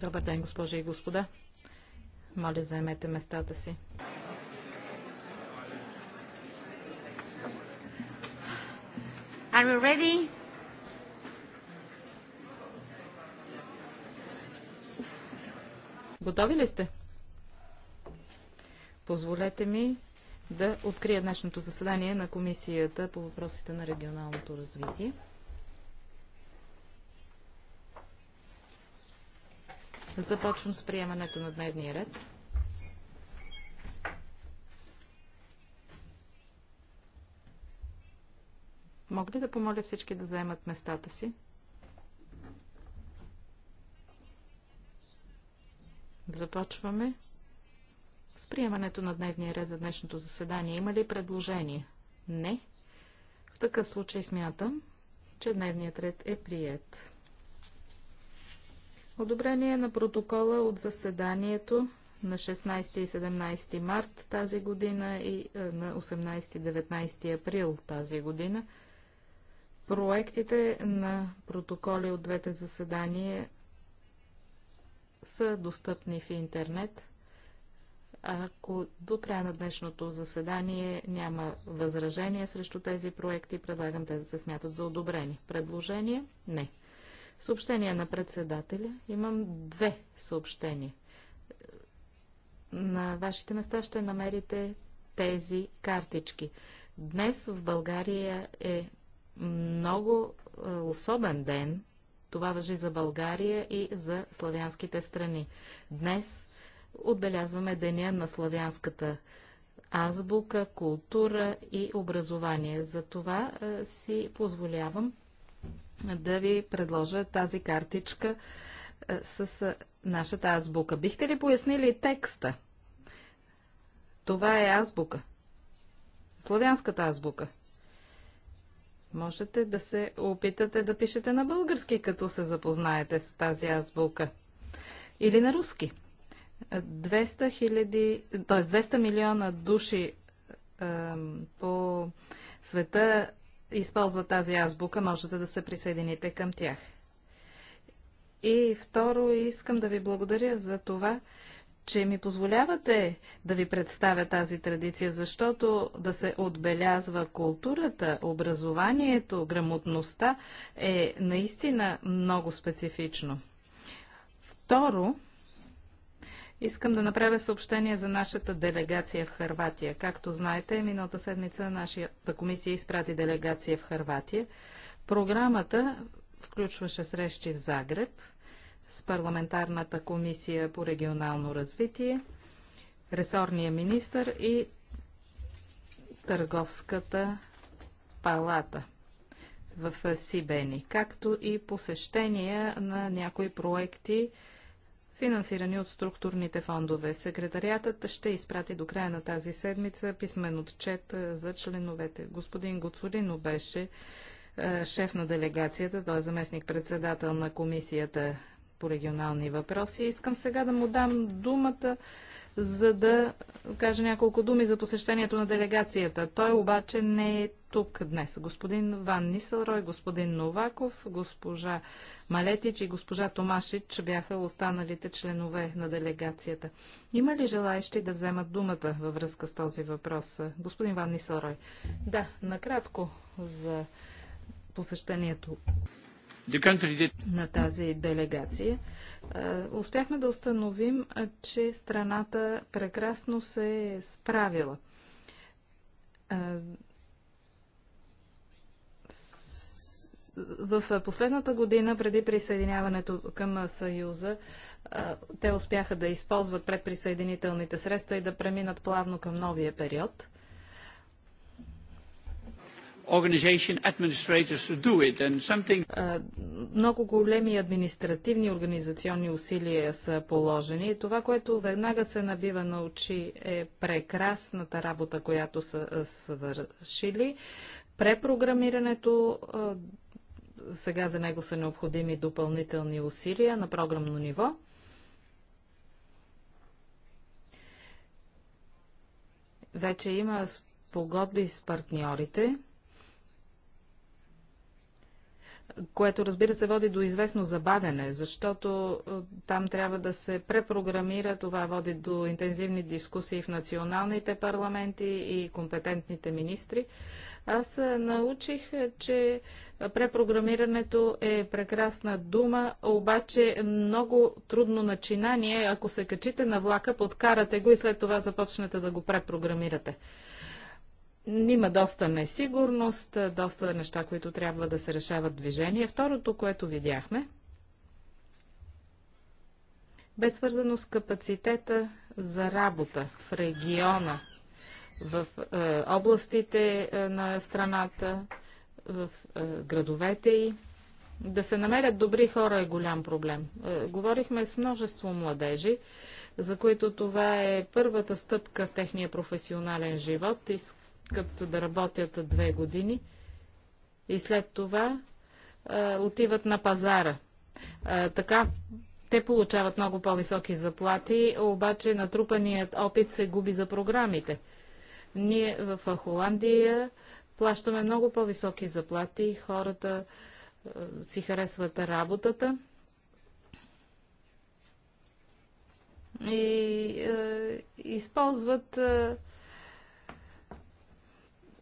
Добър ден, госпожи и господа. Моля, заемете местата си. Are we ready? Готови ли сте? Позволете ми да открия днешното заседание на Комисията по въпросите на регионалното развитие. Започвам с приемането на дневния ред. Мога ли да помоля всички да заемат местата си? Започваме с приемането на дневния ред за днешното заседание. Има ли предложение? Не. В такъв случай смятам, че дневният ред е прият. Одобрение на протокола от заседанието на 16 и 17 март тази година и е, на 18 и 19 април тази година. Проектите на протоколи от двете заседания са достъпни в интернет – ако до края на днешното заседание няма възражение срещу тези проекти, предлагам те да се смятат за одобрени. Предложение? Не. Съобщение на председателя. Имам две съобщения. На вашите места ще намерите тези картички. Днес в България е много е, особен ден. Това въжи за България и за славянските страни. Днес отбелязваме Деня на славянската азбука, култура и образование. За това си позволявам да ви предложа тази картичка с нашата азбука. Бихте ли пояснили текста? Това е азбука. Славянската азбука. Можете да се опитате да пишете на български, като се запознаете с тази азбука. Или на руски. 200, хиляди, т.е. 200 милиона души е, по света използват тази азбука, можете да се присъедините към тях. И второ, искам да ви благодаря за това, че ми позволявате да ви представя тази традиция, защото да се отбелязва културата, образованието, грамотността е наистина много специфично. Второ, Искам да направя съобщение за нашата делегация в Харватия. Както знаете, миналата седмица нашата комисия изпрати делегация в Харватия. Програмата включваше срещи в Загреб с парламентарната комисия по регионално развитие, ресорния министр и търговската палата в Сибени, както и посещения на някои проекти, финансирани от структурните фондове. Секретариатът ще изпрати до края на тази седмица писмен отчет за членовете. Господин Гуцулино беше шеф на делегацията, той е заместник-председател на комисията по регионални въпроси. Искам сега да му дам думата, за да каже няколко думи за посещението на делегацията. Той обаче не е тук днес. Господин Ван Нисълрой, господин Новаков, госпожа Малетич и госпожа Томашич бяха останалите членове на делегацията. Има ли желаещи да вземат думата във връзка с този въпрос? Господин Ван Нисълрой. Да, накратко за посещението на тази делегация. Успяхме да установим, че страната прекрасно се е справила в последната година, преди присъединяването към Съюза, те успяха да използват предприсъединителните средства и да преминат плавно към новия период. Много големи административни организационни усилия са положени. това, което веднага се набива на очи е прекрасната работа, която са свършили препрограмирането, сега за него са необходими допълнителни усилия на програмно ниво. Вече има погодби с партньорите което разбира се води до известно забавяне, защото е, там трябва да се препрограмира. Това води до интензивни дискусии в националните парламенти и компетентните министри. Аз е, научих, е, че препрограмирането е прекрасна дума, обаче много трудно начинание. Ако се качите на влака, подкарате го и след това започнете да го препрограмирате има доста несигурност, доста неща, които трябва да се решават движение. Второто, което видяхме, бе свързано с капацитета за работа в региона, в е, областите е, на страната, в е, градовете и да се намерят добри хора е голям проблем. Е, говорихме с множество младежи, за които това е първата стъпка в техния професионален живот и с искат да работят две години и след това а, отиват на пазара. А, така те получават много по-високи заплати, обаче натрупаният опит се губи за програмите. Ние в Холандия плащаме много по-високи заплати, хората а, си харесват работата. и е, използват е,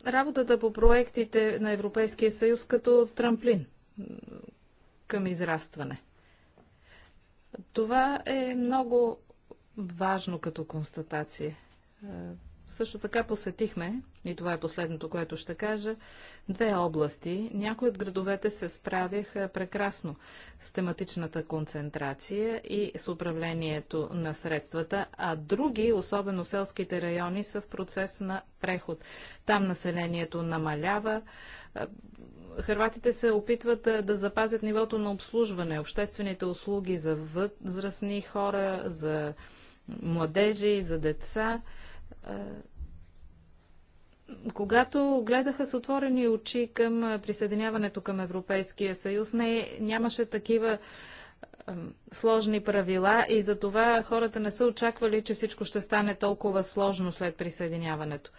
работата по проектите на Европейския съюз като трамплин към израстване. Това е много важно като констатация. Също така посетихме, и това е последното, което ще кажа, две области. Някои от градовете се справяха прекрасно с тематичната концентрация и с управлението на средствата, а други, особено селските райони, са в процес на преход. Там населението намалява. Хрватите се опитват да запазят нивото на обслужване, обществените услуги за възрастни хора, за младежи, за деца. Е, когато гледаха с отворени очи към е, присъединяването към Европейския съюз, не, нямаше такива е, сложни правила и за това хората не са очаквали, че всичко ще стане толкова сложно след присъединяването.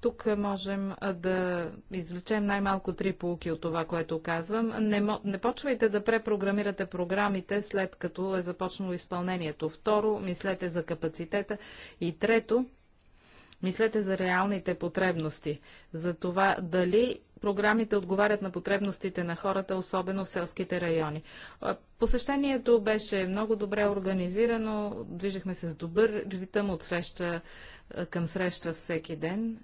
Тук можем да извлечем най-малко три полуки от това, което казвам. Не, не почвайте да препрограмирате програмите след като е започнало изпълнението. Второ, мислете за капацитета. И трето, мислете за реалните потребности. За това дали програмите отговарят на потребностите на хората, особено в селските райони. Посещението беше много добре организирано, движихме се с добър ритъм от среща към среща всеки ден.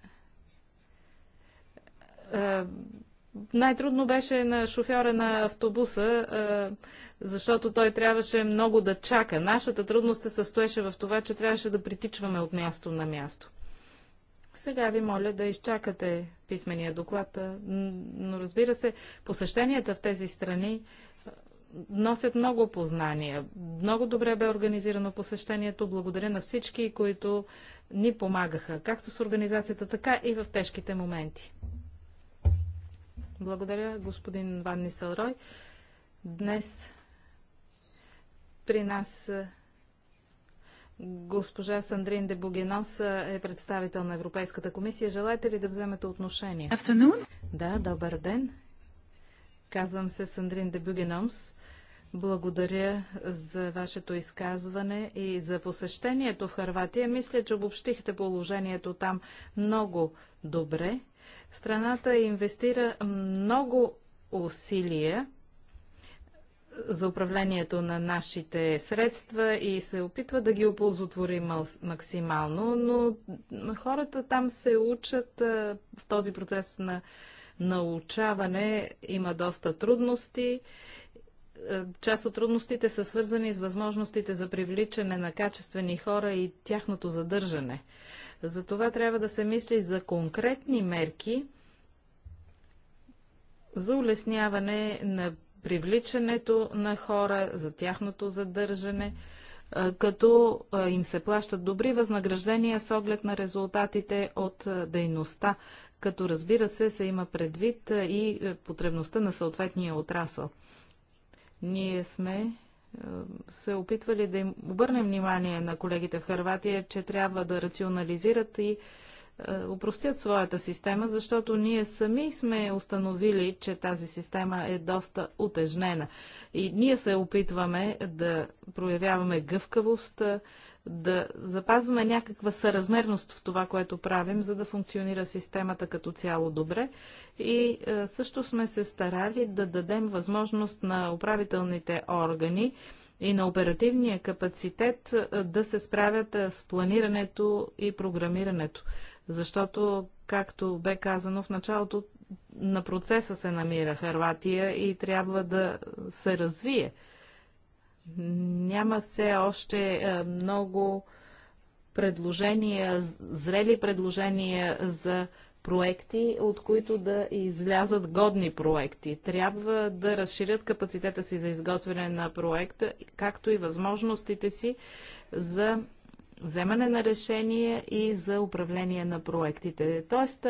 Най-трудно беше на шофьора на автобуса, защото той трябваше много да чака. Нашата трудност се състоеше в това, че трябваше да притичваме от място на място. Сега ви моля да изчакате писмения доклад, но разбира се, посещенията в тези страни носят много познания. Много добре бе организирано посещението. Благодаря на всички, които ни помагаха, както с организацията, така и в тежките моменти. Благодаря, господин Ван Нисълрой. Днес при нас Госпожа Сандрин де Бугенос е представител на Европейската комисия. Желаете ли да вземете отношение? Afternoon. Да, добър ден. Казвам се Сандрин де Бугенос. Благодаря за вашето изказване и за посещението в Харватия. Мисля, че обобщихте положението там много добре. Страната инвестира много усилия за управлението на нашите средства и се опитва да ги оползотвори максимално, но хората там се учат в този процес на научаване, има доста трудности. Част от трудностите са свързани с възможностите за привличане на качествени хора и тяхното задържане. Затова трябва да се мисли за конкретни мерки за улесняване на привличането на хора, за тяхното задържане, като им се плащат добри възнаграждения с оглед на резултатите от дейността, като разбира се се има предвид и потребността на съответния отрасъл. Ние сме се опитвали да им обърнем внимание на колегите в Харватия, че трябва да рационализират и е, упростят своята система, защото ние сами сме установили, че тази система е доста утежнена. И ние се опитваме да проявяваме гъвкавост, е, да запазваме някаква съразмерност в това, което правим, за да функционира системата като цяло добре. И е, също сме се старали да дадем възможност на управителните органи и на оперативния капацитет да се справят с планирането и програмирането защото, както бе казано в началото, на процеса се намира Харватия и трябва да се развие. Няма все още е, много предложения, зрели предложения за проекти, от които да излязат годни проекти. Трябва да разширят капацитета си за изготвяне на проекта, както и възможностите си за вземане на решения и за управление на проектите. Тоест,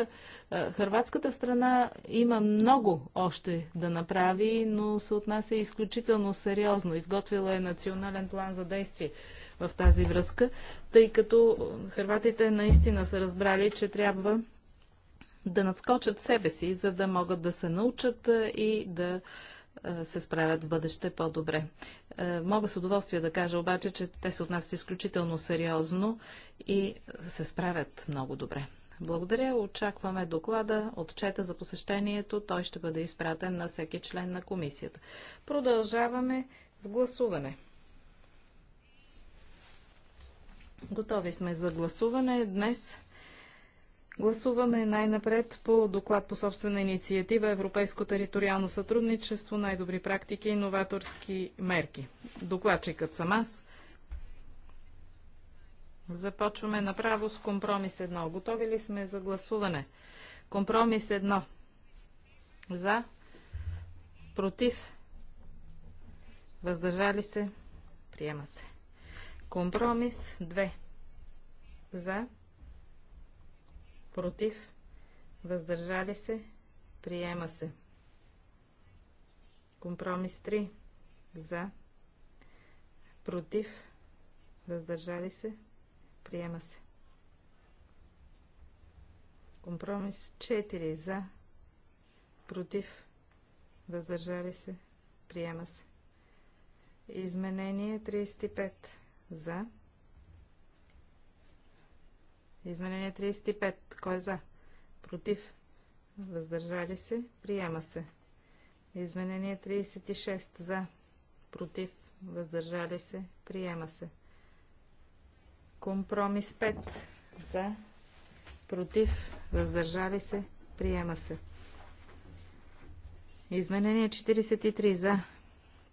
хрватската страна има много още да направи, но се отнася изключително сериозно. Изготвила е национален план за действие в тази връзка, тъй като хрватите наистина са разбрали, че трябва да надскочат себе си, за да могат да се научат и да е, се справят в бъдеще по-добре. Е, мога с удоволствие да кажа обаче, че те се отнасят изключително сериозно и се справят много добре. Благодаря. Очакваме доклада, отчета за посещението. Той ще бъде изпратен на всеки член на комисията. Продължаваме с гласуване. Готови сме за гласуване днес. Гласуваме най-напред по доклад по собствена инициатива Европейско териториално сътрудничество, най-добри практики и новаторски мерки. Докладчикът съм аз. Започваме направо с компромис 1. Готови ли сме за гласуване? Компромис 1. За. Против. Въздържали се. Приема се. Компромис 2. За против, въздържали се, приема се. Компромис 3 за, против, въздържали се, приема се. Компромис 4 за, против, въздържали се, приема се. Изменение 35 за, против, Изменение 35. Кой е за? Против. Въздържали се. Приема се. Изменение 36. За. Против. Въздържали се. Приема се. Компромис 5. За. Против. Въздържали се. Приема се. Изменение 43. За.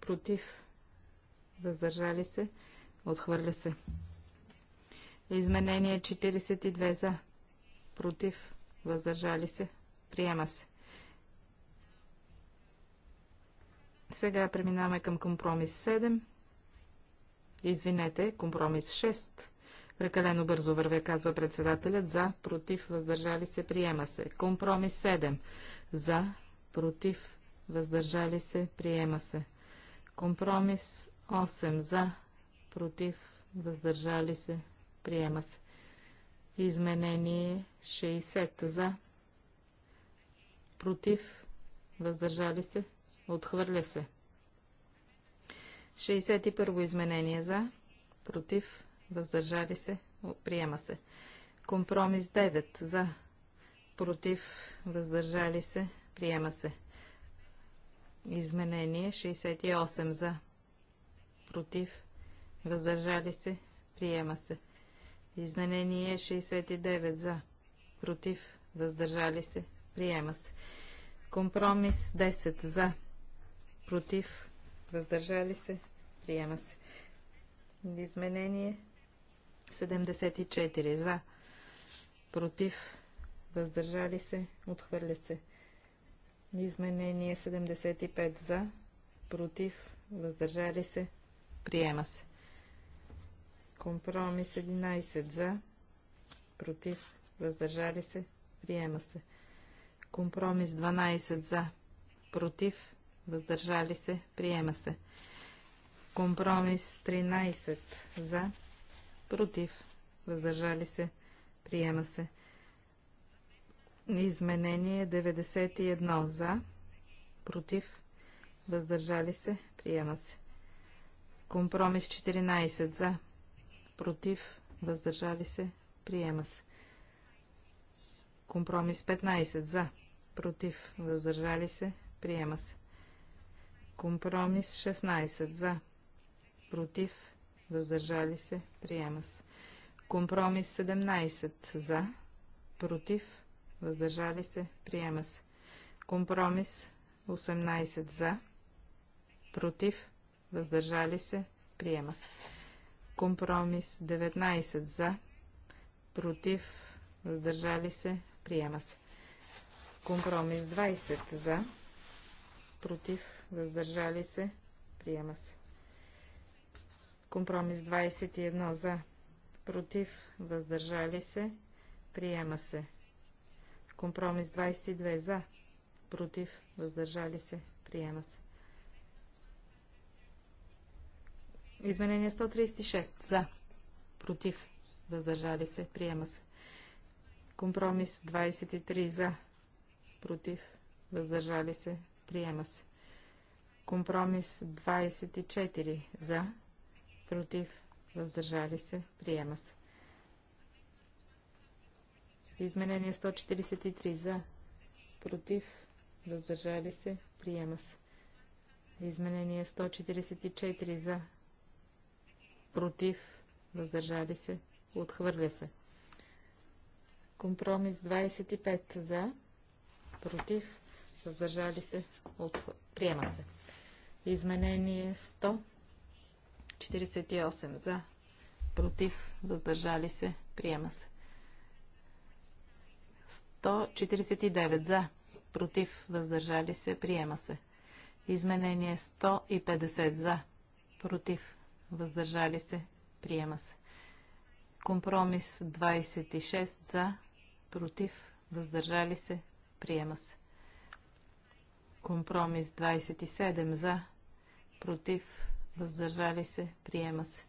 Против. Въздържали се. Отхвърля се. Изменение 42 за. Против. Въздържали се. Приема се. Сега преминаваме към компромис 7. Извинете, компромис 6. Прекалено бързо върве, казва председателят. За, против, въздържали се, приема се. Компромис 7. За, против, въздържали се, приема се. Компромис 8. За, против, въздържали се, Приема се. Изменение 60 за. Против. Въздържали се. Отхвърля се. 61 изменение за. Против. Въздържали се. Приема се. Компромис 9 за. Против. Въздържали се. Приема се. Изменение 68 за. Против. Въздържали се. Приема се. Изменение 69 за. Против. Въздържали се. Приема се. Компромис 10 за. Против. Въздържали се. Приема се. Изменение 74 за. Против. Въздържали се. Отхвърля се. Изменение 75 за. Против. Въздържали се. Приема се. Компромис 11 за, против, въздържали се, приема се. Компромис 12 за, против, въздържали се, приема се. Компромис 13 за, против, въздържали се, приема се. Изменение 91 за, против, въздържали се, приема се. Компромис 14 за, против, въздържали се, приема се. Компромис 15 за, против, въздържали се, приема се. Компромис 16 за, против, въздържали се, приема се. Компромис 17 за, против, въздържали се, приема се. Компромис 18 за, против, въздържали се, приема се. Компромис 19 за, против, въздържали се, приема се. Компромис 20 за, против, въздържали се, приема се. Компромис 21 за, против, въздържали се, приема се. Компромис 22 за, против, въздържали се, приема се. Изменение 136. За. Против. Въздържали се. Приема се. Компромис 23. За. Против. Въздържали се. Приема се. Компромис 24. За. Против. Въздържали се. Приема се. Изменение 143. За. Против. Въздържали се. Приема се. Изменение 144. За против, въздържали се, отхвърля се. Компромис 25 за, против, въздържали се, отхвърля. приема се. Изменение 148 за, против, въздържали се, приема се. 149 за, против, въздържали се, приема се. Изменение 150 за, против, въздържали се, приема се. Компромис 26 за, против, въздържали се, приема се. Компромис 27 за, против, въздържали се, приема се.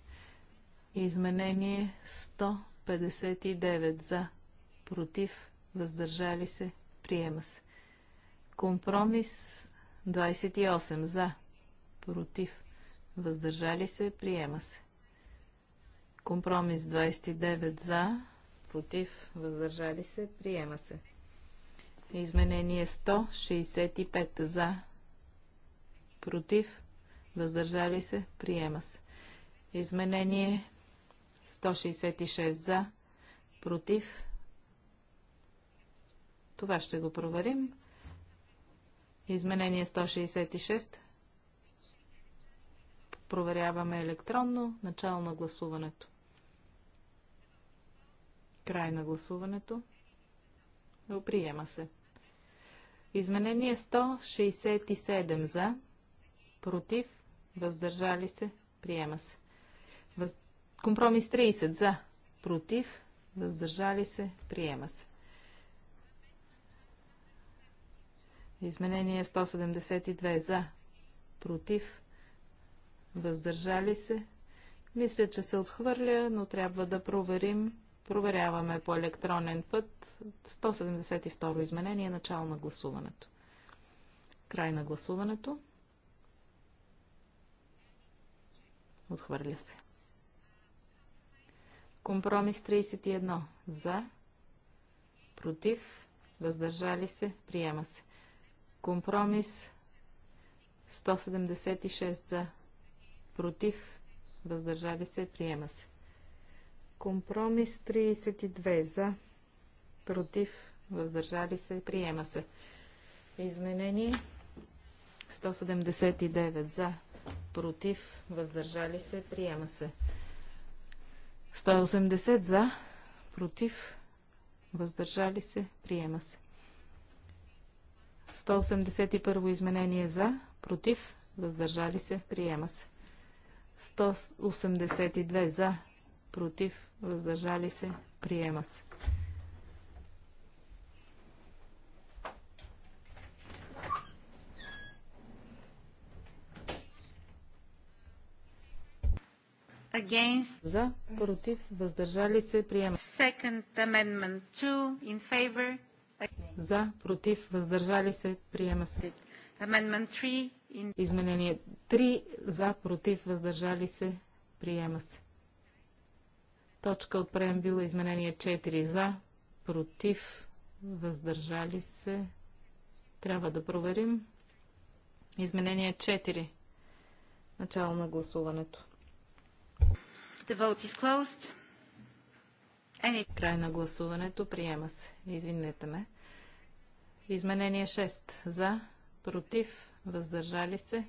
Изменение 159 за, против, въздържали се, приема се. Компромис 28 за, против, въздържали се, приема се. Компромис 29 за, против, въздържали се, приема се. Изменение 165 за, против, въздържали се, приема се. Изменение 166 за, против. Това ще го проверим. Изменение 166. Проверяваме електронно начало на гласуването. Край на гласуването. Приема се. Изменение 167 за, против, въздържали се, приема се. Въз... Компромис 30 за, против, въздържали се, приема се. Изменение 172 за, против, въздържали се. Мисля, че се отхвърля, но трябва да проверим. Проверяваме по електронен път 172 изменение, начало на гласуването. Край на гласуването. Отхвърля се. Компромис 31. За. Против. Въздържали се. Приема се. Компромис 176 за против, въздържали се, приема се. Компромис 32 за, против, въздържали се, приема се. Изменение 179 за, против, въздържали се, приема се. 180 за, против, въздържали се, приема се. 181 изменение за, против, въздържали се, приема се. 182 за, против, въздържали се, приема се. Against. За, против, въздържали се, приема. Second amendment, two in favor. За, против, въздържали се, приема се. Amendment 3 Изменение 3 за, против, въздържали се, приема се. Точка от преембила изменение 4 за, против, въздържали се. Трябва да проверим. Изменение 4. Начало на гласуването. The vote is closed. Any... Край на гласуването. Приема се. Извинете ме. Изменение 6. За, против, въздържали се,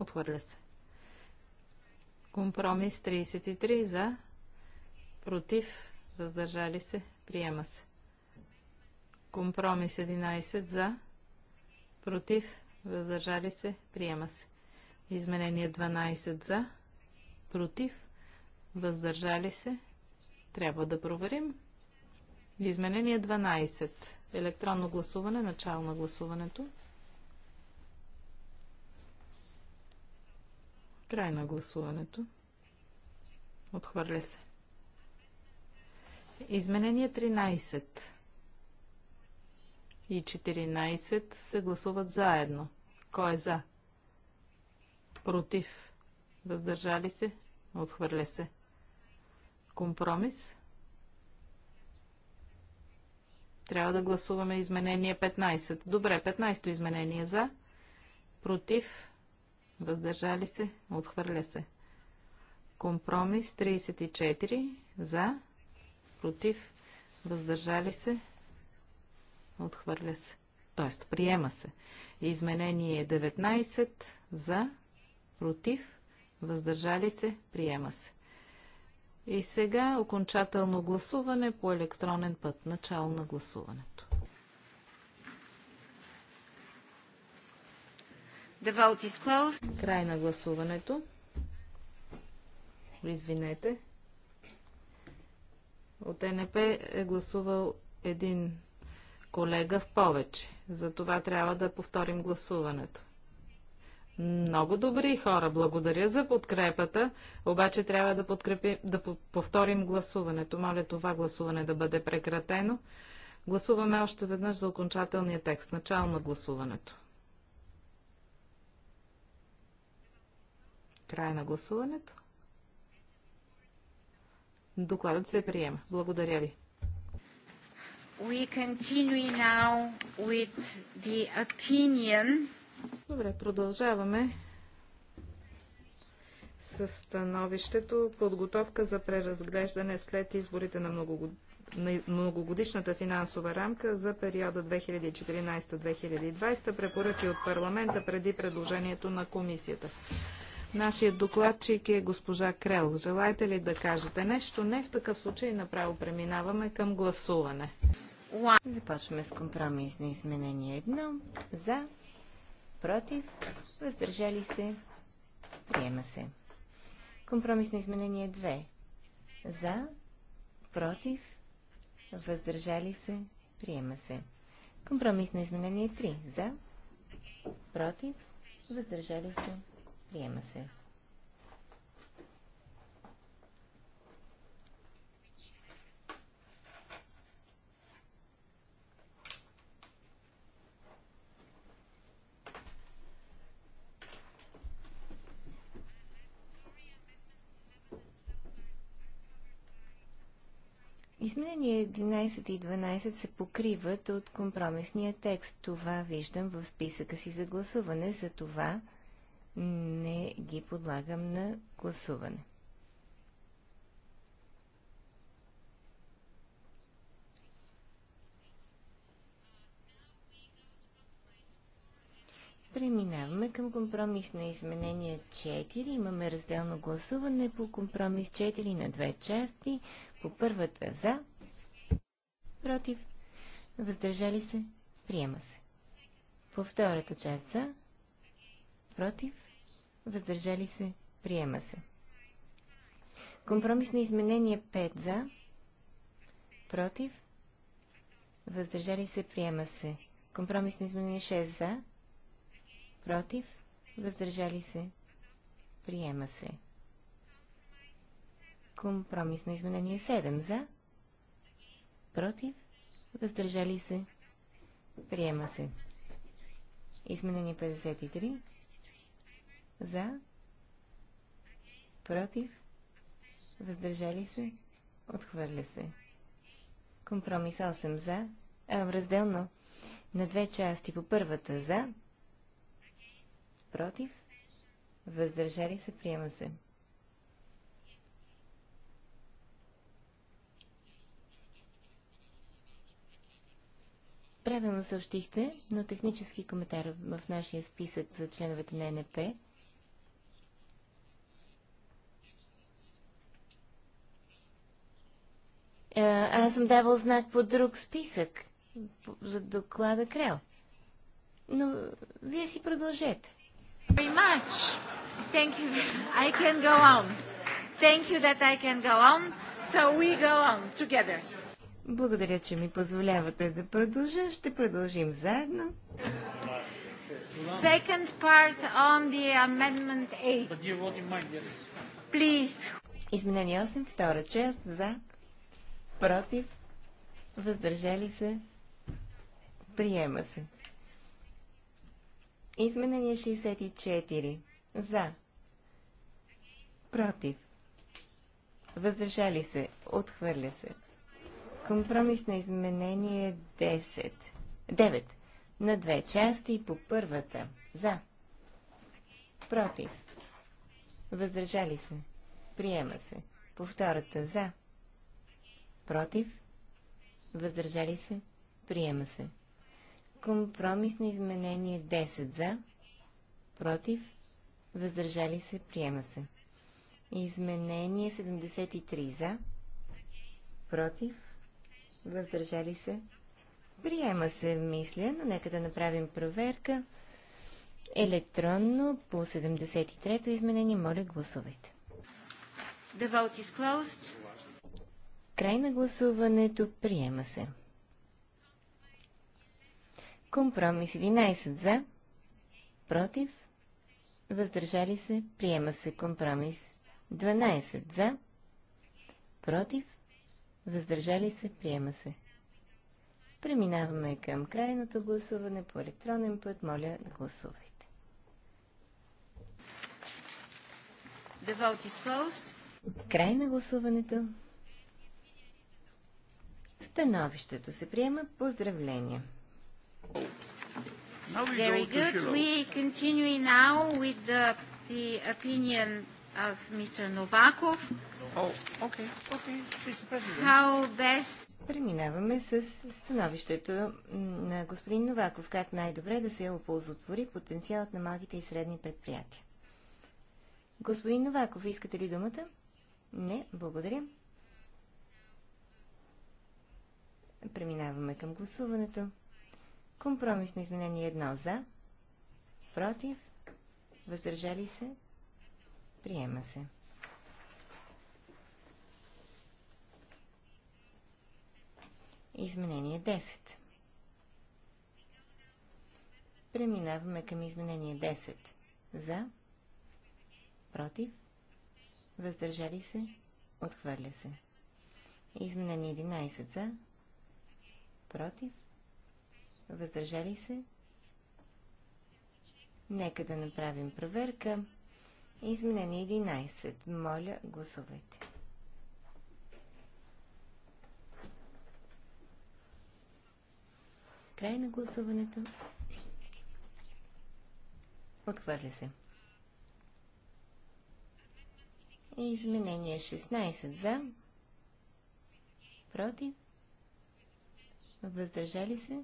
отхвърля се. Компромис 33 за, против, въздържали се, приема се. Компромис 11 за, против, въздържали се, приема се. Изменение 12 за, против, въздържали се, трябва да проверим. Изменение 12. Електронно гласуване, начало на гласуването. Край на гласуването. Отхвърля се. Изменение 13 и 14 се гласуват заедно. Кой е за? Против. Въздържали се? Отхвърля се. Компромис? Трябва да гласуваме изменение 15. Добре, 15 изменение за. Против въздържали се, отхвърля се. Компромис 34 за, против, въздържали се, отхвърля се. Тоест, приема се. Изменение 19 за, против, въздържали се, приема се. И сега окончателно гласуване по електронен път. Начало на гласуването. The vote is closed. Край на гласуването. Извинете. От НП е гласувал един колега в повече. За това трябва да повторим гласуването. Много добри хора, благодаря за подкрепата, обаче трябва да, подкрепим, да повторим гласуването. Моля това гласуване да бъде прекратено. Гласуваме още веднъж за окончателния текст. Начало на гласуването. Край на гласуването. Докладът се приема. Благодаря ви. We continue now with the opinion. Добре, продължаваме с становището подготовка за преразглеждане след изборите на, на многогодишната финансова рамка за периода 2014-2020, препоръки от парламента преди предложението на комисията. Нашият докладчик е госпожа Крел. Желаете ли да кажете нещо? Не, в такъв случай направо преминаваме към гласуване. Започваме с компромис на изменение едно, За, против, въздържали се, приема се. Компромис на изменение 2. За, против, въздържали се, приема се. Компромис на изменение 3. За, против, въздържали се, Приема се. Изменения 11 и 12 се покриват от компромисния текст. Това виждам в списъка си за гласуване. За това не ги подлагам на гласуване. Преминаваме към компромис на изменение 4. Имаме разделно гласуване по компромис 4 на две части. По първата за, против, въздържали се, приема се. По втората част за, против, въздържали се, приема се. Компромисно изменение 5 за, против, въздържали се, приема се. Компромисно изменение 6 за, против, въздържали се, приема се. Компромисно изменение 7 за, против, въздържали се, приема се. Изменение 53 за. Против. Въздържали се. Отхвърля се. Компромис 8 за. А, разделно. На две части. По първата за. Против. Въздържали се. Приема се. Правилно съобщихте, но технически коментар в нашия списък за членовете на НП Е, аз съм давал знак по друг списък за доклада Крел. Но вие си продължете. Very much. Thank you. I can go on. Thank you that I can go on. So we go on together. Благодаря, че ми позволявате да продължа. Ще продължим заедно. Second part on the amendment 8. Please. Изменение 8, втора част за против, въздържали се, приема се. Изменение 64. За. Против. Въздържали се. Отхвърля се. Компромис на изменение 10. 9. На две части по първата. За. Против. Въздържали се. Приема се. По втората. За против, въздържали се, приема се. Компромисно изменение 10 за, против, въздържали се, приема се. Изменение 73 за, против, въздържали се, приема се, мисля, но нека да направим проверка. Електронно по 73-то изменение, моля гласувайте. The vote is closed. Край на гласуването. Приема се. Компромис 11 за. Против. Въздържали се. Приема се. Компромис 12 за. Против. Въздържали се. Приема се. Преминаваме към крайното гласуване по електронен път. Моля, гласувайте. Край на гласуването. Становището се приема. Поздравления! Very good. We continue now with the, the opinion of Mr. Novakov. Oh, okay, okay, How best Преминаваме с становището на господин Новаков, как най-добре да се оползотвори потенциалът на малките и средни предприятия. Господин Новаков, искате ли думата? Не, благодаря. Преминаваме към гласуването. Компромисно изменение 1 за, против, въздържали се, приема се. Изменение 10. Преминаваме към изменение 10. За, против, въздържали се, отхвърля се. Изменение 11 за, Против? Въздържали се? Нека да направим проверка. Изменение 11. Моля, гласувайте. Край на гласуването. Отхвърля се. Изменение 16 за. Против въздържали се,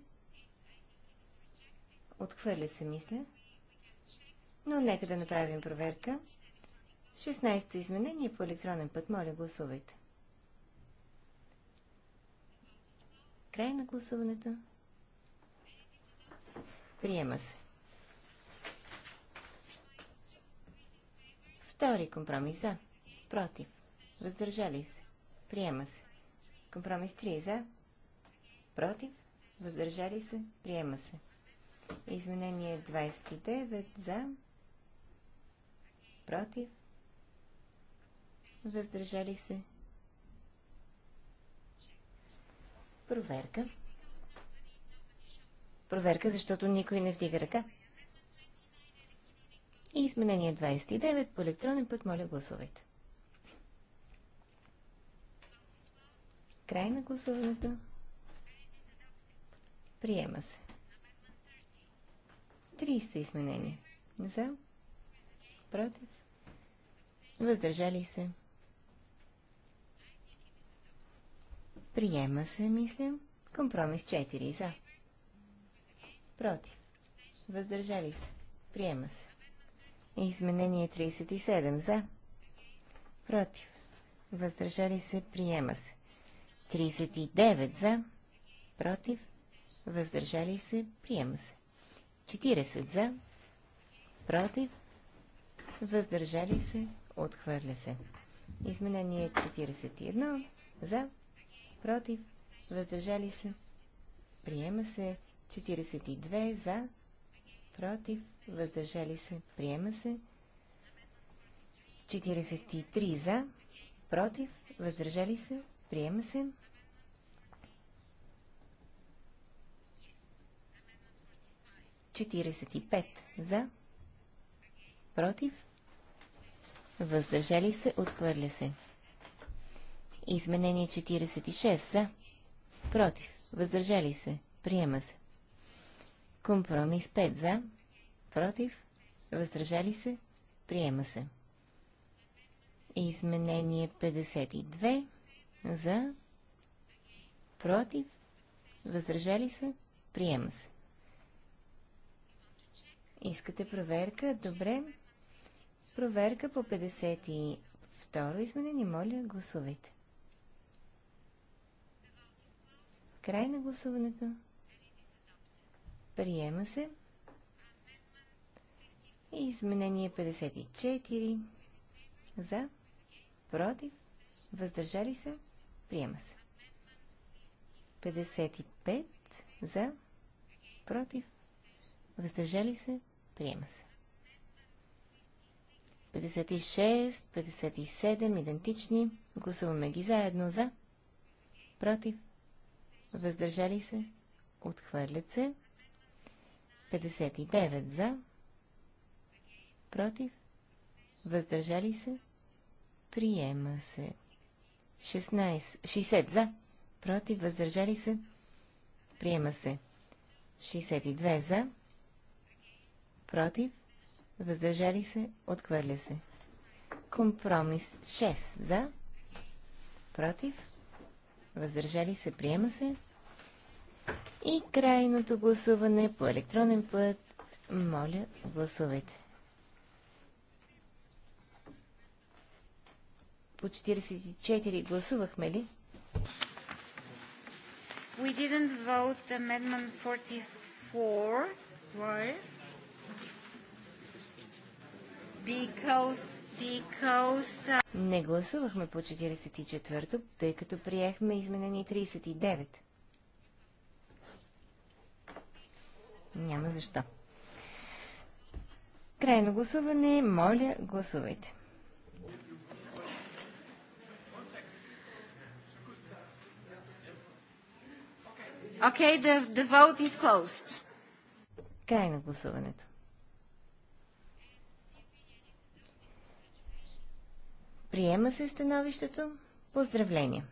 отхвърля се, мисля. Но нека да направим проверка. 16-то изменение по електронен път. Моля, гласувайте. Край на гласуването. Приема се. Втори компромис за. Против. Въздържали се. Приема се. Компромис 3 за против, въздържали се, приема се. Изменение 29 за, против, въздържали се. Проверка. Проверка, защото никой не вдига ръка. И изменение 29 по електронен път, моля гласувайте. Край на гласуването. Приема се. 30 изменения. За. Против. Въздържали се. Приема се, мисля. Компромис 4. За. Против. Въздържали се. Приема се. Изменение 37. За. Против. Въздържали се. Приема се. 39. За. Против въздържали се, приема се. 40 за, против, въздържали се, отхвърля се. Изменение 41 за, против, въздържали се, приема се. 42 за, против, въздържали се, приема се. 43 за, против, въздържали се, приема се. 45 за, против, въздържали се, отхвърля се. Изменение 46 за, против, въздържали се, приема се. Компромис 5 за, против, въздържали се, приема се. Изменение 52 за, против, въздържали се, приема се. Искате проверка? Добре. Проверка по 52 изменение. Моля, гласувайте. Край на гласуването. Приема се. Изменение 54. За. Против. Въздържали се. Приема се. 55. За. Против. Въздържали се. Приема се. 56, 57, идентични. Гласуваме ги заедно за. Против. Въздържали се. Отхвърлят се. 59 за. Против. Въздържали се. Приема се. 16, 60 за. Против. Въздържали се. Приема се. 62 за против, въздържали се, отхвърля се. Компромис 6 за, против, въздържали се, приема се. И крайното гласуване по електронен път. Моля, гласувайте. По 44 гласувахме ли? We didn't vote amendment 44. Why? Because, because... Uh, Не гласувахме по 44-то, тъй като приехме изменени 39. Няма защо. Крайно гласуване. Моля, гласувайте. Okay, the, the vote is closed. Край на гласуването. Приема се становището. Поздравления!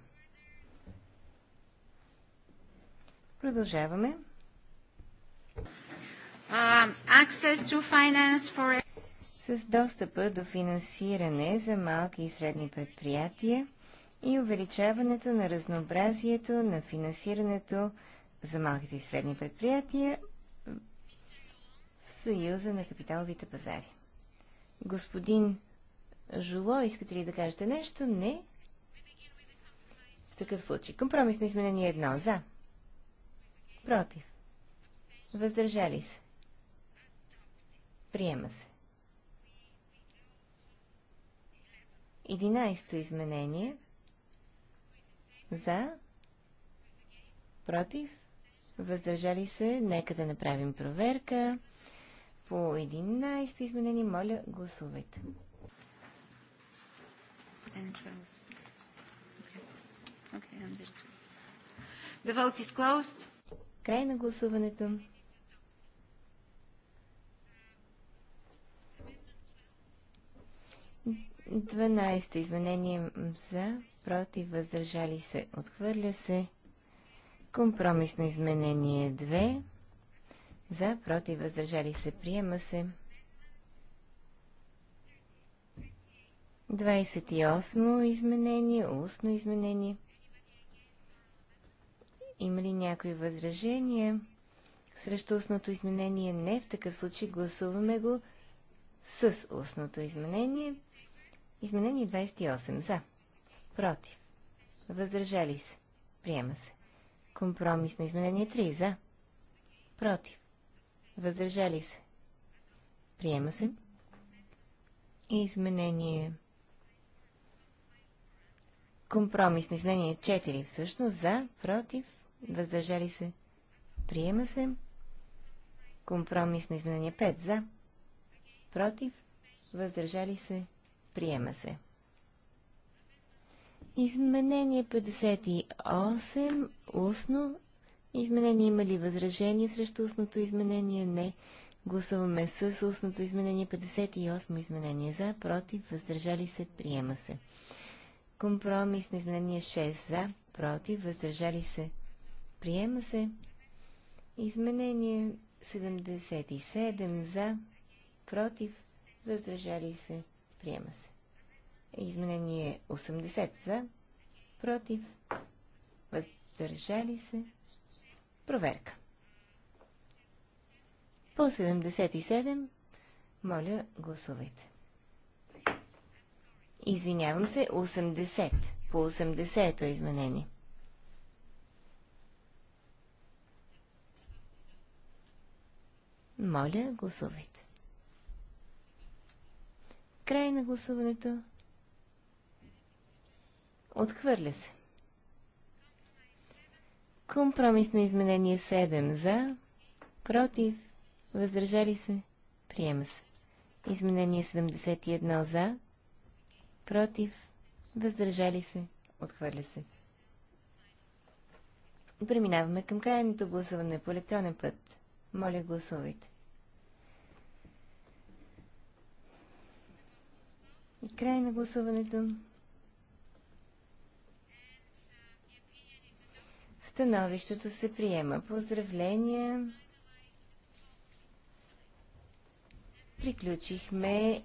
Продължаваме. С достъпа до финансиране за малки и средни предприятия и увеличаването на разнообразието на финансирането за малките и средни предприятия в Съюза на капиталовите пазари. Господин Жуло, искате ли да кажете нещо? Не. В такъв случай. Компромисно изменение едно. За. Против. Въздържали се. Приема се. Единайсто изменение. За. Против. Въздържали се. Нека да направим проверка. По 11 изменение, моля, гласувайте and 12. Okay. Okay, understood. The vote is closed. Край на гласуването. Дванайсто изменение за, против, въздържали се, отхвърля се. Компромисно изменение 2. За, против, въздържали се, приема се. 28 изменение, устно изменение. Има ли някои възражения? Срещу устното изменение не, в такъв случай гласуваме го с устното изменение. Изменение 28. За. Против. Въздържали се. Приема се. Компромисно изменение 3. За. Против. Въздържали се. Приема се. Изменение изменение Компромисно изменение 4 всъщност за, против, въздържали се, приема се. Компромисно изменение 5 за, против, въздържали се, приема се. Изменение 58, устно. Изменение има ли възражение срещу устното изменение? Не. Гласуваме с устното изменение 58 изменение за, против, въздържали се, приема се. Компромис на изменение 6 за, против, въздържали се. Приема се. Изменение 77 за, против, въздържали се. Приема се. Изменение 80 за, против, въздържали се. Проверка. По 77, моля, гласувайте. Извинявам се, 80. По 80-то е изменение. Моля, гласувайте. Край на гласуването. Отхвърля се. Компромис на изменение 7 за, против, въздържали се, приема се. Изменение 71 за, против, въздържали се, отхвърля се. Преминаваме към крайното гласуване по електронен път. Моля, гласувайте. Край на гласуването. Становището се приема. Поздравления! Приключихме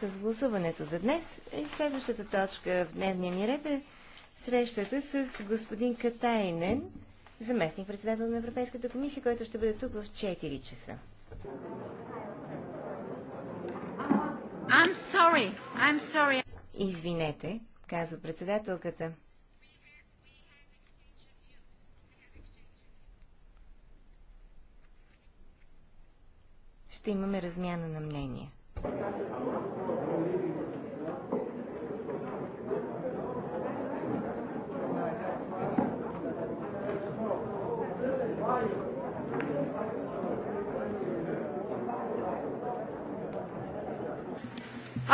с гласуването за днес. И следващата точка в дневния ни ред е срещата с господин Катайнен, заместник председател на Европейската комисия, който ще бъде тук в 4 часа. I'm sorry. I'm sorry. Извинете, казва председателката. Ще имаме размяна на мнения.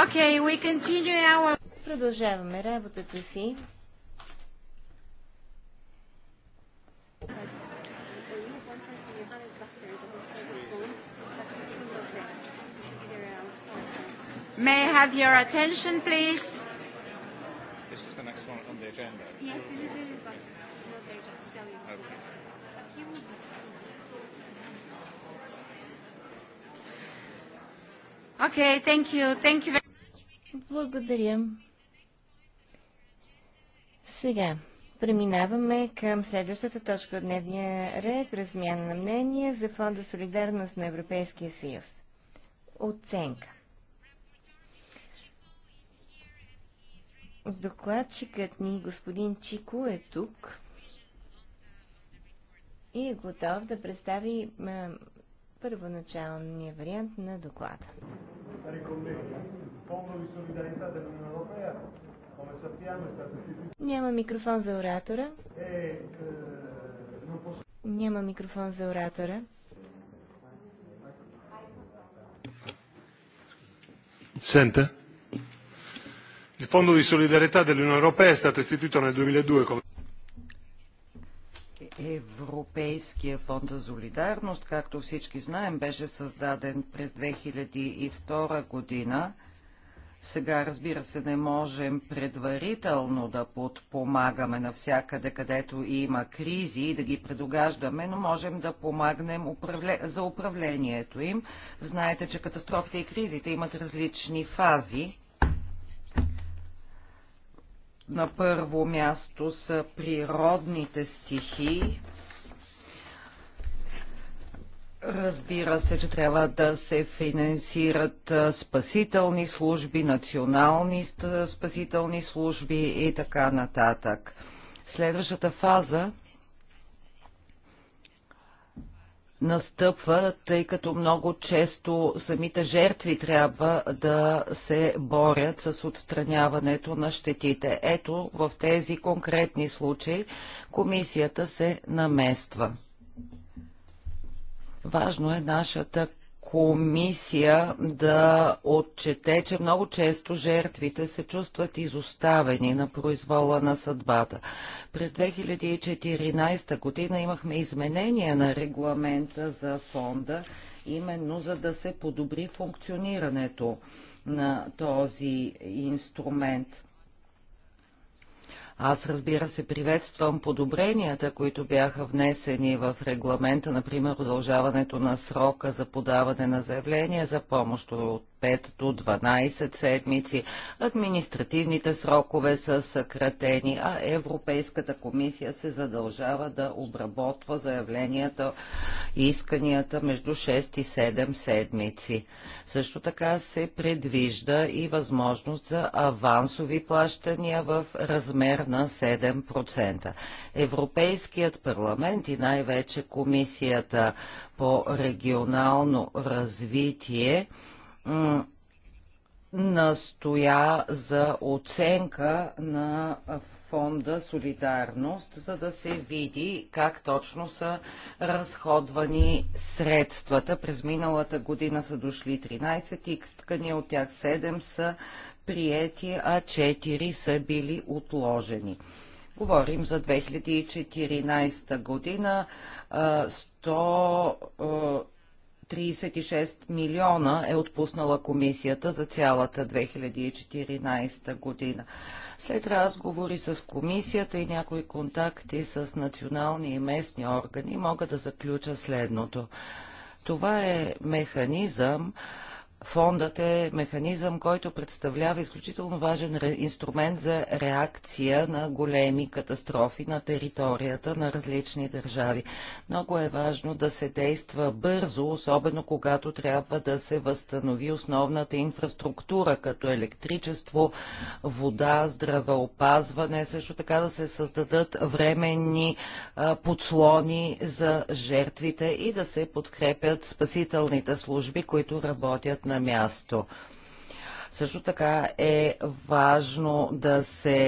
Okay, we continue our... Продължаваме работата си. May I have your attention, please? This is the next one on the agenda. Yes, this is it, but not there, just tell you. Okay. Okay, thank you. Thank you very благодаря. Сега преминаваме към следващата точка от дневния ред – размяна на мнение за Фонда Солидарност на Европейския съюз. Оценка. Докладчикът ни, господин Чико, е тук и е готов да представи първоначалния вариант на доклада. Няма микрофон за оратора. Е, е, Няма микрофон за оратора. Сента. Il Fondo di solidarietà dell'Unione Europea è stato istituito nel 2002 come Европейския фонд за солидарност, както всички знаем, беше създаден през 2002 година сега, разбира се, не можем предварително да подпомагаме навсякъде, където има кризи и да ги предогаждаме, но можем да помагнем управле... за управлението им. Знаете, че катастрофите и кризите имат различни фази. На първо място са природните стихии, Разбира се, че трябва да се финансират спасителни служби, национални спасителни служби и така нататък. Следващата фаза настъпва, тъй като много често самите жертви трябва да се борят с отстраняването на щетите. Ето, в тези конкретни случаи комисията се намества. Важно е нашата комисия да отчете, че много често жертвите се чувстват изоставени на произвола на съдбата. През 2014 година имахме изменения на регламента за фонда, именно за да се подобри функционирането на този инструмент. Аз разбира се приветствам подобренията, които бяха внесени в регламента, например удължаването на срока за подаване на заявление за помощ от 5 до 12 седмици, административните срокове са съкратени, а Европейската комисия се задължава да обработва заявленията и исканията между 6 и 7 седмици. Също така се предвижда и възможност за авансови плащания в размер на 7%. Европейският парламент и най-вече комисията по регионално развитие – настоя за оценка на фонда Солидарност, за да се види как точно са разходвани средствата. През миналата година са дошли 13 ткани, от тях 7 са приети, а 4 са били отложени. Говорим за 2014 година. 100 36 милиона е отпуснала комисията за цялата 2014 година. След разговори с комисията и някои контакти с национални и местни органи мога да заключа следното. Това е механизъм, Фондът е механизъм, който представлява изключително важен инструмент за реакция на големи катастрофи на територията на различни държави. Много е важно да се действа бързо, особено когато трябва да се възстанови основната инфраструктура, като електричество, вода, здравеопазване, също така да се създадат временни подслони за жертвите и да се подкрепят спасителните служби, които работят на на място. Също така е важно да се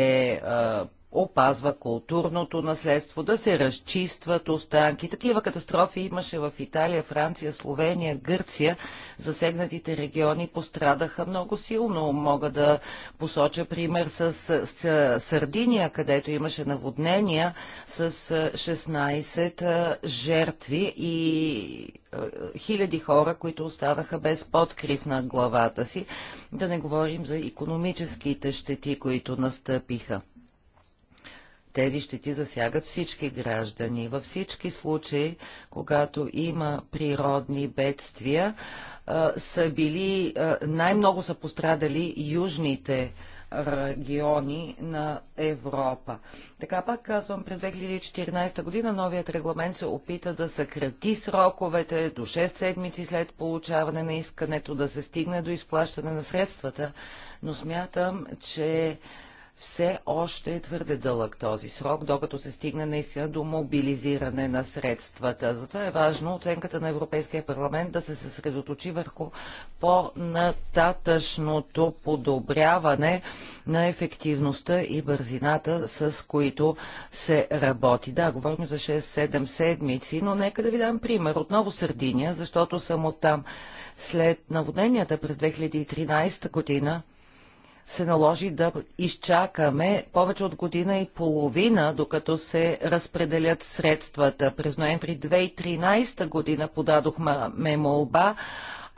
опазва културното наследство, да се разчистват останки. Такива катастрофи имаше в Италия, Франция, Словения, Гърция. Засегнатите региони пострадаха много силно. Мога да посоча пример с, с Сардиния, където имаше наводнения с 16 жертви и хиляди хора, които останаха без подкрив на главата си. Да не говорим за економическите щети, които настъпиха тези щети засягат всички граждани. Във всички случаи, когато има природни бедствия, са били, най-много са пострадали южните региони на Европа. Така пак казвам, през 2014 година новият регламент се опита да съкрати сроковете до 6 седмици след получаване на искането да се стигне до изплащане на средствата, но смятам, че все още е твърде дълъг този срок, докато се стигне наистина до мобилизиране на средствата. Затова е важно оценката на Европейския парламент да се съсредоточи върху по-нататъчното подобряване на ефективността и бързината, с които се работи. Да, говорим за 6-7 седмици, но нека да ви дам пример. Отново Сърдиния, защото съм оттам. След наводненията през 2013 година, се наложи да изчакаме повече от година и половина, докато се разпределят средствата. През ноември 2013 година подадохме молба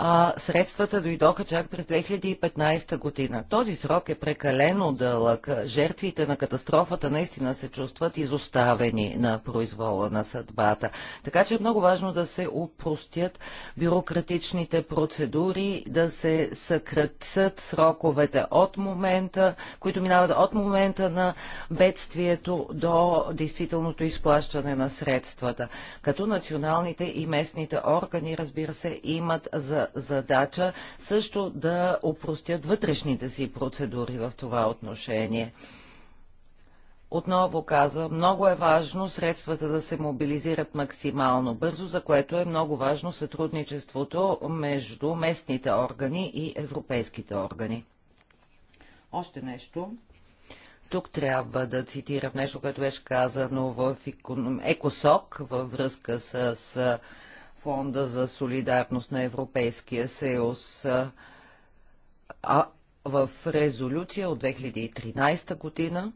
а средствата дойдоха чак през 2015 година. Този срок е прекалено дълъг. Жертвите на катастрофата наистина се чувстват изоставени на произвола на съдбата. Така че е много важно да се упростят бюрократичните процедури, да се съкратят сроковете от момента, които минават от момента на бедствието до действителното изплащане на средствата. Като националните и местните органи, разбира се, имат за задача също да опростят вътрешните си процедури в това отношение. Отново казвам, много е важно средствата да се мобилизират максимално бързо, за което е много важно сътрудничеството между местните органи и европейските органи. Още нещо. Тук трябва да цитирам нещо, което беше казано в ЕКОСОК във връзка с Фонда за солидарност на Европейския съюз. А в резолюция от 2013 година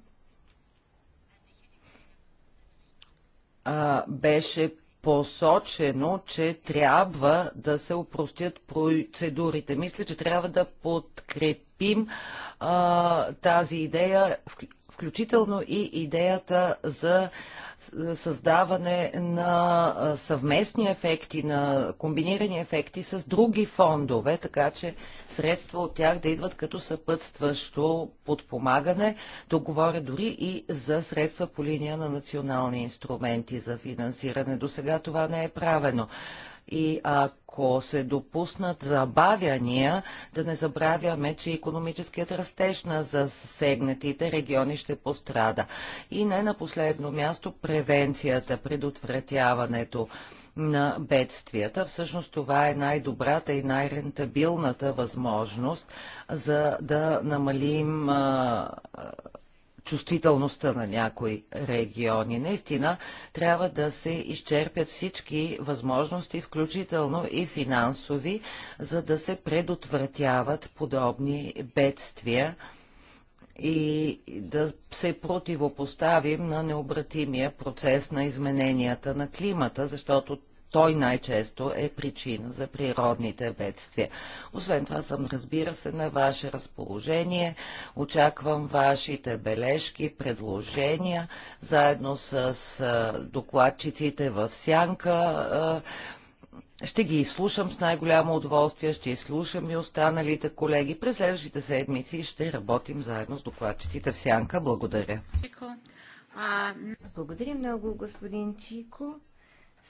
а, беше посочено, че трябва да се упростят процедурите. Мисля, че трябва да подкрепим а, тази идея включително и идеята за създаване на съвместни ефекти, на комбинирани ефекти с други фондове, така че средства от тях да идват като съпътстващо подпомагане. договоря дори и за средства по линия на национални инструменти за финансиране. До сега това не е правено и ако се допуснат забавяния, да не забравяме, че економическият растеж на засегнатите региони ще пострада. И не на последно място превенцията, предотвратяването на бедствията. Всъщност това е най-добрата и най-рентабилната възможност за да намалим а, чувствителността на някои региони. Наистина трябва да се изчерпят всички възможности, включително и финансови, за да се предотвратяват подобни бедствия и да се противопоставим на необратимия процес на измененията на климата, защото той най-често е причина за природните бедствия. Освен това съм, разбира се, на ваше разположение. Очаквам вашите бележки, предложения, заедно с докладчиците в Сянка. Ще ги изслушам с най-голямо удоволствие, ще изслушам и останалите колеги. През следващите седмици ще работим заедно с докладчиците в Сянка. Благодаря. Благодаря много, господин Чико.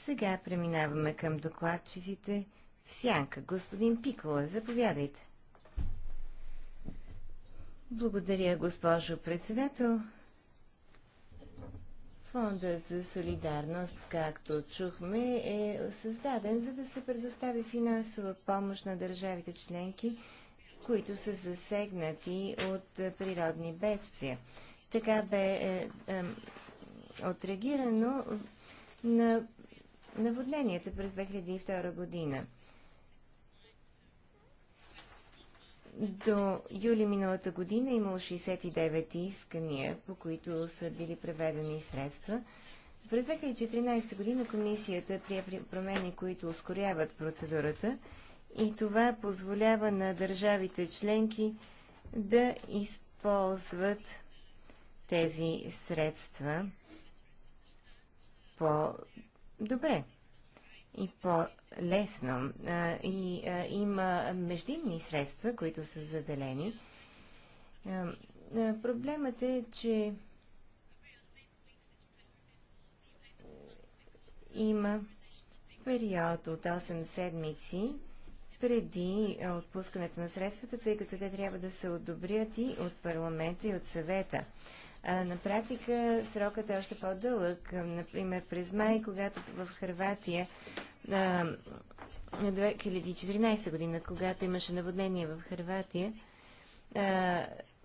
Сега преминаваме към докладчиците в сянка. Господин Пикола, заповядайте. Благодаря, госпожо председател. Фондът за солидарност, както чухме, е създаден за да се предостави финансова помощ на държавите членки, които са засегнати от природни бедствия. Така бе е, е, отреагирано на наводненията през 2002 година. До юли миналата година имало 69 искания, по които са били преведени средства. През 2014 година комисията прие промени, които ускоряват процедурата и това позволява на държавите членки да използват тези средства по добре и по-лесно. И а, има междинни средства, които са заделени. А, а, проблемът е, че има период от 8 седмици преди отпускането на средствата, тъй като те трябва да се одобрят и от парламента и от съвета. А на практика срокът е още по-дълъг. Например, през май, когато в Харватия на 2014 година, когато имаше наводнение в Харватия, а,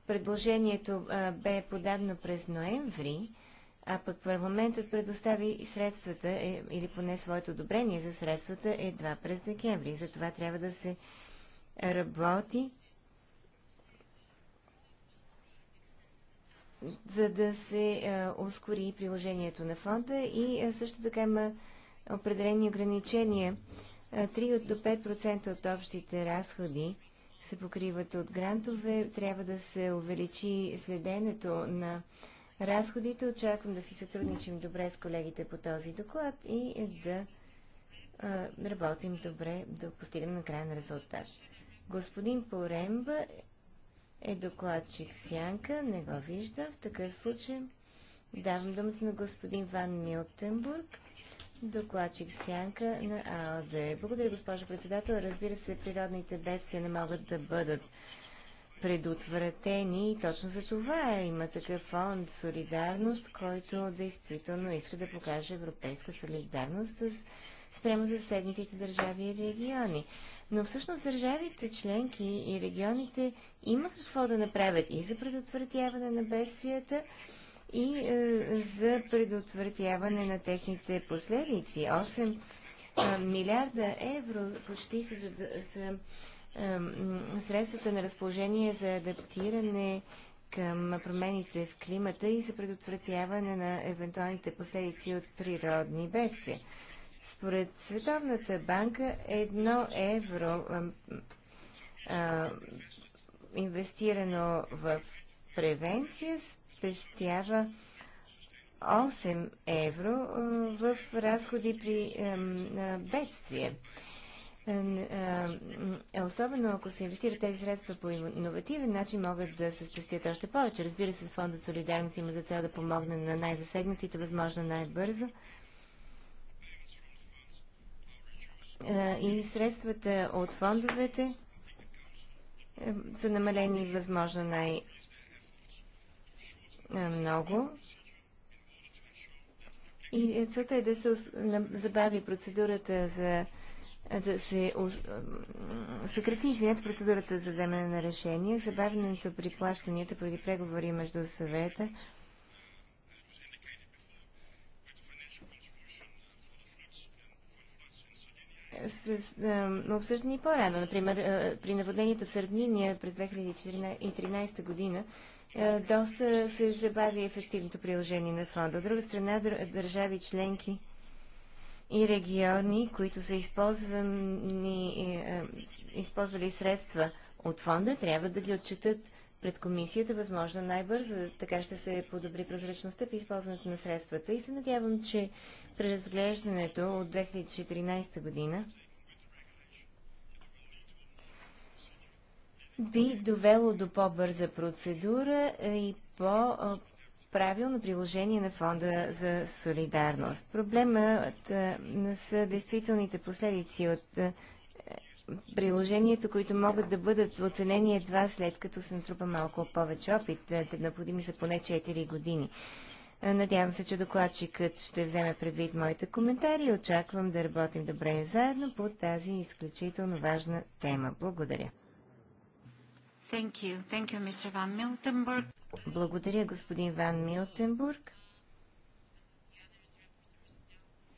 предложението а, бе подадено през ноември, а пък парламентът предостави средствата, е, или поне своето одобрение за средствата едва през декември. Затова трябва да се работи за да се е, ускори приложението на фонда и е, също така има определени ограничения. 3 е, до 5% от общите разходи се покриват от грантове. Трябва да се увеличи следенето на разходите. Очаквам да си сътрудничим добре с колегите по този доклад и да а, работим добре да постигнем на крайен резултат. Господин Поремба е докладчик Сянка. Не го вижда. В такъв случай давам думата на господин Ван Милтенбург, докладчик Сянка на АОД. Благодаря, госпожо председател. Разбира се, природните бедствия не могат да бъдат предотвратени и точно за това има такъв фонд солидарност, който действително иска да покаже европейска солидарност с спрямо засегнатите държави и региони. Но всъщност държавите, членки и регионите имат какво да направят и за предотвратяване на бедствията, и е, за предотвратяване на техните последици. 8 е, милиарда евро почти са за, са е, средствата на разположение за адаптиране към промените в климата и за предотвратяване на евентуалните последици от природни бедствия. Според Световната банка, едно евро а, а, инвестирано в превенция спестява 8 евро в разходи при бедствие. Особено ако се инвестират тези средства по иновативен начин, могат да се спестят още повече. Разбира се, Фондът Солидарност има за цел да помогне на най-засегнатите, възможно най-бързо. Е, и средствата от фондовете е, са намалени възможно най- е, много. И целта е да се забави процедурата за да се съкрати, извинете, процедурата за вземане на решение. Забавянето при плащанията преди преговори между съвета, на е, обсъждани по-рано. Например, е, при наводнението в Сърдиния през 2013 година е, доста се забави ефективното приложение на фонда. От друга страна, държави членки и региони, които са използвани, използвали средства от фонда, трябва да ги отчитат пред комисията възможно най-бързо. Така ще се подобри прозрачността при използването на средствата и се надявам, че преразглеждането от 2014 година би довело до по-бърза процедура и по-правилно приложение на фонда за солидарност. Проблемът са действителните последици от Приложенията, които могат да бъдат оценени едва след като се натрупа малко повече опит. Е, необходими са поне 4 години. Е, надявам се, че докладчикът ще вземе предвид моите коментари и очаквам да работим добре заедно по тази изключително важна тема. Благодаря. Thank you. Thank you, Благодаря, господин Ван Милтенбург.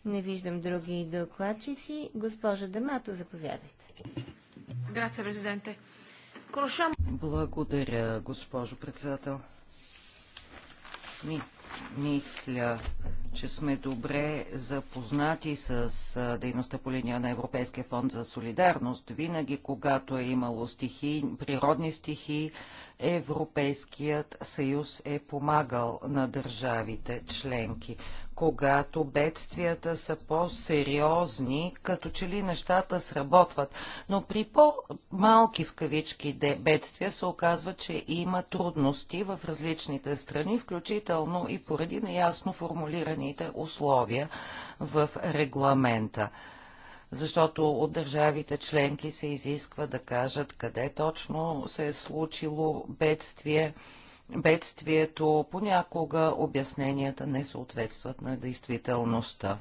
Не виждам други докладчици. Госпожа Дамато, заповядайте. Грация, президенте. Крошам. Благодаря, госпожо председател. Ми, мисля, че сме добре запознати с дейността по линия на Европейския фонд за солидарност. Винаги, когато е имало стихи, природни стихи, Европейският съюз е помагал на държавите членки. Когато бедствията са по-сериозни, като че ли нещата сработват, но при по-малки в кавички бедствия се оказва, че има трудности в различните страни, включително и поради неясно формулирани заложените условия в регламента. Защото от държавите членки се изисква да кажат къде точно се е случило бедствие, бедствието, понякога обясненията не съответстват на действителността.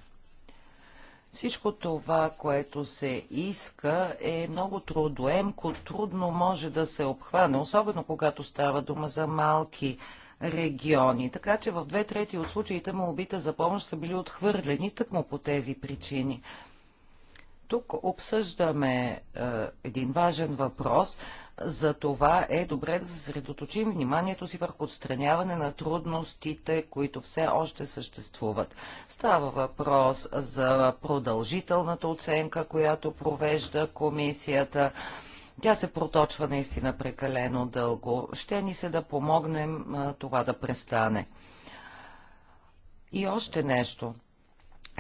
Всичко това, което се иска, е много трудоемко, трудно може да се обхване, особено когато става дума за малки региони. Така че в две трети от случаите му обита за помощ са били отхвърлени тъкмо по тези причини. Тук обсъждаме е, един важен въпрос. За това е добре да съсредоточим вниманието си върху отстраняване на трудностите, които все още съществуват. Става въпрос за продължителната оценка, която провежда комисията. Тя се проточва наистина прекалено дълго. Ще ни се да помогнем а, това да престане. И още нещо.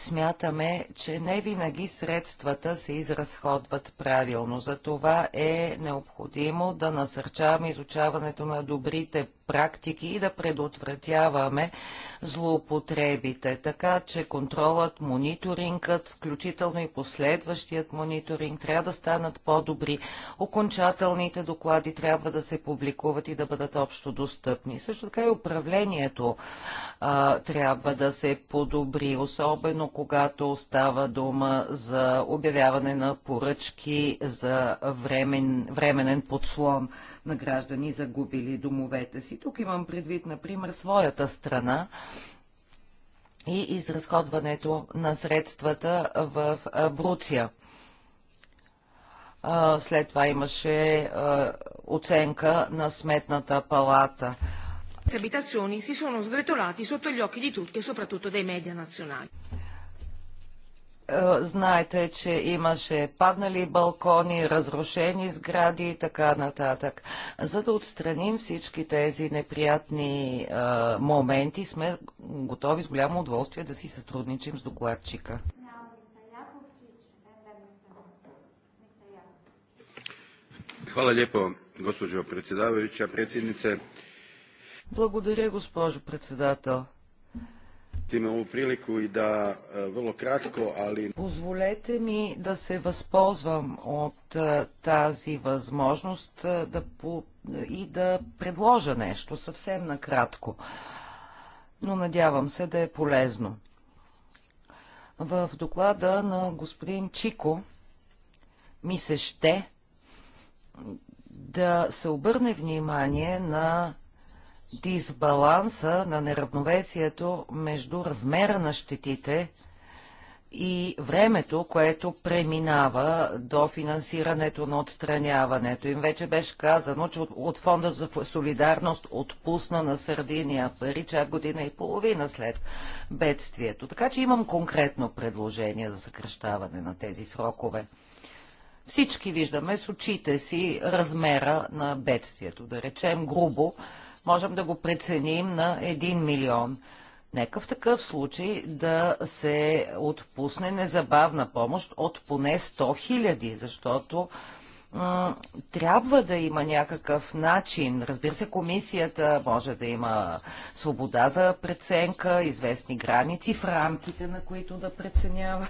Смятаме, че не винаги средствата се изразходват правилно. За това е необходимо да насърчаваме изучаването на добрите практики и да предотвратяваме злоупотребите. Така че контролът, мониторингът, включително и последващият мониторинг трябва да станат по-добри. Окончателните доклади трябва да се публикуват и да бъдат общо достъпни. Също така и управлението а, трябва да се подобри, особено когато става дума за обявяване на поръчки за времен, временен подслон на граждани, загубили домовете си тук имам предвид, например, своята страна и изразходването на средствата в Бруция. След това имаше оценка на сметната палата abitazioni си sono sgretolati sotto gli occhi di tutti e soprattutto dei media nazionali. Е, знаете, че имаше паднали балкони, разрушени сгради и така нататък. За да отстраним всички тези неприятни е, моменти, сме готови с голямо удоволствие да си сътрудничим с докладчика. Hvala lijepo, gospođo predsjedavajuća, predsjednice. Благодаря, госпожо председател time ovu priliku i da e, vrlo kratko, ali... Позволете ми да се възползвам от тази възможност e, да по... и да предложа нещо съвсем накратко, но надявам се да е полезно. В доклада на господин Чико ми се ще да се обърне внимание на дисбаланса, на неравновесието между размера на щетите и времето, което преминава до финансирането на отстраняването. Им вече беше казано, че от, от Фонда за солидарност отпусна на Сърдиния пари чак година и половина след бедствието. Така че имам конкретно предложение за съкръщаване на тези срокове. Всички виждаме с очите си размера на бедствието. Да речем грубо, можем да го преценим на 1 милион. Нека в такъв случай да се отпусне незабавна помощ от поне 100 хиляди, защото трябва да има някакъв начин. Разбира се, комисията може да има свобода за преценка, известни граници в рамките на които да преценява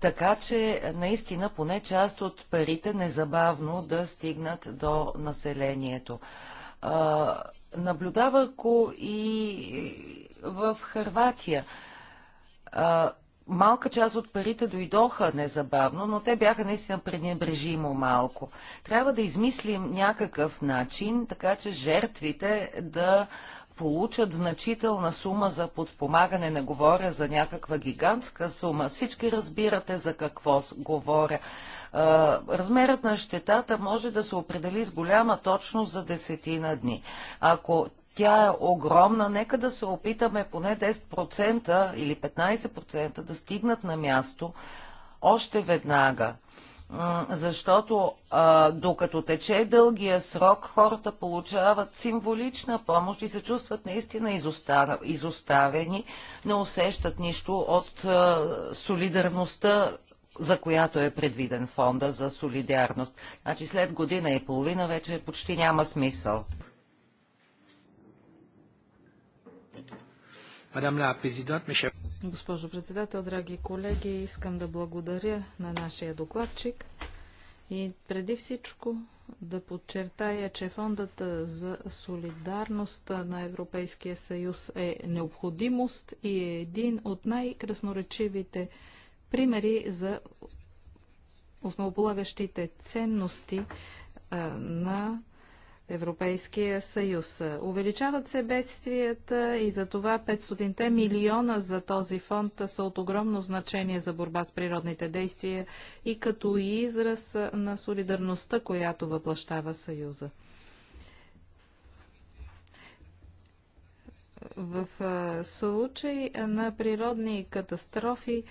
така че наистина поне част от парите незабавно да стигнат до населението. А, наблюдава го и в Харватия. малка част от парите дойдоха незабавно, но те бяха наистина пренебрежимо малко. Трябва да измислим някакъв начин, така че жертвите да а, получат значителна сума за подпомагане. Не говоря за някаква гигантска сума. Всички разбирате за какво говоря. размерът на щетата може да се определи с голяма точност за десетина дни. Ако тя е огромна, нека да се опитаме поне 10% или 15% да стигнат на място още веднага защото а, докато тече дългия срок, хората получават символична помощ и се чувстват наистина изоставени, не усещат нищо от а, солидарността, за която е предвиден фонда за солидарност. Значи след година и половина вече почти няма смисъл. Госпожо председател, драги колеги, искам да благодаря на нашия докладчик и преди всичко да подчертая, че фондът за солидарност на Европейския съюз е необходимост и е един от най-красноречивите примери за основополагащите ценности на Европейския съюз. Увеличават се бедствията и за това 500-те милиона за този фонд са от огромно значение за борба с природните действия и като израз на солидарността, която въплащава Съюза. В случай на природни катастрофи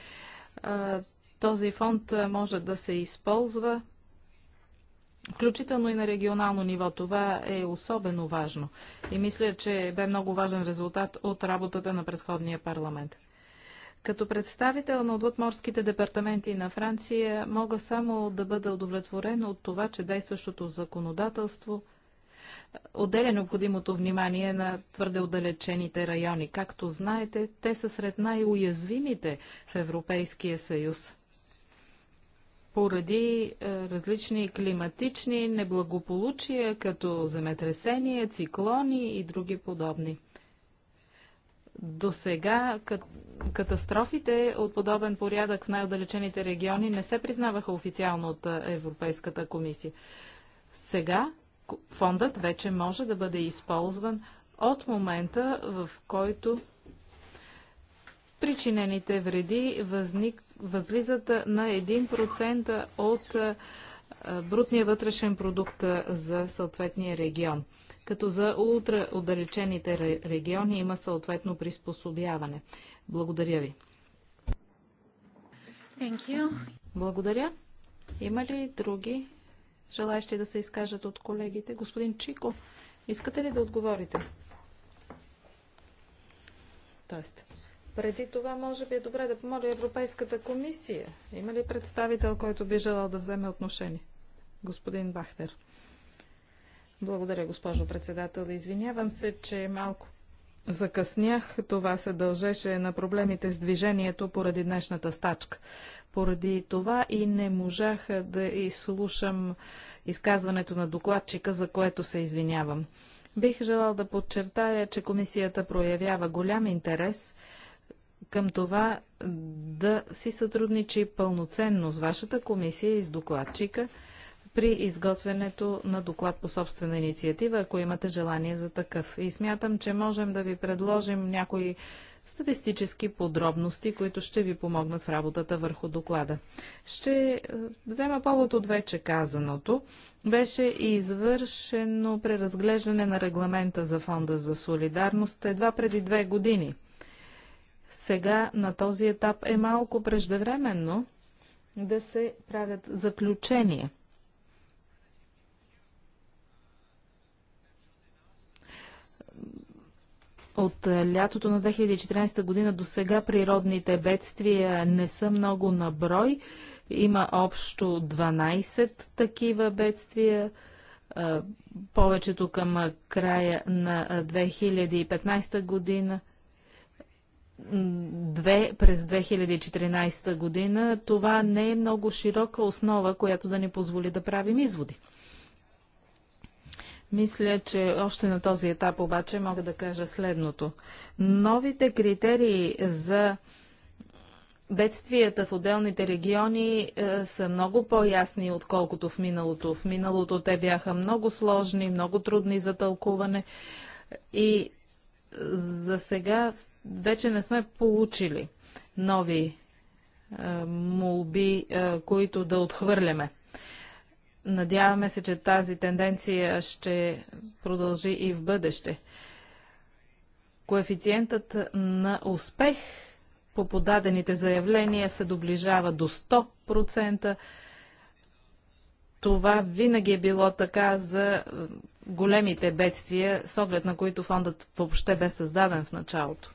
този фонд може да се използва включително и на регионално ниво. Това е особено важно и мисля, че бе много важен резултат от работата на предходния парламент. Като представител на отвъдморските департаменти на Франция мога само да бъда удовлетворен от това, че действащото законодателство отделя необходимото внимание на твърде отдалечените райони. Както знаете, те са сред най-уязвимите в Европейския съюз поради е, различни климатични неблагополучия, като земетресения, циклони и други подобни. До сега катастрофите от подобен порядък в най-отдалечените региони не се признаваха официално от е, Европейската комисия. Сега фондът вече може да бъде използван от момента, в който причинените вреди възник, възлизат на 1% от брутния вътрешен продукт за съответния регион. Като за ултраотдалечените региони има съответно приспособяване. Благодаря ви. Благодаря. Има ли други желаящи да се изкажат от колегите? Господин Чико, искате ли да отговорите? Тоест. Преди това, може би е добре да помоля Европейската комисия. Има ли представител, който би желал да вземе отношение? Господин Бахтер. Благодаря, госпожо председател. Извинявам се, че малко закъснях. Това се дължеше на проблемите с движението поради днешната стачка. Поради това и не можах да изслушам изказването на докладчика, за което се извинявам. Бих желал да подчертая, че комисията проявява голям интерес към това да си сътрудничи пълноценно с вашата комисия и с докладчика при изготвянето на доклад по собствена инициатива, ако имате желание за такъв. И смятам, че можем да ви предложим някои статистически подробности, които ще ви помогнат в работата върху доклада. Ще е, взема повод от вече казаното. Беше извършено преразглеждане на регламента за Фонда за солидарност едва преди две години – сега на този етап е малко преждевременно да се правят заключения. От е, лятото на 2014 година до сега природните бедствия не са много на брой. Има общо 12 такива бедствия е, повечето към края на 2015 е, година. 2 през 2014 година, това не е много широка основа, която да ни позволи да правим изводи. Мисля, че още на този етап обаче мога да кажа следното. Новите критерии за бедствията в отделните региони е, са много по-ясни, отколкото в миналото. В миналото те бяха много сложни, много трудни за тълкуване и за сега вече не сме получили нови е, молби, е, които да отхвърляме. Надяваме се, че тази тенденция ще продължи и в бъдеще. Коефициентът на успех по подадените заявления се доближава до 100%. Това винаги е било така за големите бедствия, с оглед на които фондът въобще бе създаден в началото.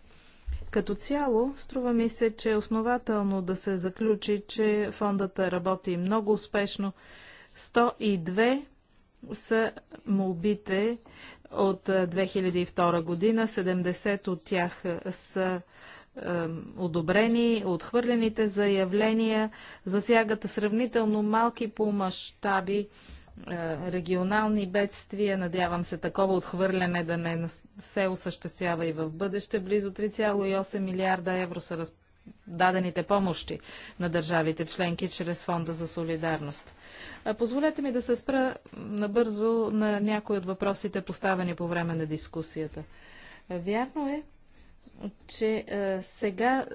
Като цяло, струва ми се, че е основателно да се заключи, че фондът работи много успешно. 102 са молбите от 2002 е, година, 70 от тях са е, одобрени, отхвърлените заявления засягат сравнително малки по мащаби е, регионални бедствия. Надявам се такова отхвърляне да не се осъществява и в бъдеще. Близо 3,8 милиарда евро са разпределени дадените помощи на държавите членки чрез Фонда за солидарност. Позволете ми да се спра набързо на някои от въпросите, поставени по време на дискусията. Е, вярно е, че а, е, сега е,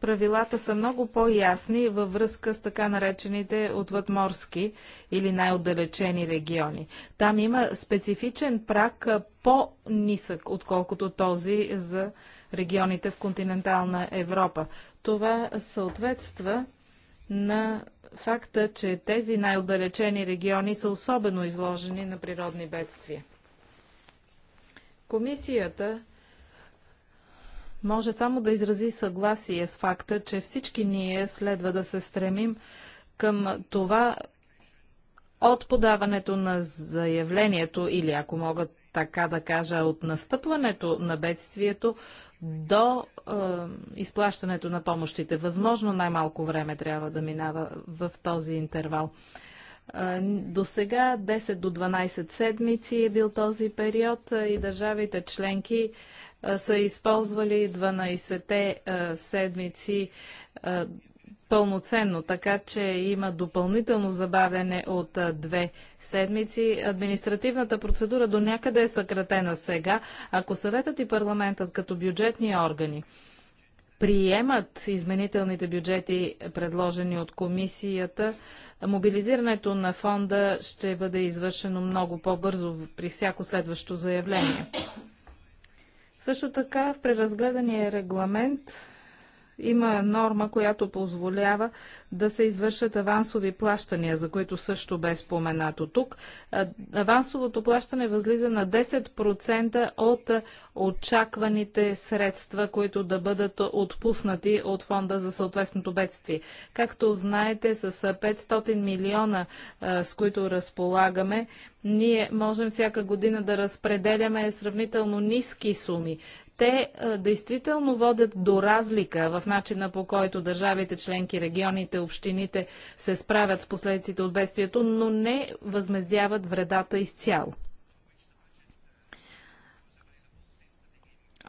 правилата са много по-ясни във връзка с така наречените отвъдморски или най-отдалечени региони. Там има специфичен прак е, по-нисък, отколкото този за регионите в континентална Европа. Това съответства на факта, че тези най-отдалечени региони са особено изложени на природни бедствия. Комисията може само да изрази съгласие с факта, че всички ние следва да се стремим към това от подаването на заявлението или ако могат така да кажа, от настъпването на бедствието до е, изплащането на помощите. Възможно най-малко време трябва да минава в този интервал. Е, до сега 10 до 12 седмици е бил този период е, и държавите членки са използвали 12-те седмици пълноценно, така че има допълнително забавяне от две седмици. Административната процедура до някъде е съкратена сега. Ако съветът и парламентът като бюджетни органи приемат изменителните бюджети, предложени от комисията, мобилизирането на фонда ще бъде извършено много по-бързо при всяко следващо заявление. Също така в преразгледания регламент има норма, която позволява да се извършат авансови плащания, за които също бе споменато тук. Авансовото плащане възлиза на 10% от очакваните средства, които да бъдат отпуснати от фонда за съответното бедствие. Както знаете, с 500 милиона, с които разполагаме, ние можем всяка година да разпределяме сравнително ниски суми те а, действително водят до разлика в начина по който държавите, членки, регионите, общините се справят с последиците от бедствието, но не възмездяват вредата изцяло.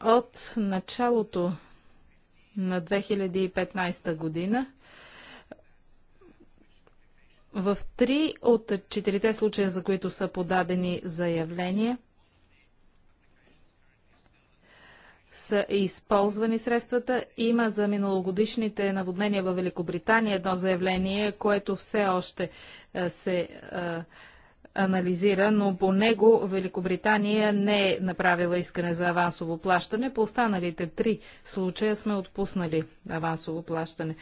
От началото на 2015 година в три от четирите случая, за които са подадени заявления, са използвани средствата. Има за миналогодишните наводнения в Великобритания едно заявление, което все още е, се е, анализира, но по него Великобритания не е направила искане за авансово плащане. По останалите три случая сме отпуснали авансово плащане.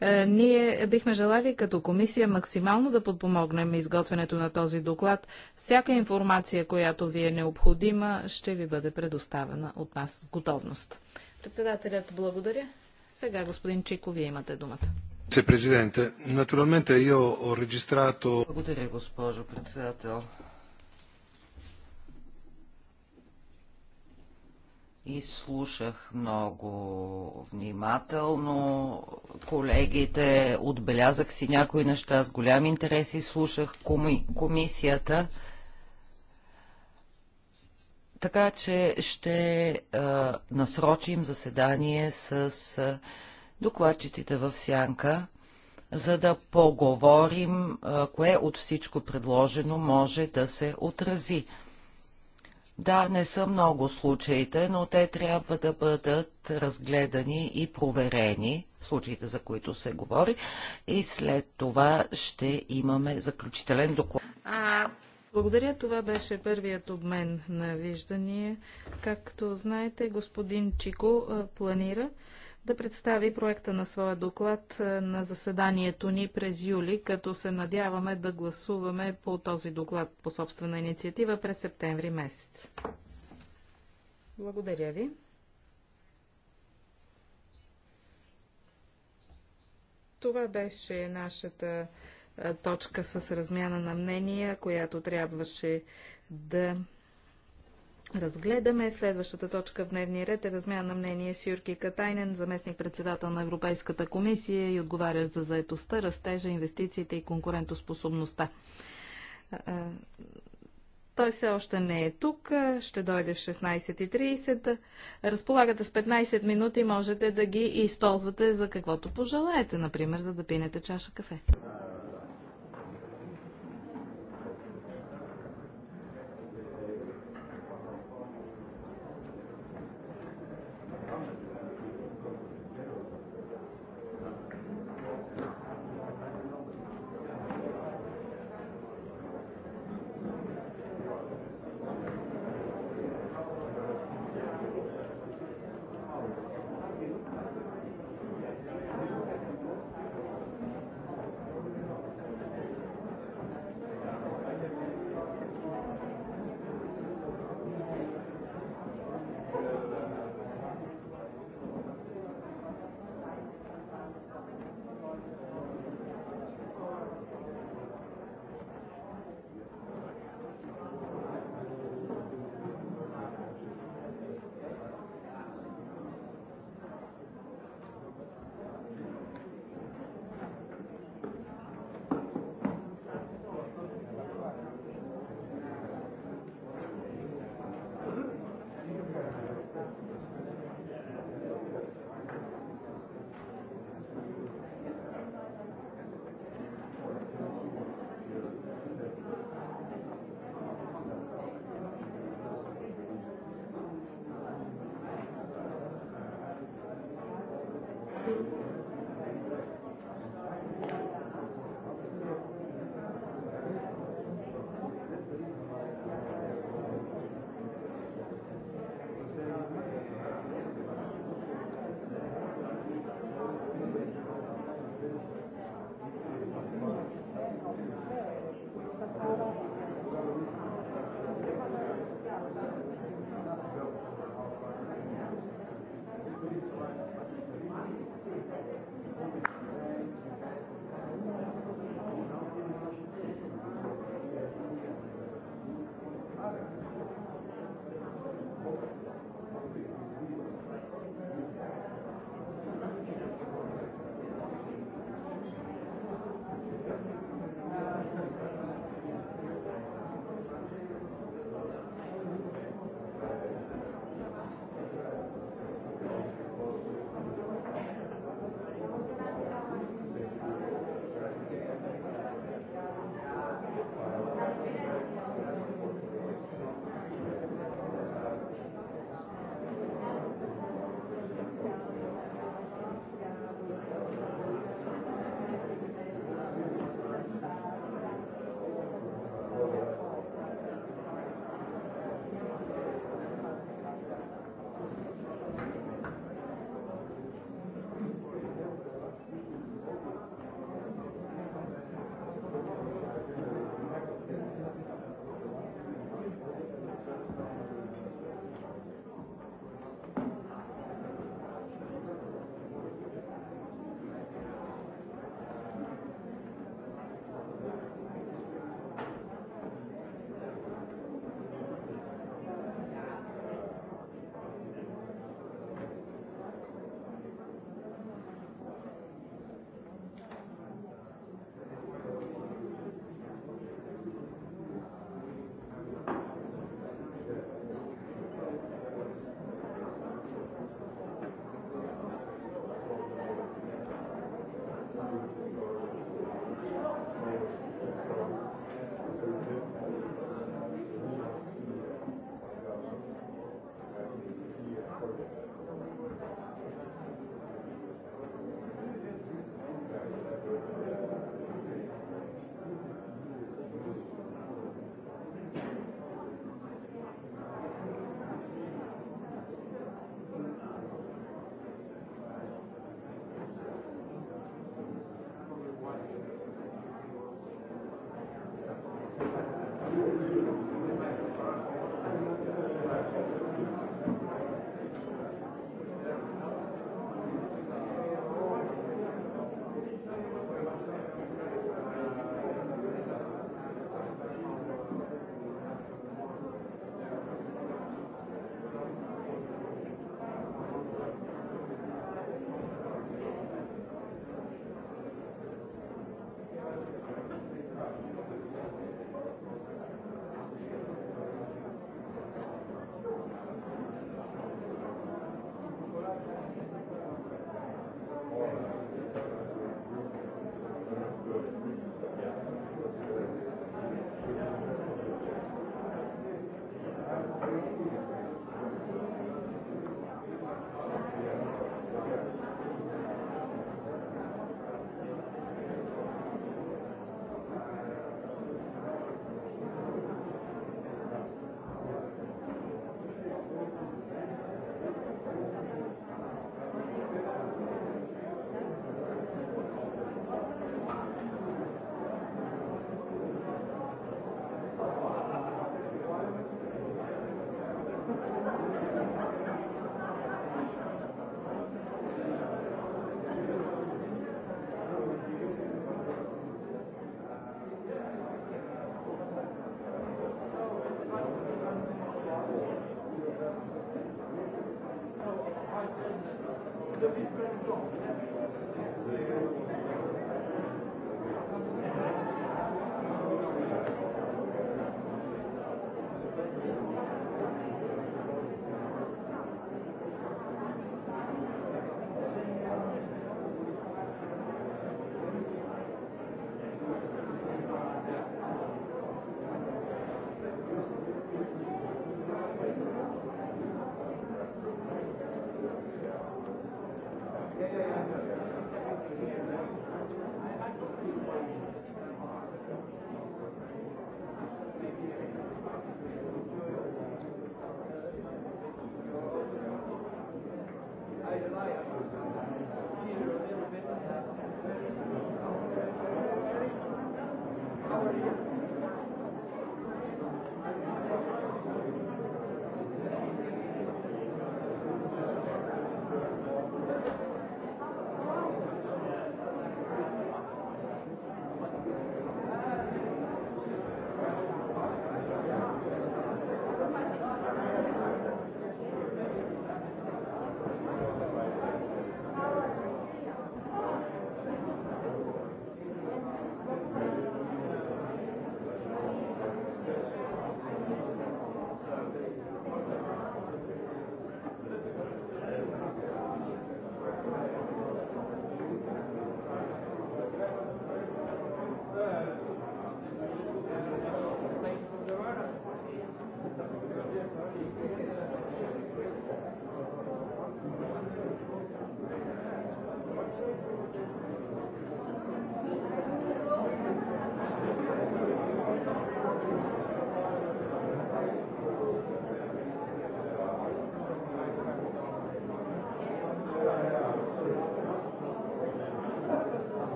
Е, ние бихме желали като комисия максимално да подпомогнем изготвянето на този доклад. Всяка информация, която ви е необходима, ще ви бъде предоставена от нас с готовност. Председателят, благодаря. Сега, господин Чико, вие имате думата. Благодаря, госпожо председател. И слушах много внимателно колегите, отбелязах си някои неща с голям интерес и слушах коми, комисията. Така че ще а, насрочим заседание с а, докладчиците в сянка, за да поговорим кое от всичко предложено може да се отрази. Да, не са много случаите, но те трябва да бъдат разгледани и проверени, случаите за които се говори, и след това ще имаме заключителен доклад. Благодаря. Това беше първият обмен на виждания. Както знаете, господин Чико планира да представи проекта на своя доклад е, на заседанието ни през юли, като се надяваме да гласуваме по този доклад по собствена инициатива през септември месец. Благодаря ви. Това беше нашата е, точка с размяна на мнения, която трябваше да разгледаме. Следващата точка в дневния ред е размяна на мнение с Юрки Катайнен, заместник-председател на Европейската комисия и отговаря за заетостта, растежа, инвестициите и конкурентоспособността. Той все още не е тук, ще дойде в 16.30. Разполагате с 15 минути, можете да ги използвате за каквото пожелаете, например, за да пинете чаша кафе.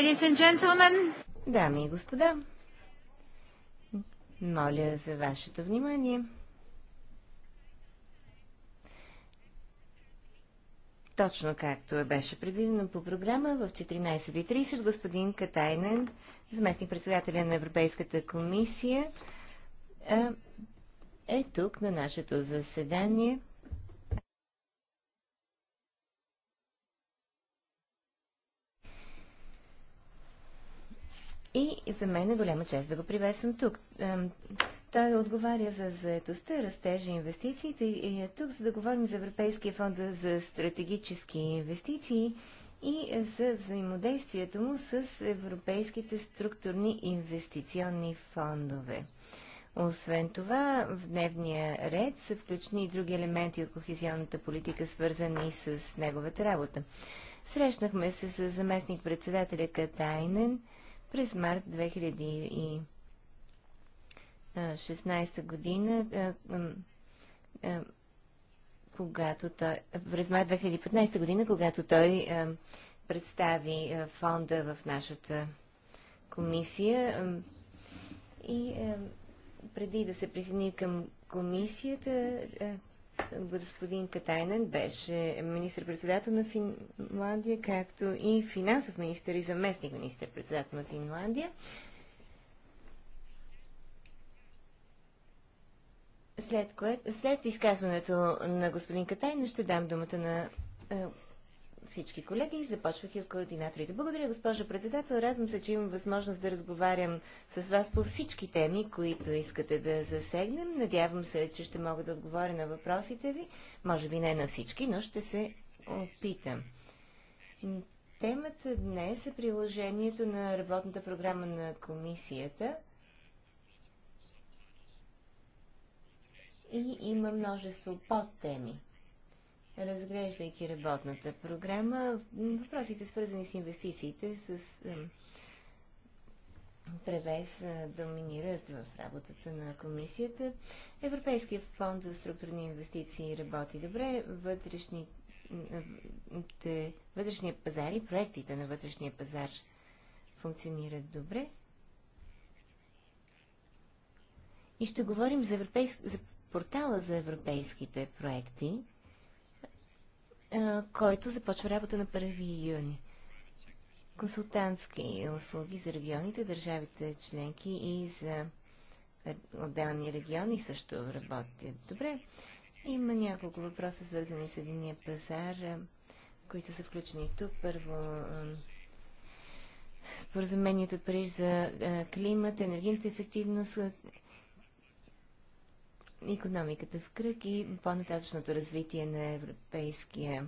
Ladies and gentlemen. Дами и господа, моля за вашето внимание. Точно както беше предвидено по програма, в 14.30 господин Катайнен, заместник председателя на Европейската комисия, е, е тук на нашето заседание – за мен е голяма чест да го приветствам тук. Той отговаря за заетостта, растежа инвестициите и е тук, за да говорим за Европейския фонд за стратегически инвестиции и за взаимодействието му с европейските структурни инвестиционни фондове. Освен това, в дневния ред са включени и други елементи от кохезионната политика, свързани с неговата работа. Срещнахме се с заместник-председателя Катайнен – през март 2016 година, когато той, през март 2015 година, когато той представи фонда в нашата комисия и преди да се присъедини към комисията, господин Катайнен беше министр-председател на Финландия, както и финансов министр и заместник министр-председател на Финландия. След, кое, след изказването на господин Катайнен ще дам думата на е, всички колеги, започвайки от координаторите. Благодаря, госпожо председател. Радвам се, че имам възможност да разговарям с вас по всички теми, които искате да засегнем. Надявам се, че ще мога да отговоря на въпросите ви. Може би не на всички, но ще се опитам. Темата днес е приложението на работната програма на комисията – и има множество подтеми разглеждайки работната програма, въпросите свързани с инвестициите, с превес е, доминират в работата на комисията. Европейския фонд за структурни инвестиции работи добре, вътрешни, те, вътрешния пазар и проектите на вътрешния пазар функционират добре. И ще говорим за, европейск... за портала за европейските проекти. Е, който започва работа на 1 юни. Консултантски услуги за регионите, държавите членки и за отделни региони също работят добре. Има няколко въпроса, свързани с единия пазар, е, които са включени тук. Първо, е, споразумението от Париж за климат, енергийната ефективност, економиката в кръг и по-нататъчното развитие на Европейския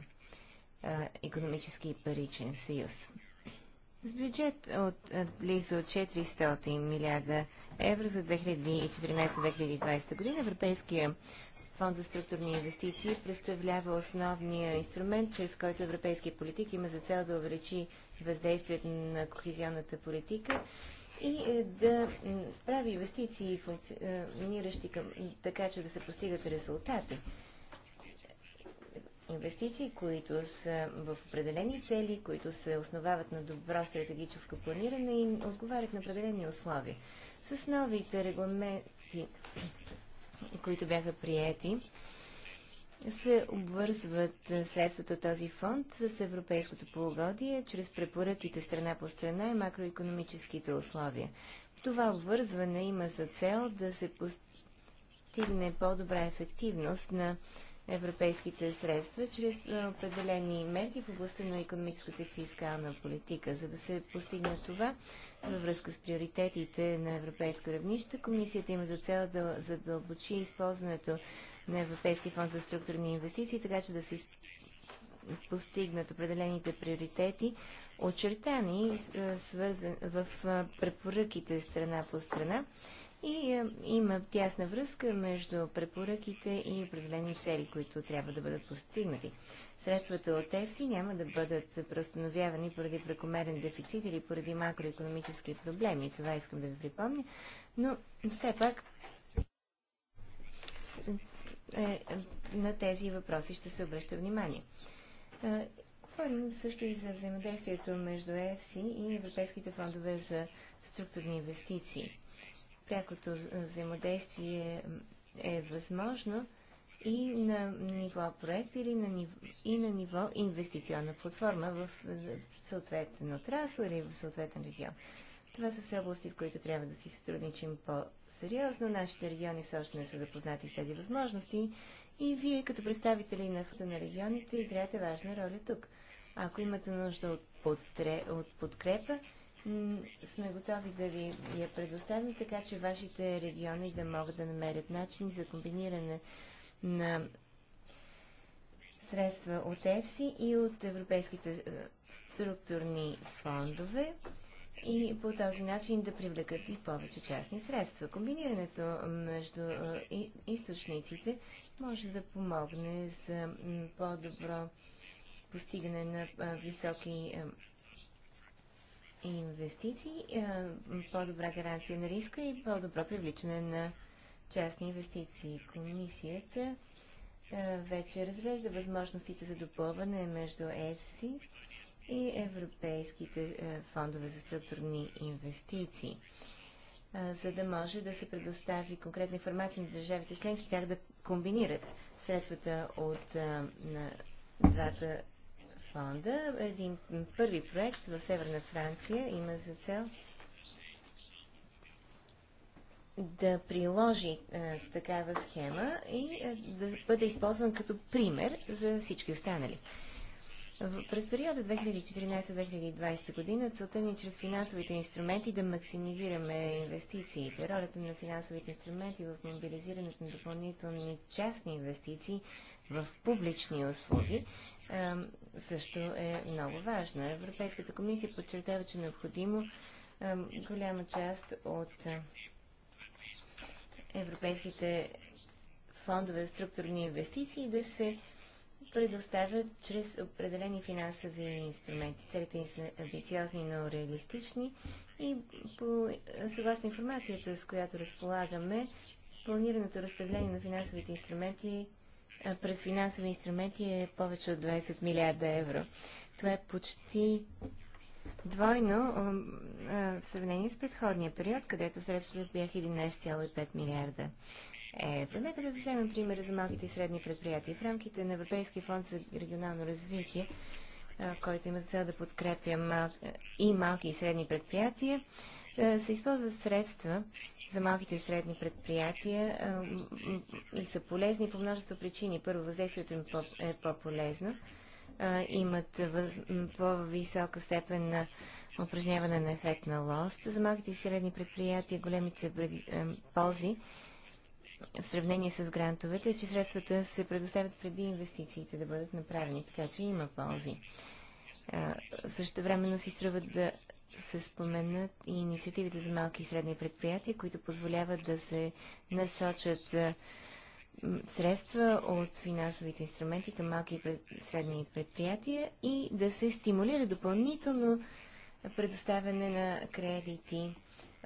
а, економически и паричен съюз. С бюджет от близо 400 милиарда евро за 2014-2020 година Европейския фонд за структурни инвестиции представлява основния инструмент, чрез който европейски политик има за цел да увеличи въздействието на кохезионната политика и е, да прави инвестиции, е, функциониращи към, така, че да се постигат резултати. Инвестиции, които са в определени цели, които се основават на добро стратегическо планиране и отговарят на определени условия. С новите регламенти, които бяха приети, се обвързват е, средствата този фонд с европейското полугодие чрез препоръките страна по страна и макроекономическите условия. Това обвързване има за цел да се постигне по-добра ефективност на европейските средства чрез е, определени мерки в областта на економическата и фискална политика. За да се постигне това, във връзка с приоритетите на европейско равнище, комисията има за цел да задълбочи използването на Европейския фонд за структурни инвестиции, така че да се постигнат определените приоритети, очертани свързан... в препоръките страна по страна. И има тясна връзка между препоръките и определени цели, които трябва да бъдат постигнати. Средствата от ЕФСИ няма да бъдат преустановявани поради прекомерен дефицит или поради макроекономически проблеми. Това искам да ви припомня. Но все пак е, на тези въпроси ще се обръща внимание. Е, говорим също и за взаимодействието между ЕФСИ и Европейските фондове за структурни инвестиции. Прякото взаимодействие е възможно и на ниво проект или на ниво, и на ниво инвестиционна платформа в съответен отрасъл или в съответен регион. Това са все области, в които трябва да си сътрудничим по-сериозно. Нашите региони все още не са запознати с тези възможности и вие, като представители на на регионите, играете важна роля тук. Ако имате нужда от, подтре, от подкрепа, сме готови да ви я предоставим, така че вашите региони да могат да намерят начини за комбиниране на средства от ЕФСИ и от европейските е, структурни фондове и по този начин да привлекат и повече частни средства. Комбинирането между източниците може да помогне за по-добро постигане на високи инвестиции, по-добра гаранция на риска и по-добро привличане на частни инвестиции. Комисията вече разглежда възможностите за допълване между EFSI и европейските е, фондове за структурни инвестиции, за да може да се предостави конкретна информация на държавите членки как да комбинират средствата от е, на двата фонда. Един първи проект в Северна Франция има за цел да приложи е, такава схема и е, да бъде използван като пример за всички останали. През периода 2014-2020 година целта ни е чрез финансовите инструменти да максимизираме инвестициите. Ролята на финансовите инструменти в мобилизирането на допълнителни частни инвестиции в публични услуги също е много важна. Европейската комисия подчертава, че е необходимо голяма част от европейските фондове за структурни инвестиции да се предоставят чрез определени финансови инструменти. Целите ни са амбициозни, но реалистични и по, съгласно информацията, с която разполагаме, планираното разпределение на финансовите инструменти през финансови инструменти е повече от 20 милиарда евро. Това е почти двойно в сравнение с предходния период, където средствата бяха 11,5 милиарда евро. Нека да вземем пример за малките и средни предприятия. В рамките на Европейския фонд за регионално развитие, който има за цел да подкрепя мал... и малки и средни предприятия, се използват средства за малките и средни предприятия и са полезни по множество причини. Първо, въздействието им е по-полезно. Имат въз... по-висока степен на упражняване на ефект на лост. За малките и средни предприятия големите ползи в сравнение с грантовете е, че средствата се предоставят преди инвестициите да бъдат направени, така че има ползи. Също времено си струва да се споменат и инициативите за малки и средни предприятия, които позволяват да се насочат средства от финансовите инструменти към малки и средни предприятия и да се стимулира допълнително предоставяне на кредити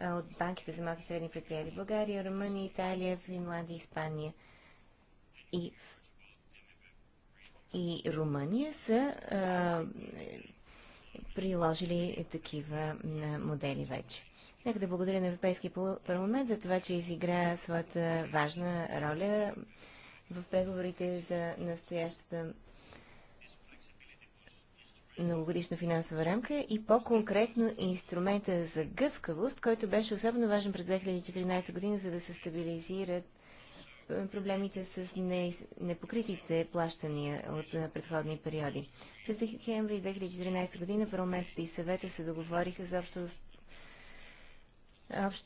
от банките за малки и средни предприятия. България, Румъния, Италия, Финландия, Испания и, и Румъния са а, приложили такива модели вече. Нека да благодаря на Европейския парламент за това, че изигра своята важна роля в преговорите за настоящата многогодишна финансова рамка и по-конкретно инструмента за гъвкавост, който беше особено важен през 2014 година, за да се стабилизират е, проблемите с не, непокритите плащания от е, предходни периоди. През декември 2014 година парламентът и съвета се договориха за общо общ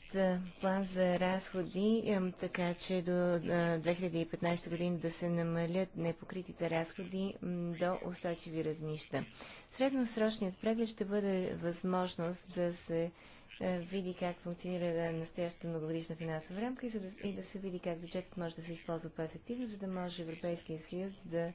план за разходи, така че до 2015 година да се намалят непокритите разходи до устойчиви равнища. Средносрочният преглед ще бъде възможност да се е, види как функционира настоящата многогодишна финансова рамка и, за да, и да се види как бюджетът може да се използва по-ефективно, за да може Европейския съюз да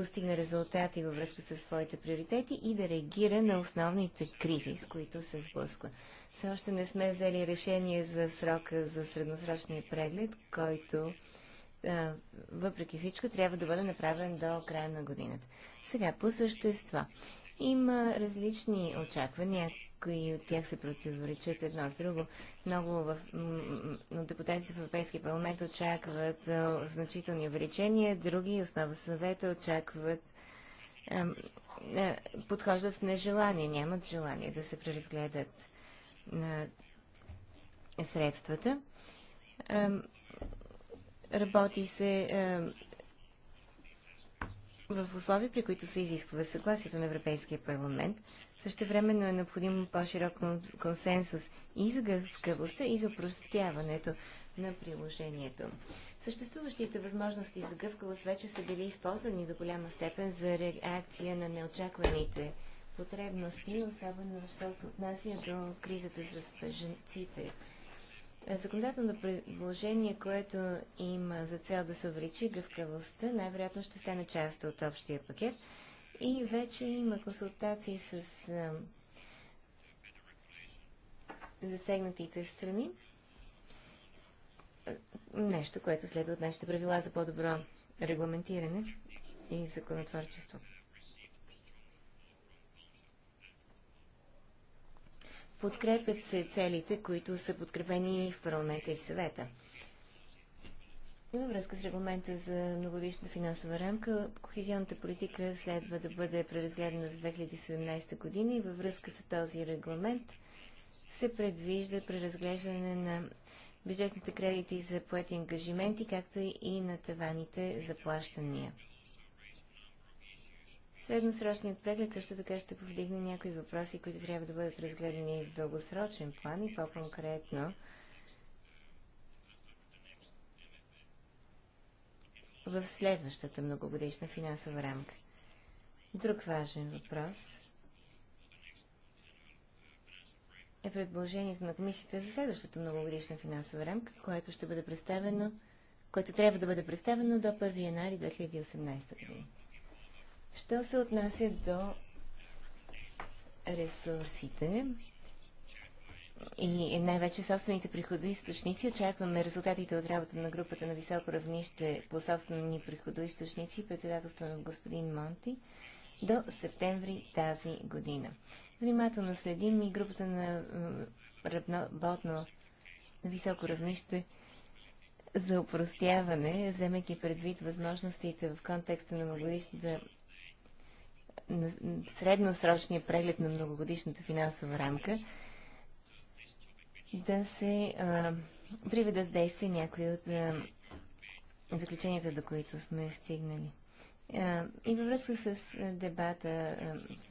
постигне резултати във връзка с своите приоритети и да реагира на основните кризи, с които се сблъсква. Все още не сме взели решение за срока за средносрочния преглед, който въпреки всичко трябва да бъде направен до края на годината. Сега по същество. Има различни очаквания кои от тях се противоречат едно с друго. Много в, м- депутатите в Европейския парламент очакват а, значителни увеличения, други, основа съвета, очакват а, а, подхождат с нежелание, нямат желание да се преразгледат на средствата. Работи се в условия, при които се изисква съгласието на Европейския парламент. Също времено е необходимо по-широк консенсус и за гъвкавостта, и за простяването на приложението. Съществуващите възможности за гъвкавост вече са били използвани до голяма степен за реакция на неочакваните потребности, особено що се отнася до кризата с беженците. Законодателно предложение, което има за цел да се увеличи гъвкавостта, най-вероятно ще стане част от общия пакет – и вече има консултации с а, засегнатите страни. Нещо, което следва от нашите правила за по-добро регламентиране и законотворчество. Подкрепят се целите, които са подкрепени и в парламента и в съвета – във връзка с регламента за многодишна финансова рамка, кохезионната политика следва да бъде преразгледана за 2017 година и във връзка с този регламент се предвижда преразглеждане на бюджетните кредити за поети ангажименти, както и на таваните за плащания. Средносрочният преглед също така ще повдигне някои въпроси, които трябва да бъдат разгледани в дългосрочен план и по-конкретно – в следващата многогодишна финансова рамка. Друг важен въпрос е предложението на комисията за следващата многогодишна финансова рамка, което ще бъде представено, което трябва да бъде представено до 1 януари 2018 година. Що се отнася до ресурсите, и най-вече собствените приходоисточници. Очакваме резултатите от работа на групата на високо равнище по собствени приходоисточници, председателство на господин Монти, до септември тази година. Внимателно следим и групата на работно високо равнище за упростяване, вземайки предвид възможностите в контекста на многогодишната средносрочния преглед на многогодишната финансова рамка, да се а, приведат в действие някои от а, заключенията, до които сме стигнали. А, и във връзка с дебата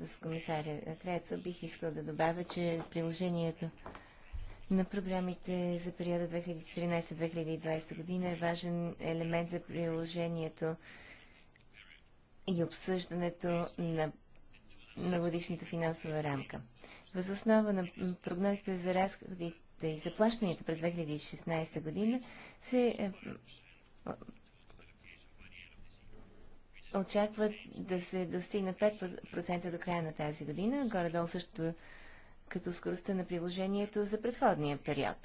а, с комисаря Крецо бих искал да добавя, че приложението на програмите за периода 2014-2020 година е важен елемент за приложението и обсъждането на, на годишната финансова рамка. Възоснова на прогнозите за разходи бюджета и заплащанията през 2016 година се е, очакват да се достигнат 5% до края на тази година, горе-долу също като скоростта на приложението за предходния период.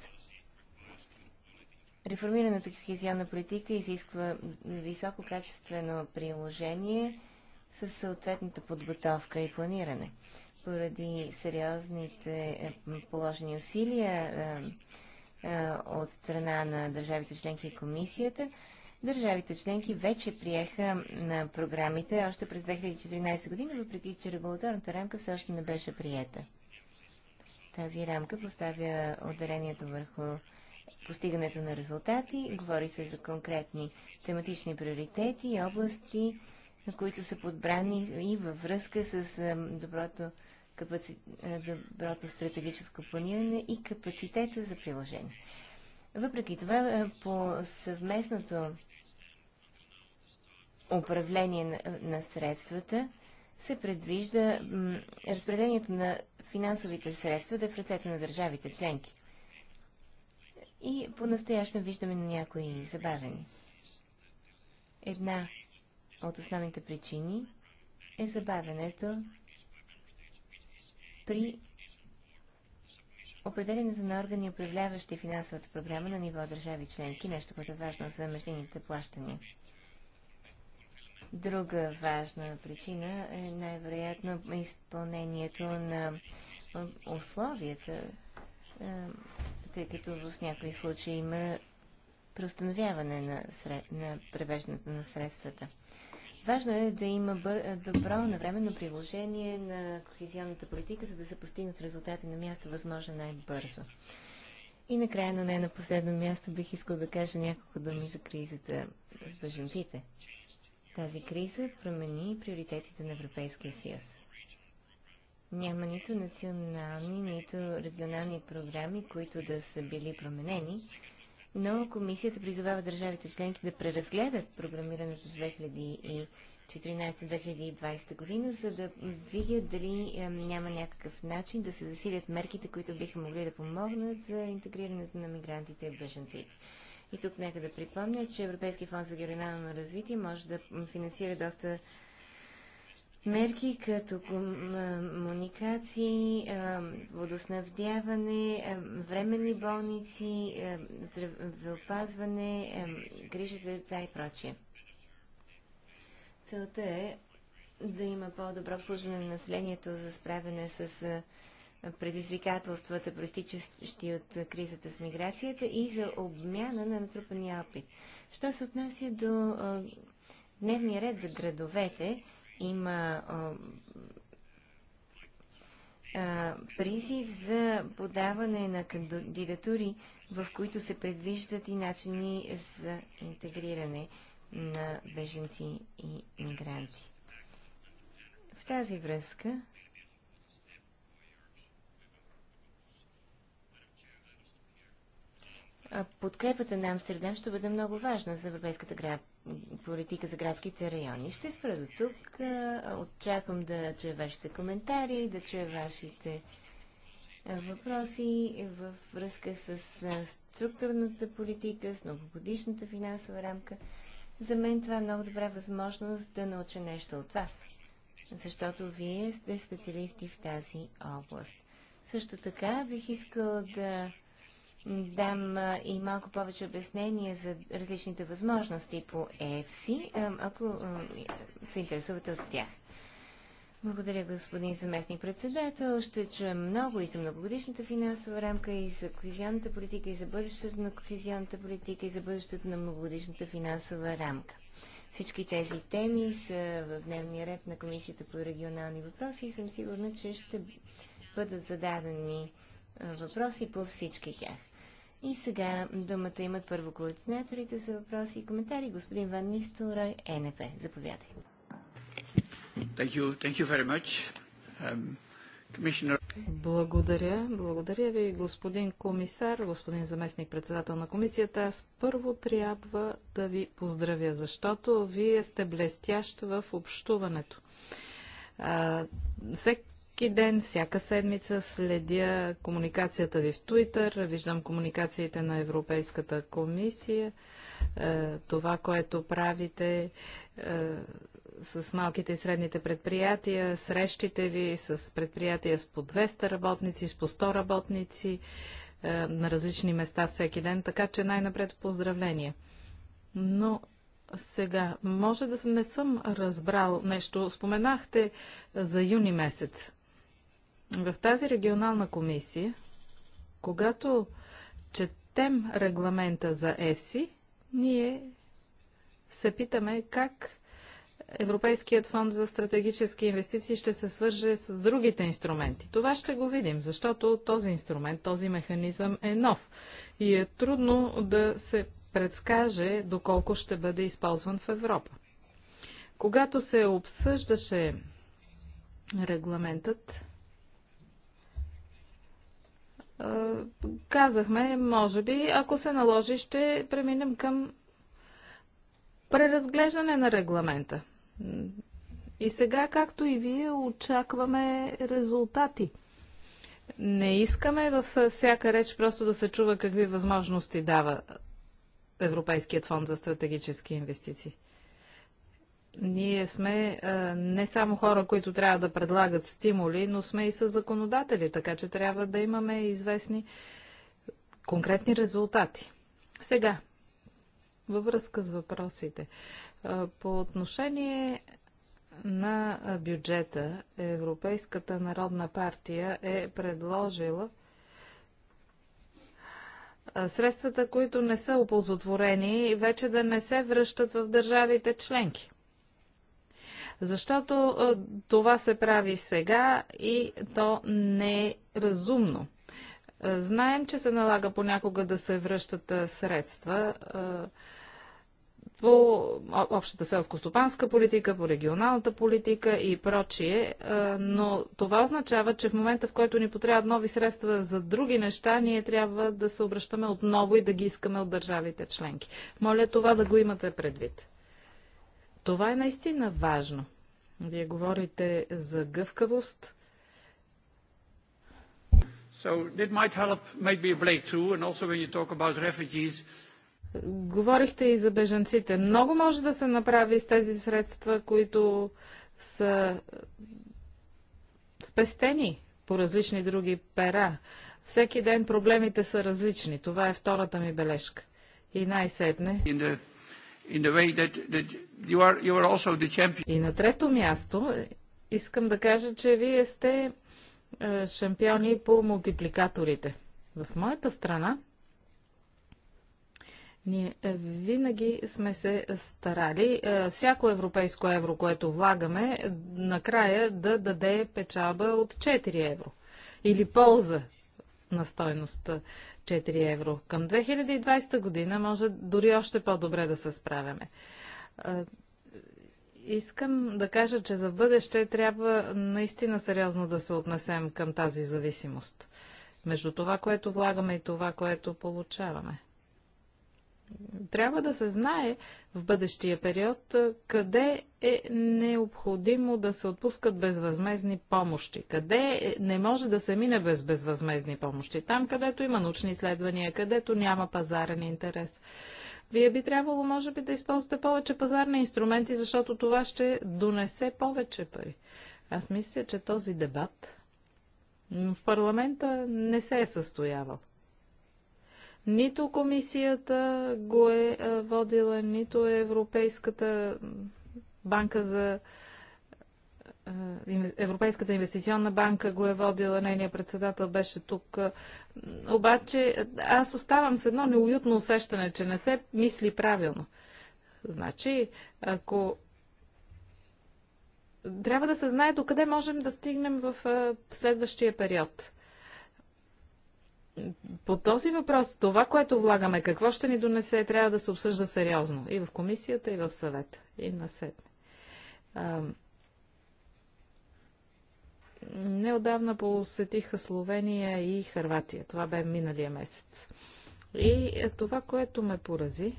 Реформираната кохезионна политика изисква високо качествено приложение с съответната подготовка и планиране поради сериозните е, положени усилия е, е, от страна на държавите членки и комисията, държавите членки вече приеха на програмите още през 2014 година, въпреки че регулаторната рамка все още не беше приета. Тази рамка поставя ударението върху постигането на резултати, говори се за конкретни тематични приоритети и области, които са подбрани и във връзка с доброто капаци... Е, доброто стратегическо планиране и капацитета за приложение. Въпреки това, е, по съвместното управление на, на средствата се предвижда разпределението на финансовите средства да е в ръцете на държавите членки. И по настоящно виждаме някои забавени. Една от основните причини е забавенето при определенето на органи, управляващи финансовата програма на ниво държави членки, нещо, което е важно за междинните плащания. Друга важна причина е най-вероятно изпълнението на условията, е, тъй като в някои случаи има преустановяване на, сред... на превеждането на средствата. Важно е да има бър... добро навременно приложение на кохезионната политика, за да се постигнат резултати на място възможно най-бързо. И накрая, но не на последно място, бих искал да кажа няколко думи за кризата с бежанците. Тази криза промени приоритетите на Европейския съюз. Няма нито национални, нито регионални програми, които да са били променени, но комисията призовава държавите членки да преразгледат програмирането с 2014-2020 година, за да видят дали няма някакъв начин да се засилят мерките, които биха могли да помогнат за интегрирането на мигрантите и беженците. И тук нека да припомня, че Европейския фонд за регионално развитие може да финансира доста мерки като комуникации, водоснабдяване, временни болници, здравеопазване, грижа за деца и прочие. Целта е да има по-добро обслужване на населението за справяне с предизвикателствата, проистичащи от кризата с миграцията и за обмяна на натрупания опит. Що се отнася до дневния ред за градовете, има призив за подаване на кандидатури, в които се предвиждат и начини за интегриране на беженци и мигранти. В тази връзка подкрепата на Амстердам ще бъде много важна за европейската град политика за градските райони. Ще спра до тук. Очаквам да чуя вашите коментари, да чуя вашите въпроси във връзка с структурната политика, с многогодишната финансова рамка. За мен това е много добра възможност да науча нещо от вас, защото вие сте специалисти в тази област. Също така бих искал да дам и малко повече обяснение за различните възможности по EFC, е ако се интересувате от тях. Благодаря, господин заместник председател. Ще чуем много и за многогодишната финансова рамка, и за кохезионната политика, и за бъдещето на кохезионната политика, и за бъдещето на многогодишната финансова рамка. Всички тези теми са в дневния ред на Комисията по регионални въпроси и съм сигурна, че ще бъдат зададени въпроси по всички тях. И сега думата имат първо координаторите за въпроси и коментари. Господин Ван Нистелрой, НП. Заповядайте. Thank you. Thank you very much. Um, commissioner... Благодаря. Благодаря ви, господин комисар, господин заместник председател на комисията. Аз първо трябва да ви поздравя, защото вие сте блестящ в общуването. А, всеки ден, всяка седмица следя комуникацията ви в Twitter, виждам комуникациите на Европейската комисия, е, това, което правите е, с малките и средните предприятия, срещите ви с предприятия с по 200 работници, с по 100 работници е, на различни места всеки ден, така че най-напред поздравления. Но сега, може да не съм разбрал нещо. Споменахте за юни месец. В тази регионална комисия, когато четем регламента за ЕСИ, ние се питаме как Европейският фонд за стратегически инвестиции ще се свърже с другите инструменти. Това ще го видим, защото този инструмент, този механизъм е нов и е трудно да се предскаже доколко ще бъде използван в Европа. Когато се обсъждаше регламентът, казахме, може би, ако се наложи, ще преминем към преразглеждане на регламента. И сега, както и вие, очакваме резултати. Не искаме във всяка реч просто да се чува какви възможности дава Европейският фонд за стратегически инвестиции. Ние сме а, не само хора, които трябва да предлагат стимули, но сме и със законодатели, така че трябва да имаме известни конкретни резултати. Сега, във връзка с въпросите. По отношение на бюджета, Европейската народна партия е предложила средствата, които не са оползотворени, вече да не се връщат в държавите членки. Защото е, това се прави сега и то не е разумно. Е, знаем, че се налага понякога да се връщат е, средства по общата селско-стопанска политика, по регионалната политика и прочие, но това означава, че в момента, в който ни потребят нови средства за други неща, ние трябва да се обръщаме отново и да ги искаме от държавите членки. Моля това да го имате предвид. Това е наистина важно. Вие говорите за гъвкавост. So it might help maybe a breakthrough and also when you talk about refugees. Говорихте и за бежанците. Много може да се направи с тези средства, които са е, спестени по различни други пера. Всеки ден проблемите са различни. Това е втората ми бележка. И най-сетне. In the и на трето място е, искам да кажа, че вие сте е, шампиони по мултипликаторите. В моята страна ние е, винаги сме се старали всяко европейско евро, което влагаме, накрая да даде печалба от 4 евро или полза на стойност 4 евро. Към 2020 година може дори още по-добре да се справяме. Искам да кажа, че за бъдеще трябва наистина сериозно да се отнесем към тази зависимост между това, което влагаме и това, което получаваме. Трябва да се знае в бъдещия период къде е необходимо да се отпускат безвъзмезни помощи, къде е, не може да се мине без безвъзмезни помощи, там където има научни изследвания, където няма пазарен интерес. Вие би трябвало, може би, да използвате повече пазарни инструменти, защото това ще донесе повече пари. Аз мисля, че този дебат в парламента не се е състоявал. Нито комисията го е, е водила, нито е Европейската банка за е, Европейската инвестиционна банка го е водила, нейният председател беше тук. Обаче аз оставам с едно неуютно усещане, че не се мисли правилно. Значи, ако трябва да се знае до къде можем да стигнем в е, следващия период по този въпрос, това, което влагаме, какво ще ни донесе, трябва да се обсъжда сериозно и в комисията, и в съвета, и на сетне. Неодавна посетиха Словения и Харватия. Това бе миналия месец. И е, това, което ме порази,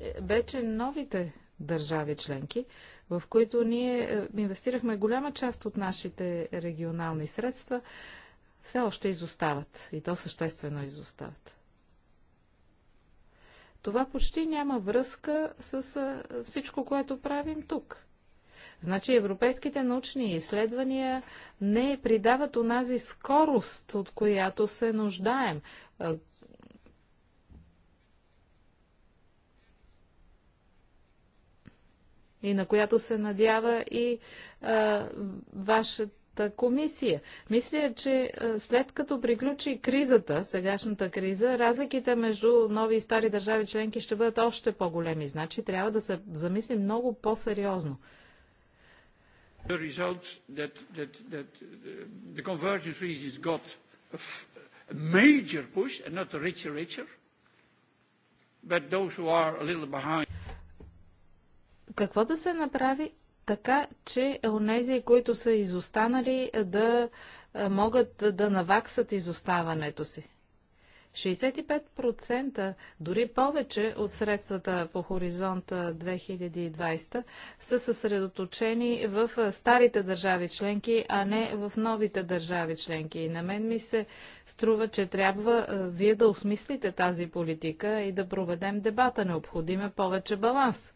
е, бе, че новите държави членки, в които ние е, инвестирахме голяма част от нашите регионални средства, все още изостават и то съществено изостават. Това почти няма връзка с всичко, което правим тук. Значи европейските научни изследвания не придават онази скорост, от която се нуждаем. И на която се надява и а, вашето Европейската комисия. Мисля, че след като приключи кризата, сегашната криза, разликите между нови и стари държави членки ще бъдат още по-големи. Значи трябва да се замисли много по-сериозно. Uh, Какво да се направи така че онези, които са изостанали, да могат да наваксат изоставането си. 65%, дори повече от средствата по хоризонт 2020 са съсредоточени в старите държави членки, а не в новите държави членки. И на мен ми се струва, че трябва вие да осмислите тази политика и да проведем дебата. Необходим е повече баланс.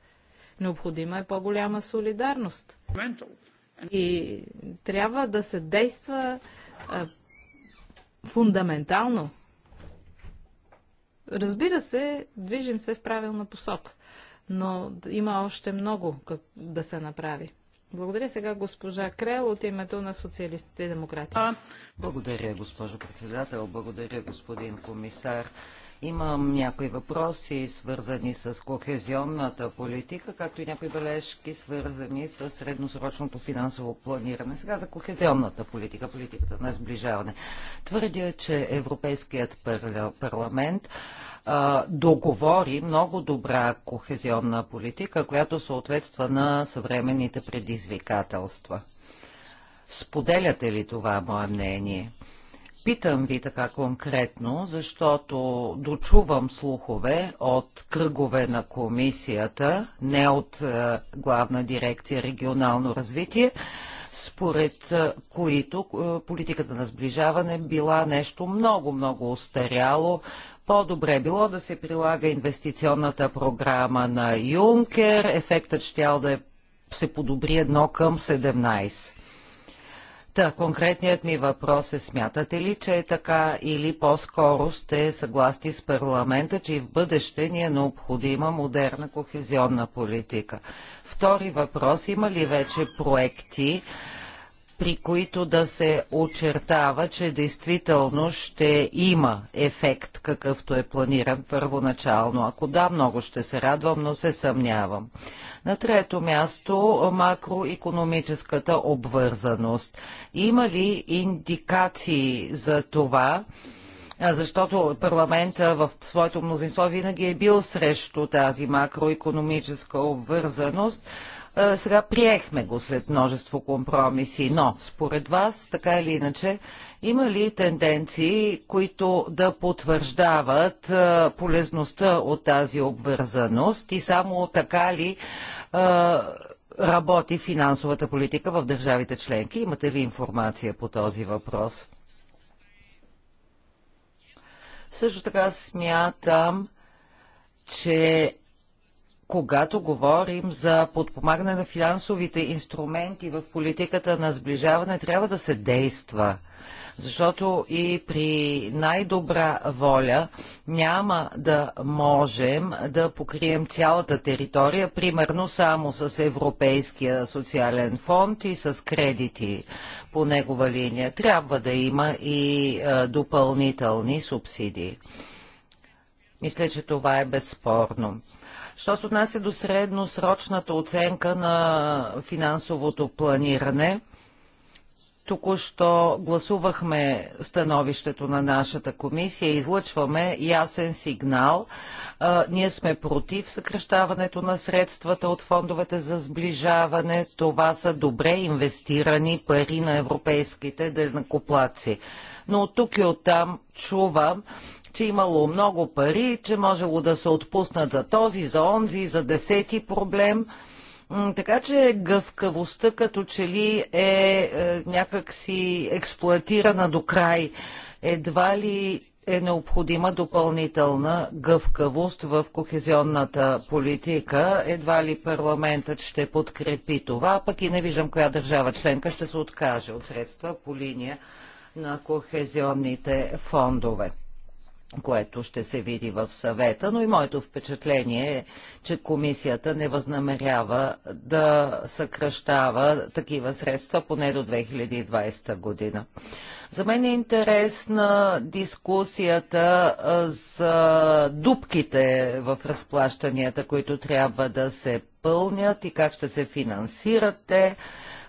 Необходима е по-голяма солидарност. И трябва да се действа а, фундаментално. Разбира се, движим се в правилна посока, но има още много как да се направи. Благодаря сега госпожа Крел от името на социалистите и демократи. Благодаря, госпожо председател. Благодаря, господин комисар. Имам някои въпроси, свързани с кохезионната политика, както и някои бележки, свързани с средносрочното финансово планиране. Сега за кохезионната политика, политиката на сближаване. Твърдя, че Европейският парламент а, договори много добра кохезионна политика, която съответства на съвременните предизвикателства. Споделяте ли това мое мнение? Питам ви така конкретно, защото дочувам слухове от кръгове на комисията, не от е, главна дирекция регионално развитие, според е, които е, политиката на сближаване била нещо много-много устаряло. По-добре било да се прилага инвестиционната програма на Юнкер, ефектът щял да се подобри едно към 17. Та, конкретният ми въпрос е, смятате ли, че е така или по-скоро сте съгласни с парламента, че и в бъдеще ни е необходима модерна кохезионна политика? Втори въпрос, има ли вече проекти, при които да се очертава, че действително ще има ефект, какъвто е планиран първоначално. Ако да, много ще се радвам, но се съмнявам. На трето място макроекономическата обвързаност. Има ли индикации за това, защото парламента в своето мнозинство винаги е бил срещу тази макроекономическа обвързаност, е, сега приехме го след множество компромиси, но според вас, така или иначе, има ли тенденции, които да потвърждават е, полезността от тази обвързаност и само така ли е, работи финансовата политика в държавите членки? Имате ли информация по този въпрос? Също така смятам, че когато говорим за подпомагане на финансовите инструменти в политиката на сближаване, трябва да се действа. Защото и при най-добра воля няма да можем да покрием цялата територия, примерно само с Европейския социален фонд и с кредити по негова линия. Трябва да има и е, допълнителни субсидии. Мисля, че това е безспорно. Що се отнася до средносрочната оценка на финансовото планиране, Току-що гласувахме становището на нашата комисия, излъчваме ясен сигнал. А, ние сме против съкръщаването на средствата от фондовете за сближаване. Това са добре инвестирани пари на европейските денакоплаци. Но от тук и оттам чувам, че имало много пари, че можело да се отпуснат за този, за онзи, за десети проблем. Така че гъвкавостта като че ли е, е някакси експлуатирана до край. Едва ли е необходима допълнителна гъвкавост в кохезионната политика. Едва ли парламентът ще подкрепи това, пък и не виждам коя държава членка ще се откаже от средства по линия на кохезионните фондове което ще се види в съвета, но и моето впечатление е, че комисията не възнамерява да съкръщава такива средства поне до 2020 година. За мен е интересна дискусията за дупките в разплащанията, които трябва да се пълнят и как ще се финансират те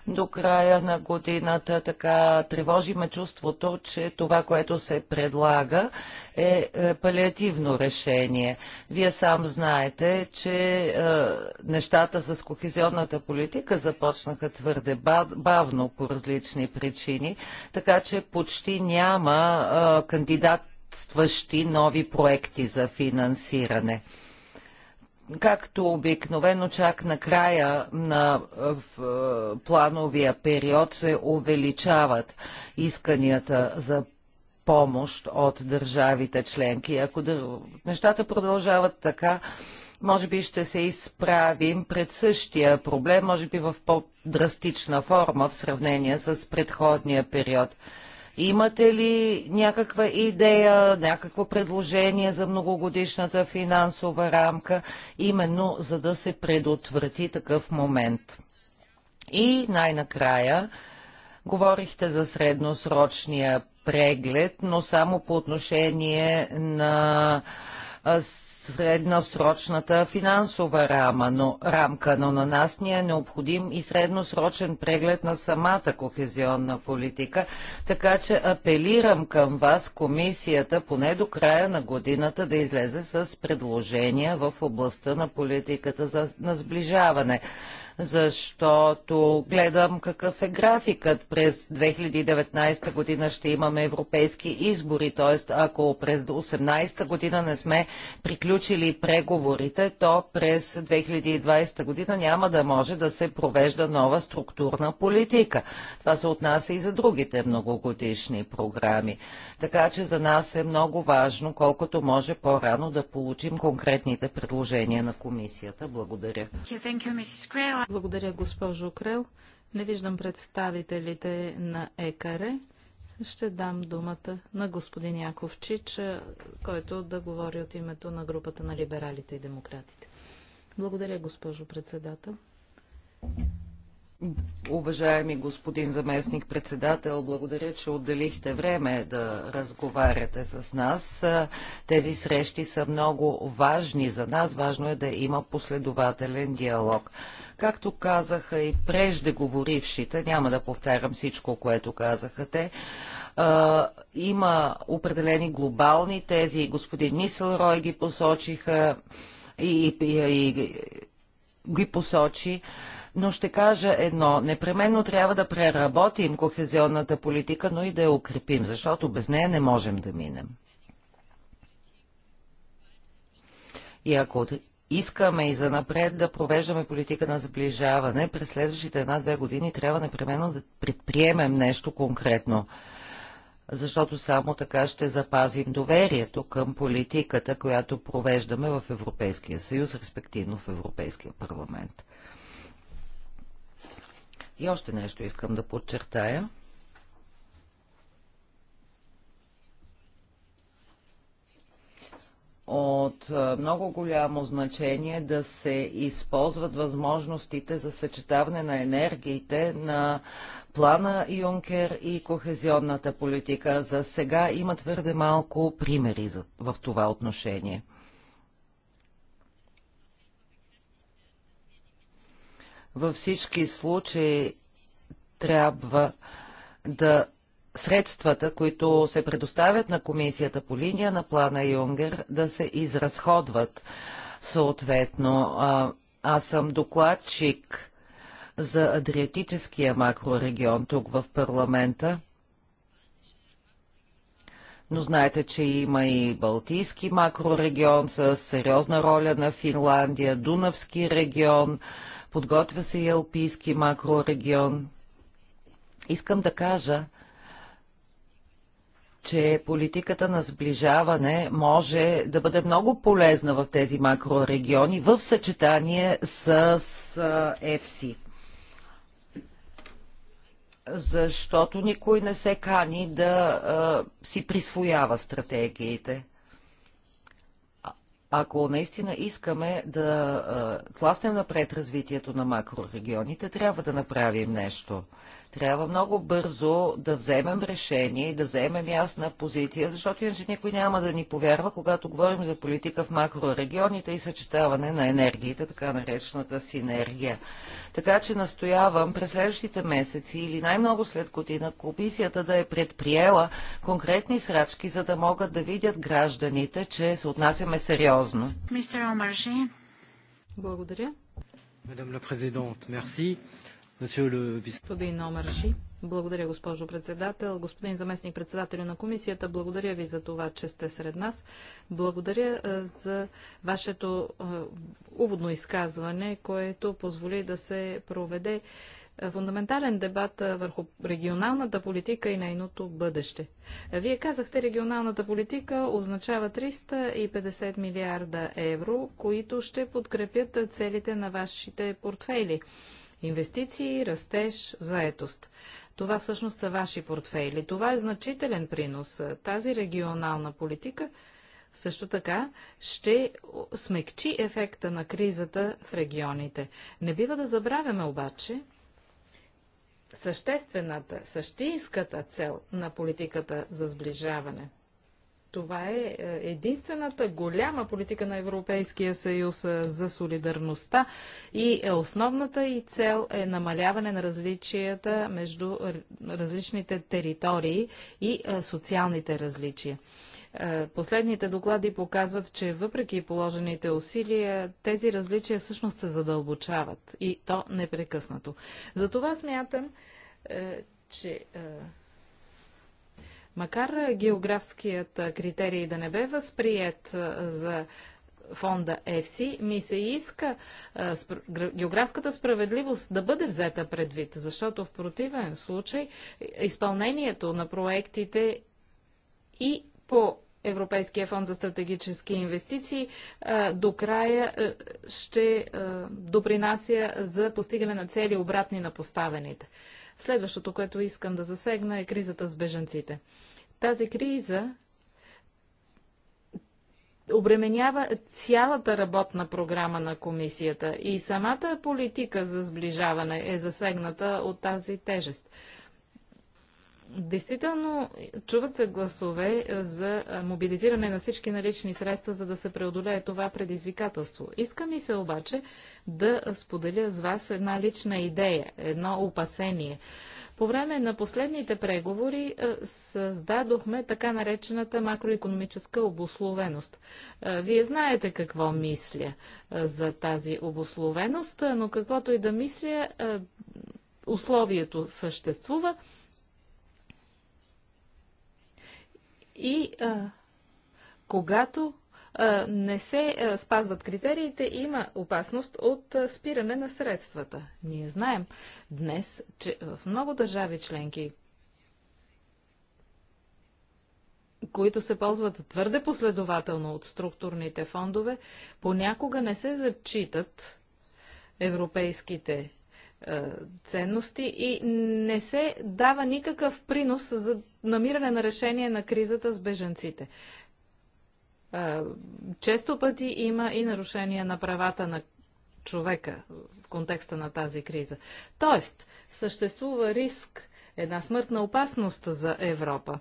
до края на годината. Така тревожиме чувството, че това, което се предлага е, е палиативно решение. Вие сам знаете, че е, нещата с кохезионната политика започнаха твърде бав, бавно по различни причини, така че почти няма е, кандидатстващи нови проекти за финансиране както обикновено чак на края на плановия период се увеличават исканията за помощ от държавите членки. Ако дър... нещата продължават така, може би ще се изправим пред същия проблем, може би в по-драстична форма в сравнение с предходния период. Имате ли някаква идея, някакво предложение за многогодишната финансова рамка, именно за да се предотврати такъв момент? И най-накрая, говорихте за средносрочния преглед, но само по отношение на средносрочната финансова рама, но, рамка, но на нас ни е необходим и средносрочен преглед на самата кохезионна политика, така че апелирам към вас комисията поне до края на годината да излезе с предложения в областта на политиката за, на сближаване защото гледам какъв е графикът. През 2019 година ще имаме европейски избори, т.е. ако през 2018 година не сме приключили преговорите, то през 2020 година няма да може да се провежда нова структурна политика. Това се отнася и за другите многогодишни програми. Така че за нас е много важно, колкото може по-рано да получим конкретните предложения на комисията. Благодаря. Благодаря, госпожо Крел. Не виждам представителите на ЕКР. Ще дам думата на господин Яковчич, който да говори от името на групата на либералите и демократите. Благодаря, госпожо председател. Уважаеми господин заместник председател, благодаря, че отделихте време да разговаряте с нас. Тези срещи са много важни за нас. Важно е да има последователен диалог. Както казаха и преждеговорившите, няма да повтарям всичко, което казаха те, има определени глобални тези. Господин Рой ги посочиха и, и, и, и ги посочи но ще кажа едно. Непременно трябва да преработим кохезионната политика, но и да я укрепим, защото без нея не можем да минем. И ако искаме и за напред да провеждаме политика на заближаване, през следващите една-две години трябва непременно да предприемем нещо конкретно. Защото само така ще запазим доверието към политиката, която провеждаме в Европейския съюз, респективно в Европейския парламент. И още нещо искам да подчертая. от много голямо значение да се използват възможностите за съчетаване на енергиите на плана Юнкер и кохезионната политика. За сега има твърде малко примери в това отношение. Във всички случаи трябва да средствата, които се предоставят на комисията по линия на плана Юнгер, да се изразходват съответно. А, аз съм докладчик за Адриатическия макрорегион тук в парламента. Но знаете, че има и Балтийски макрорегион с сериозна роля на Финландия, Дунавски регион, подготвя се и Алпийски макрорегион. Искам да кажа, че политиката на сближаване може да бъде много полезна в тези макрорегиони в съчетание с ЕФСИ. Защото никой не се кани да а, си присвоява стратегиите. Ако наистина искаме да тласнем напред развитието на макрорегионите, трябва да направим нещо. Трябва много бързо да вземем решение и да вземем ясна позиция, защото иначе никой няма да ни повярва, когато говорим за политика в макрорегионите и съчетаване на енергиите, така наречената синергия. Така че настоявам през следващите месеци или най-много след година комисията да е предприела конкретни срачки, за да могат да видят гражданите, че се отнасяме сериозно. Благодаря. Господин Номерши, благодаря госпожо председател. Господин заместник председател на комисията, благодаря ви за това, че сте сред нас. Благодаря е, за вашето е, уводно изказване, което позволи да се проведе е, фундаментален дебат върху регионалната политика и нейното бъдеще. Вие казахте, регионалната политика означава 350 милиарда евро, които ще подкрепят целите на вашите портфели. Инвестиции, растеж, заетост. Това всъщност са ваши портфейли. Това е значителен принос. Тази регионална политика също така ще смекчи ефекта на кризата в регионите. Не бива да забравяме обаче, съществената, същинската цел на политиката за сближаване – това е, е единствената голяма политика на Европейския съюз е, за солидарността и е основната и цел е намаляване на различията между различните територии и социалните различия. Последните доклади показват, че въпреки положените усилия, тези различия всъщност се задълбочават и то непрекъснато. Затова смятам, че Макар географският критерий да не бе възприят за фонда ЕФСИ, ми се иска географската справедливост да бъде взета предвид, защото в противен случай изпълнението на проектите и по Европейския фонд за стратегически инвестиции до края ще допринася за постигане на цели обратни на поставените. Следващото, което искам да засегна е кризата с бежанците. Тази криза обременява цялата работна програма на комисията и самата политика за сближаване е засегната от тази тежест. Действително, чуват се гласове е, за е, мобилизиране на всички налични средства, за да се преодолее това предизвикателство. Иска ми се обаче да споделя с вас една лична идея, едно опасение. По време на последните преговори е, създадохме така наречената макроекономическа обословеност. Вие знаете какво мисля за тази обословеност, но каквото и да мисля, условието съществува И а, когато а, не се а, спазват критериите, има опасност от а, спиране на средствата. Ние знаем днес, че в много държави членки, които се ползват твърде последователно от структурните фондове, понякога не се зачитат европейските е, ценности и не се дава никакъв принос за намиране на решение на кризата с беженците. Е, често пъти има и нарушение на правата на човека в контекста на тази криза. Тоест, съществува риск, една смъртна опасност за Европа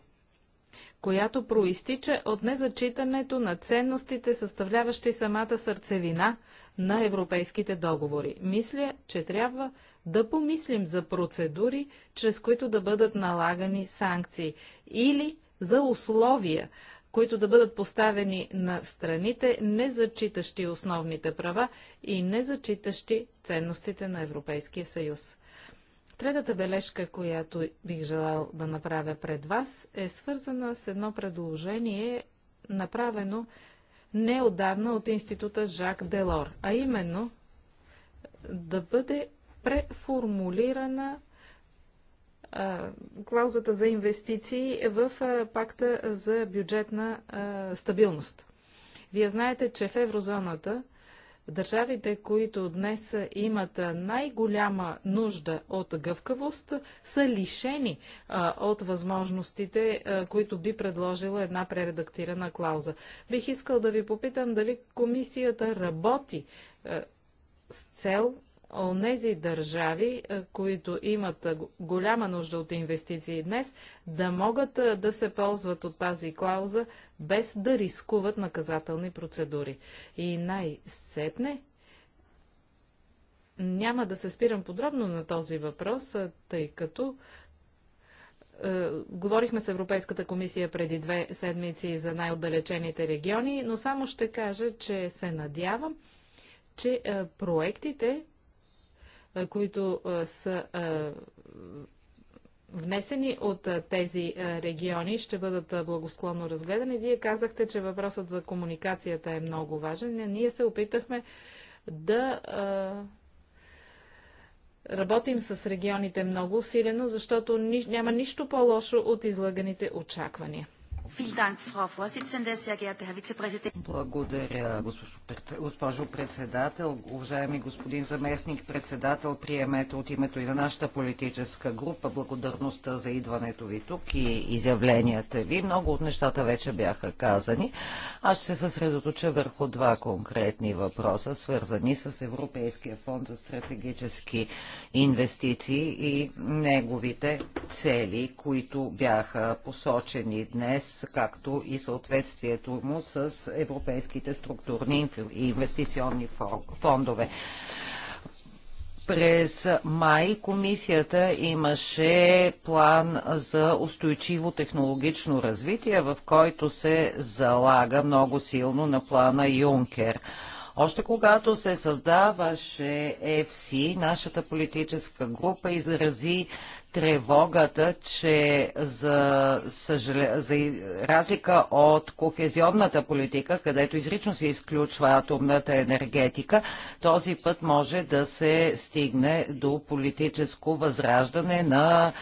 която проистича от незачитането на ценностите, съставляващи самата сърцевина на европейските договори. Мисля, че трябва да помислим за процедури, чрез които да бъдат налагани санкции или за условия, които да бъдат поставени на страните, не зачитащи основните права и незачитащи ценностите на Европейския съюз. Третата бележка, която бих желал да направя пред вас, е свързана с едно предложение, направено неодавна от института Жак Делор, а именно да бъде преформулирана клаузата за инвестиции в пакта за бюджетна стабилност. Вие знаете, че в еврозоната – Държавите, които днес имат най-голяма нужда от гъвкавост, са лишени а, от възможностите, а, които би предложила една прередактирана клауза. Бих искал да ви попитам дали комисията работи а, с цел онези държави, е, които имат е, голяма нужда от инвестиции днес, да могат е, да се ползват от тази клауза, без да рискуват наказателни процедури. И най-сетне, няма да се спирам подробно на този въпрос, тъй като говорихме с Европейската комисия преди две седмици за най-отдалечените региони, но само ще кажа, че се надявам, че проектите, които са внесени от тези региони ще бъдат благосклонно разгледани. Вие казахте, че въпросът за комуникацията е много важен. Ние се опитахме да работим с регионите много усилено, защото няма нищо по-лошо от излаганите очаквания. Благодаря, госпожо председател. Уважаеми господин заместник председател, приемете от името и на нашата политическа група благодарността за идването ви тук и изявленията ви. Много от нещата вече бяха казани. Аз ще се съсредоточа върху два конкретни въпроса, свързани с Европейския фонд за стратегически инвестиции и неговите цели, които бяха посочени днес както и съответствието му с европейските структурни и инвестиционни фондове. През май комисията имаше план за устойчиво технологично развитие, в който се залага много силно на плана Юнкер. Още когато се създаваше ЕФСИ, нашата политическа група изрази тревогата, че за, съжале... за разлика от кохезионната политика, където изрично се изключва атомната енергетика, този път може да се стигне до политическо възраждане на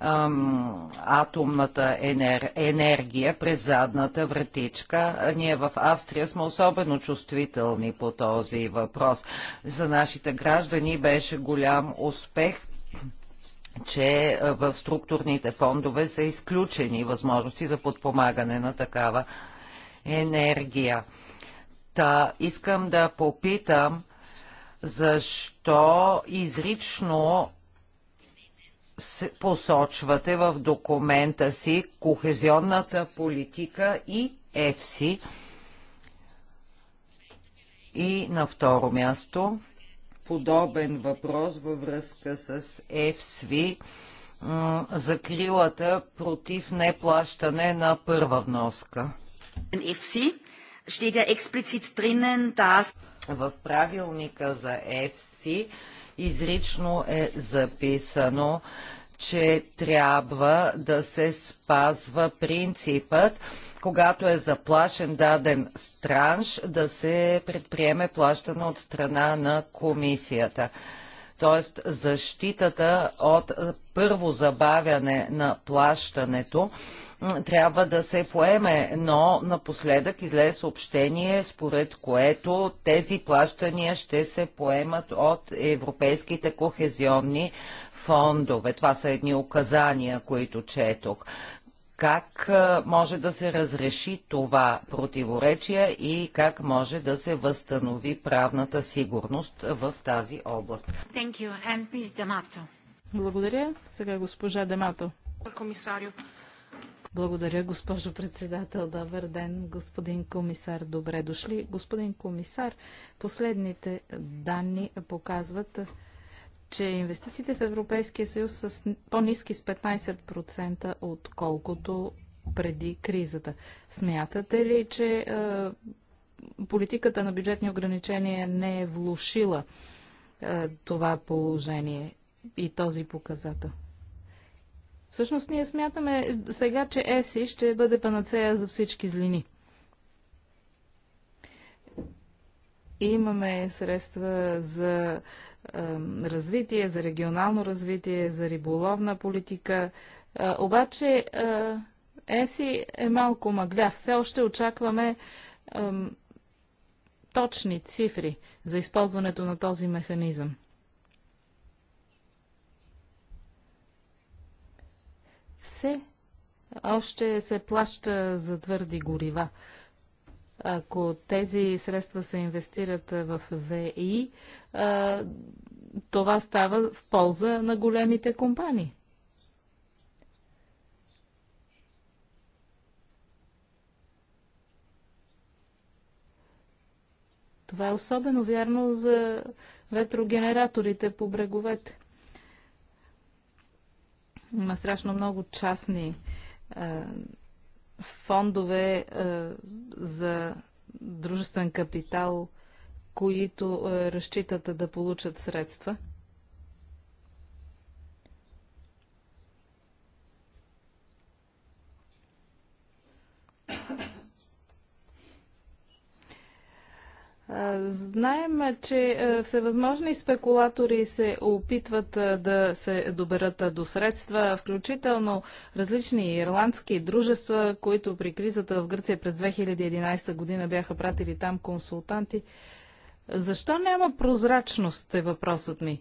ам, атомната енер... енергия през задната вратичка. Ние в Австрия сме особено чувствителни по този въпрос. За нашите граждани беше голям успех че в структурните фондове са изключени възможности за подпомагане на такава енергия. Та искам да попитам защо изрично посочвате в документа си кохезионната политика и ЕФСИ. И на второ място – подобен въпрос във връзка с ЕФСВИ закрилата против неплащане на първа вноска. Е В правилника за ЕФСИ изрично е записано, че трябва да се спазва принципът когато е заплашен даден странж, да се предприеме плащане от страна на комисията. Тоест защитата от първо забавяне на плащането трябва да се поеме, но напоследък излезе съобщение, според което тези плащания ще се поемат от европейските кохезионни фондове. Това са едни указания, които четох как може да се разреши това противоречие и как може да се възстанови правната сигурност в тази област. Благодаря. Сега госпожа Демато. Благодаря, госпожо председател. Добър ден, господин комисар. Добре дошли. Господин комисар, последните данни показват, че инвестициите в Европейския съюз са по-низки с 15%, отколкото преди кризата. Смятате ли, че е, политиката на бюджетни ограничения не е влушила е, това положение и този показател? Всъщност ние смятаме сега, че ЕФСИ ще бъде панацея за всички злини. Имаме средства за развитие, за регионално развитие, за риболовна политика. Обаче ЕСИ е малко мъгля. Все още очакваме точни цифри за използването на този механизъм. Все още се плаща за твърди горива. Ако тези средства се инвестират в ВИ, това става в полза на големите компании. Това е особено вярно за ветрогенераторите по бреговете. Има страшно много частни а, фондове е, за дружествен капитал, които е разчитат да получат средства – Знаем, че всевъзможни спекулатори се опитват да се доберат до средства, включително различни ирландски дружества, които при кризата в Гърция през 2011 година бяха пратили там консултанти. Защо няма прозрачност е въпросът ми.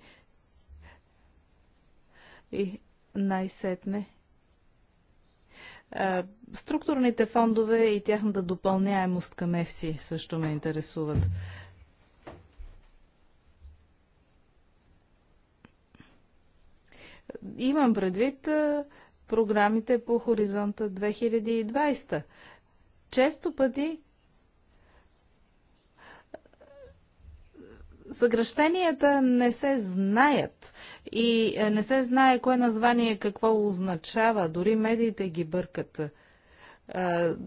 И най-сетне. Е, структурните фондове и тяхната допълняемост към ЕФСИ също ме интересуват. Имам предвид е, програмите по хоризонта 2020. Често пъти съгръщенията е, не се знаят и е, не се знае кое название какво означава. Дори медиите ги бъркат. Е,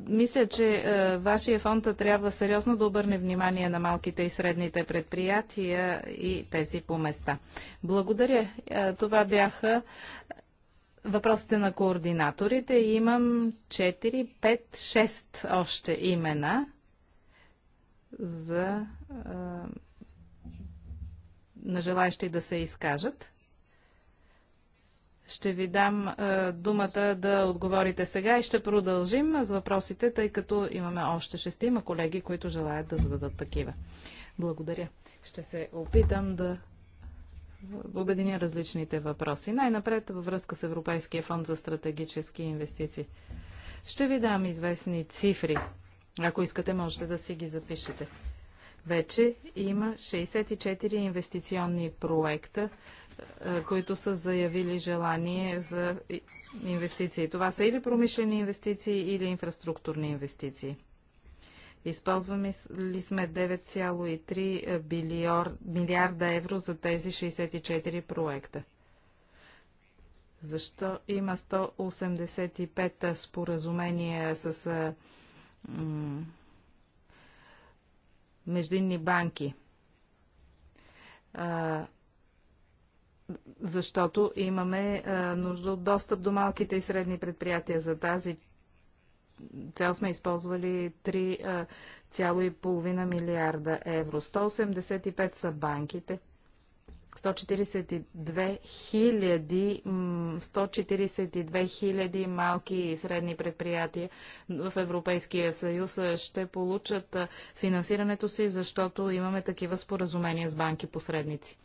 мисля, че е, вашия фонд трябва сериозно да обърне внимание на малките и средните предприятия и тези по места. Благодаря. това бяха въпросите на координаторите. Имам 4, 5, 6 още имена за на желаящи да се изкажат. Ще ви дам е, думата да отговорите сега и ще продължим с въпросите, тъй като имаме още шестима колеги, които желаят да зададат такива. Благодаря. Ще се опитам да обединя различните въпроси. Най-напред във връзка с Европейския фонд за стратегически инвестиции. Ще ви дам известни цифри. Ако искате, можете да си ги запишете. Вече има 64 инвестиционни проекта които са заявили желание за инвестиции. Това са или промишлени инвестиции, или инфраструктурни инвестиции. Използваме ли сме 9,3 милиарда евро за тези 64 проекта? Защо има 185 споразумения с междинни банки? А, защото имаме нужда от достъп до малките и средни предприятия. За тази цел сме използвали 3,5 милиарда евро. 185 са банките, 142 хиляди 142 хиляди малки и средни предприятия в Европейския съюз ще получат финансирането си, защото имаме такива споразумения с банки-посредници.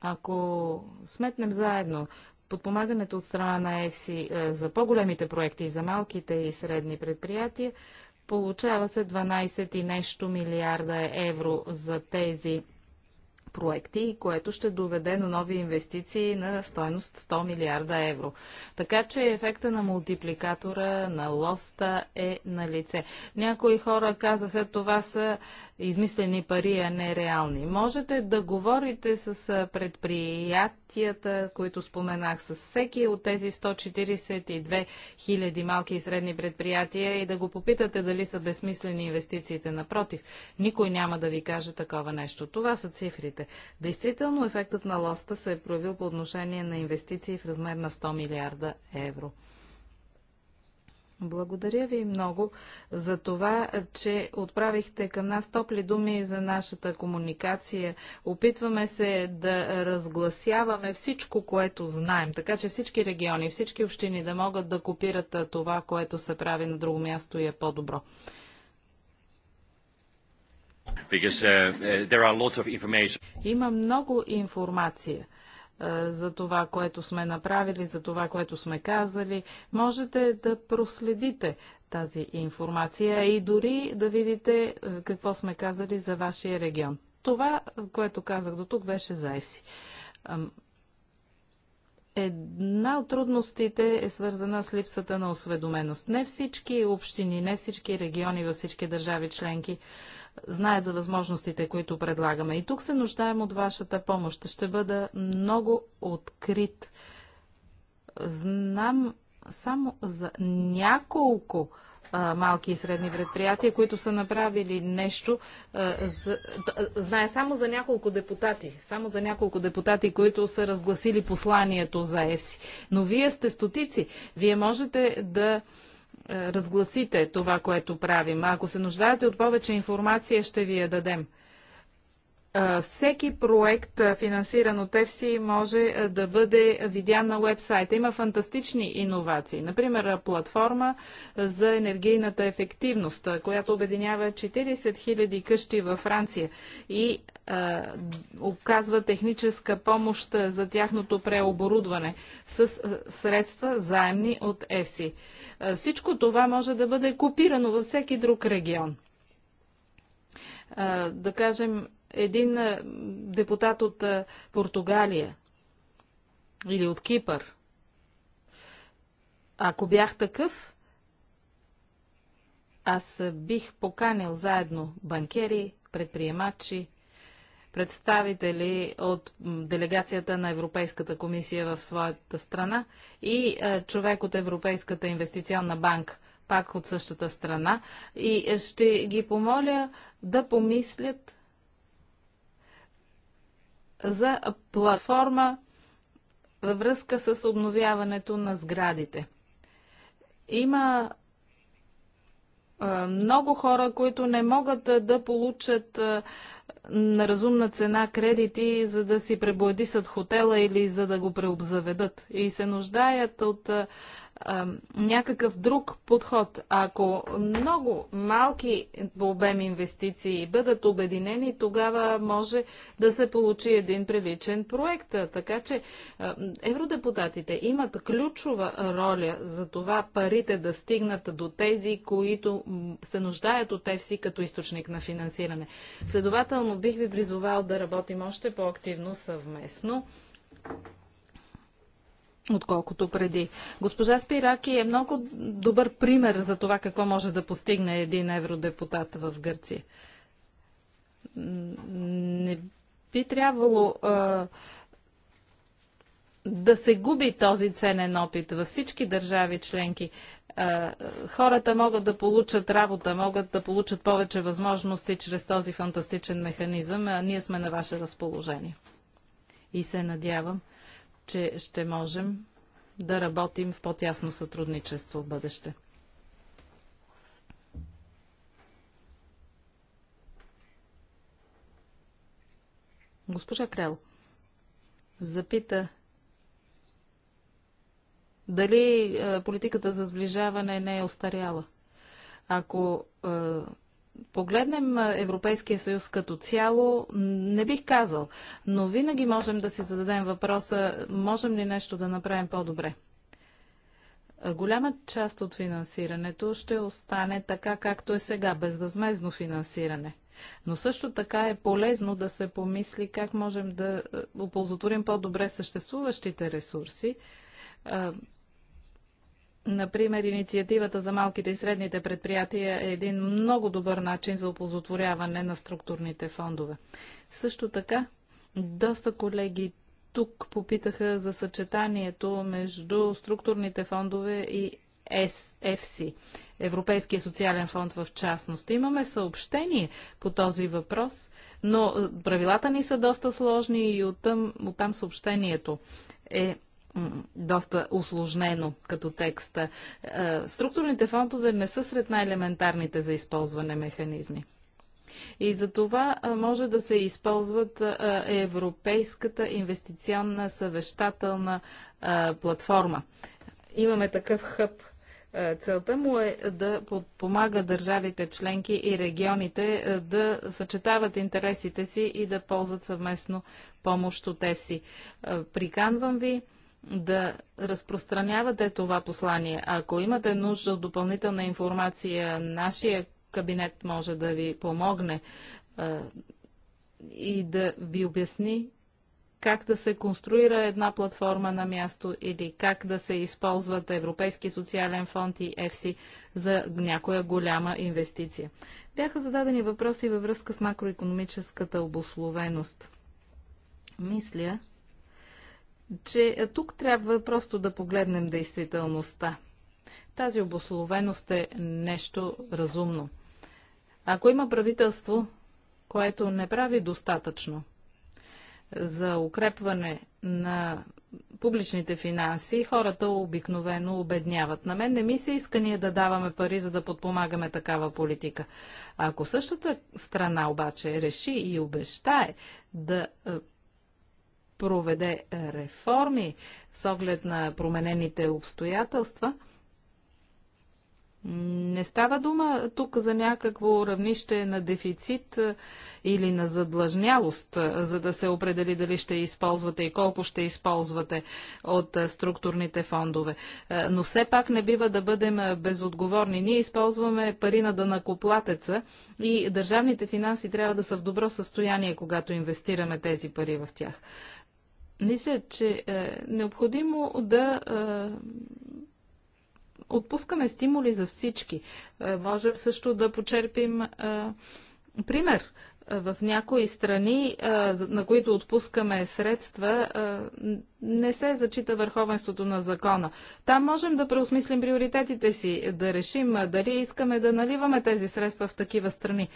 Ако сметнем заедно подпомагането от страна на ЕФСИ е, за по-големите проекти и за малките и средни предприятия, получава се 12 и нещо милиарда евро за тези проекти, което ще доведе до нови инвестиции на стойност 100 милиарда евро. Така че ефекта на мултипликатора на лоста е на лице. Някои хора казаха, това са измислени пари, а не реални. Можете да говорите с предприятията, които споменах, с всеки от тези 142 хиляди малки и средни предприятия и да го попитате дали са безсмислени инвестициите. Напротив, никой няма да ви каже такова нещо. Това са цифрите. Действително ефектът на лоста се е проявил по отношение на инвестиции в размер на 100 милиарда евро. Благодаря ви много за това, че отправихте към нас топли думи за нашата комуникация. Опитваме се да разгласяваме всичко, което знаем, така че всички региони, всички общини да могат да копират това, което се прави на друго място и е по-добро. Because, uh, uh Има много информация е, за това, което сме направили, за това, което сме казали. Можете да проследите тази информация и дори да видите е, какво сме казали за вашия регион. Това, което казах до тук, беше за ЕФСИ. Една от трудностите е свързана с липсата на осведоменост. Не всички общини, не всички региони във всички държави членки знаят за възможностите, които предлагаме. И тук се нуждаем от вашата помощ. Ще бъда много открит. Знам само за няколко малки и средни предприятия, които са направили нещо. знае само за няколко депутати. Само за няколко депутати, които са разгласили посланието за ЕСИ. Но вие сте стотици. Вие можете да е, разгласите това, което правим. ако се нуждаете от повече информация, ще ви я дадем. Всеки проект, финансиран от EFSI, може да бъде видян на вебсайта. Има фантастични иновации. Например, платформа за енергийната ефективност, която обединява 40 000 къщи във Франция и а, оказва техническа помощ за тяхното преоборудване с средства заемни от EFSI. Всичко това може да бъде копирано във всеки друг регион. А, да кажем, един депутат от Португалия или от Кипър. Ако бях такъв, аз бих поканил заедно банкери, предприемачи, представители от делегацията на Европейската комисия в своята страна и човек от Европейската инвестиционна банка, пак от същата страна. И ще ги помоля да помислят за платформа във връзка с обновяването на сградите. Има много хора, които не могат да получат на разумна цена кредити, за да си пребладисат хотела или за да го преобзаведат. И се нуждаят от някакъв друг подход. Ако много малки по обем инвестиции бъдат обединени, тогава може да се получи един приличен проект. Така че евродепутатите имат ключова роля за това парите да стигнат до тези, които се нуждаят от ЕФСИ като източник на финансиране. Следователно бих ви призовал да работим още по-активно съвместно отколкото преди. Госпожа Спираки е много добър пример за това какво може да постигне един евродепутат в Гърция. Не би трябвало а, да се губи този ценен опит във всички държави членки. А, хората могат да получат работа, могат да получат повече възможности чрез този фантастичен механизъм. А ние сме на ваше разположение. И се надявам, че ще можем да работим в по-тясно сътрудничество в бъдеще. Госпожа Крел запита дали е, политиката за сближаване не е остаряла. Ако е, погледнем Европейския съюз като цяло, не бих казал, но винаги можем да си зададем въпроса, можем ли нещо да направим по-добре. Голяма част от финансирането ще остане така, както е сега, безвъзмезно финансиране. Но също така е полезно да се помисли как можем да оползотворим по-добре съществуващите ресурси, Например, инициативата за малките и средните предприятия е един много добър начин за оползотворяване на структурните фондове. Също така, доста колеги тук попитаха за съчетанието между структурните фондове и SFC, Европейския социален фонд в частност. Имаме съобщение по този въпрос, но правилата ни са доста сложни и оттам, оттам съобщението е доста усложнено като текста. Е, структурните фондове не са сред най-елементарните за използване механизми. И за това е, може да се използват е, Европейската инвестиционна съвещателна платформа. Имаме такъв хъб. Целта му е да подпомага държавите членки и регионите да съчетават интересите си и да ползват съвместно помощ от ЕСИ. Приканвам ви да разпространявате това послание. Ако имате нужда от допълнителна информация, нашия кабинет може да ви помогне а, и да ви обясни как да се конструира една платформа на място или как да се използват Европейски социален фонд и ЕФСИ за някоя голяма инвестиция. Бяха зададени въпроси във връзка с макроекономическата обословеност. Мисля, че е, тук трябва просто да погледнем действителността. Тази обословеност е нещо разумно. Ако има правителство, което не прави достатъчно за укрепване на публичните финанси, хората обикновено обедняват. На мен не ми се иска ние да даваме пари, за да подпомагаме такава политика. Ако същата страна обаче реши и обещае да е, проведе е, реформи с оглед на променените обстоятелства. Не става дума тук за някакво равнище на дефицит е, или на задлъжнялост, е, за да се определи дали ще използвате и колко ще използвате от структурните фондове. Но все пак не бива да бъдем безотговорни. Ние използваме пари на дънакоплатеца и държавните финанси трябва да са в добро състояние, когато инвестираме тези пари в тях мисля, че е необходимо да е, отпускаме стимули за всички. Е, Може също да почерпим е, пример. В някои страни, на които отпускаме средства, не се зачита върховенството на закона. Там можем да преосмислим приоритетите си, да решим дали искаме да наливаме тези средства в такива страни.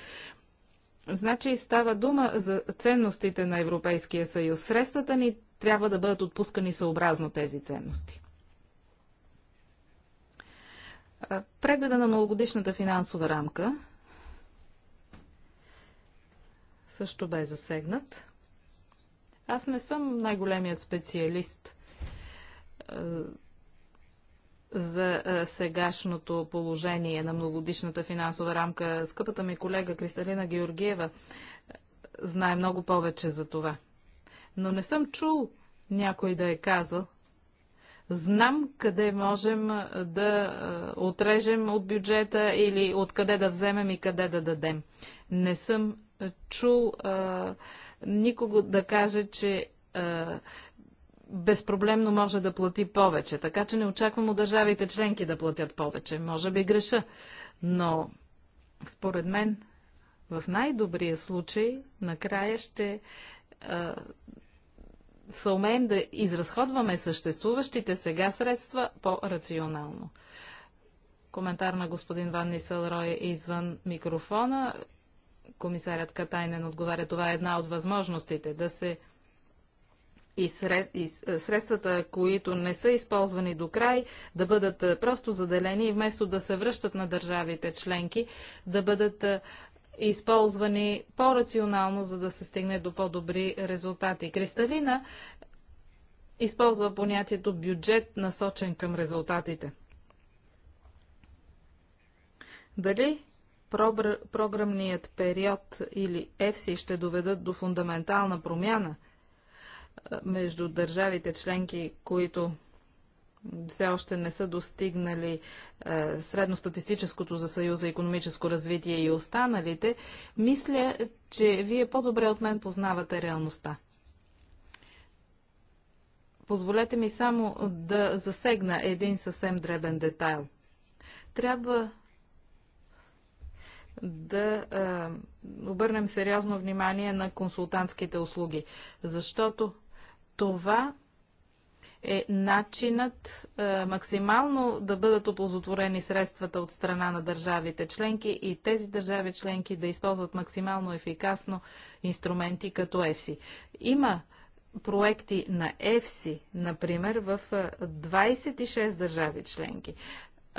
Значи става дума за ценностите на Европейския съюз. Средствата ни трябва да бъдат отпускани съобразно тези ценности. Прегледа на многогодишната финансова рамка също бе засегнат. Аз не съм най-големият специалист за е, сегашното положение на многодишната финансова рамка. Скъпата ми колега Кристалина Георгиева е, знае много повече за това. Но не съм чул някой да е казал. Знам къде можем е, да отрежем от бюджета или откъде да вземем и къде да дадем. Не съм чул а, никого да каже, че а, безпроблемно може да плати повече. Така че не очаквам от държавите членки да платят повече. Може би греша. Но според мен в най-добрия случай накрая ще а, са умеем да изразходваме съществуващите сега средства по-рационално. Коментар на господин Ван Нисълрой е извън микрофона. Комисарят Катайнен отговаря, това е една от възможностите да се и, сред, и е, средствата, които не са използвани до край, да бъдат е, просто заделени и вместо да се връщат на държавите членки, да бъдат е, използвани по-рационално, за да се стигне до по-добри резултати. Кристалина използва понятието бюджет, насочен към резултатите. Дали програмният период или ЕФСИ ще доведат до фундаментална промяна – между държавите членки, които все още не са достигнали е, средностатистическото за Съюза економическо развитие и останалите, мисля, че вие по-добре от мен познавате реалността. Позволете ми само да засегна един съвсем дребен детайл. Трябва да е, обърнем сериозно внимание на консултантските услуги, защото това е начинът е, максимално да бъдат оползотворени средствата от страна на държавите членки и тези държави членки да използват максимално ефикасно инструменти като ЕФСИ. Има проекти на ЕФСИ, например, в 26 е, държави членки.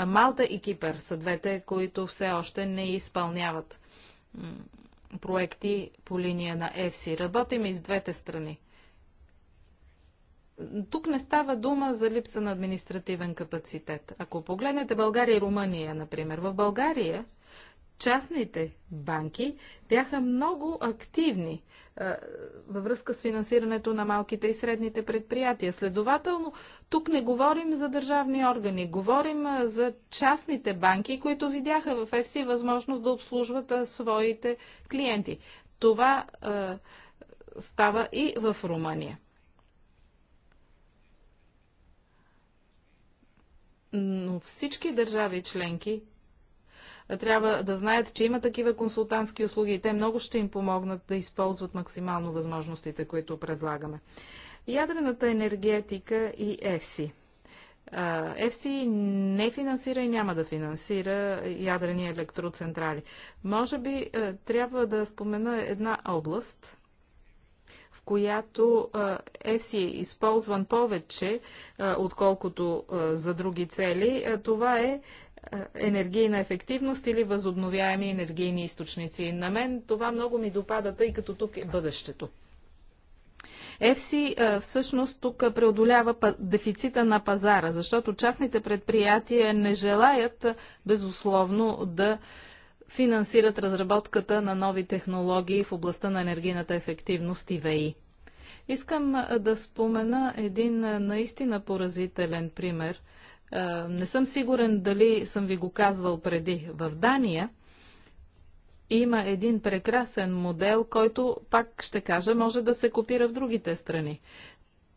Малта и Кипър са двете, които все още не изпълняват проекти по линия на ЕФСИ. Работим и с двете страни тук не става дума за липса на административен капацитет. Ако погледнете България и Румъния, например, в България частните банки бяха много активни във връзка с финансирането на малките и средните предприятия. Следователно, тук не говорим за държавни органи, говорим за частните банки, които видяха в ЕФСИ възможност да обслужват своите клиенти. Това става и в Румъния. но всички държави членки трябва да знаят, че има такива консултантски услуги и те много ще им помогнат да използват максимално възможностите, които предлагаме. Ядрената енергетика и ЕСИ. ЕФСИ не финансира и няма да финансира ядрени електроцентрали. Може би трябва да спомена една област, която е е използван повече, отколкото за други цели, това е енергийна ефективност или възобновяеми енергийни източници. На мен това много ми допада, тъй като тук е бъдещето. ЕФСИ всъщност тук преодолява дефицита на пазара, защото частните предприятия не желаят безусловно да финансират разработката на нови технологии в областта на енергийната ефективност и ВИ. Искам да спомена един наистина поразителен пример. Не съм сигурен дали съм ви го казвал преди. В Дания има един прекрасен модел, който, пак ще кажа, може да се копира в другите страни.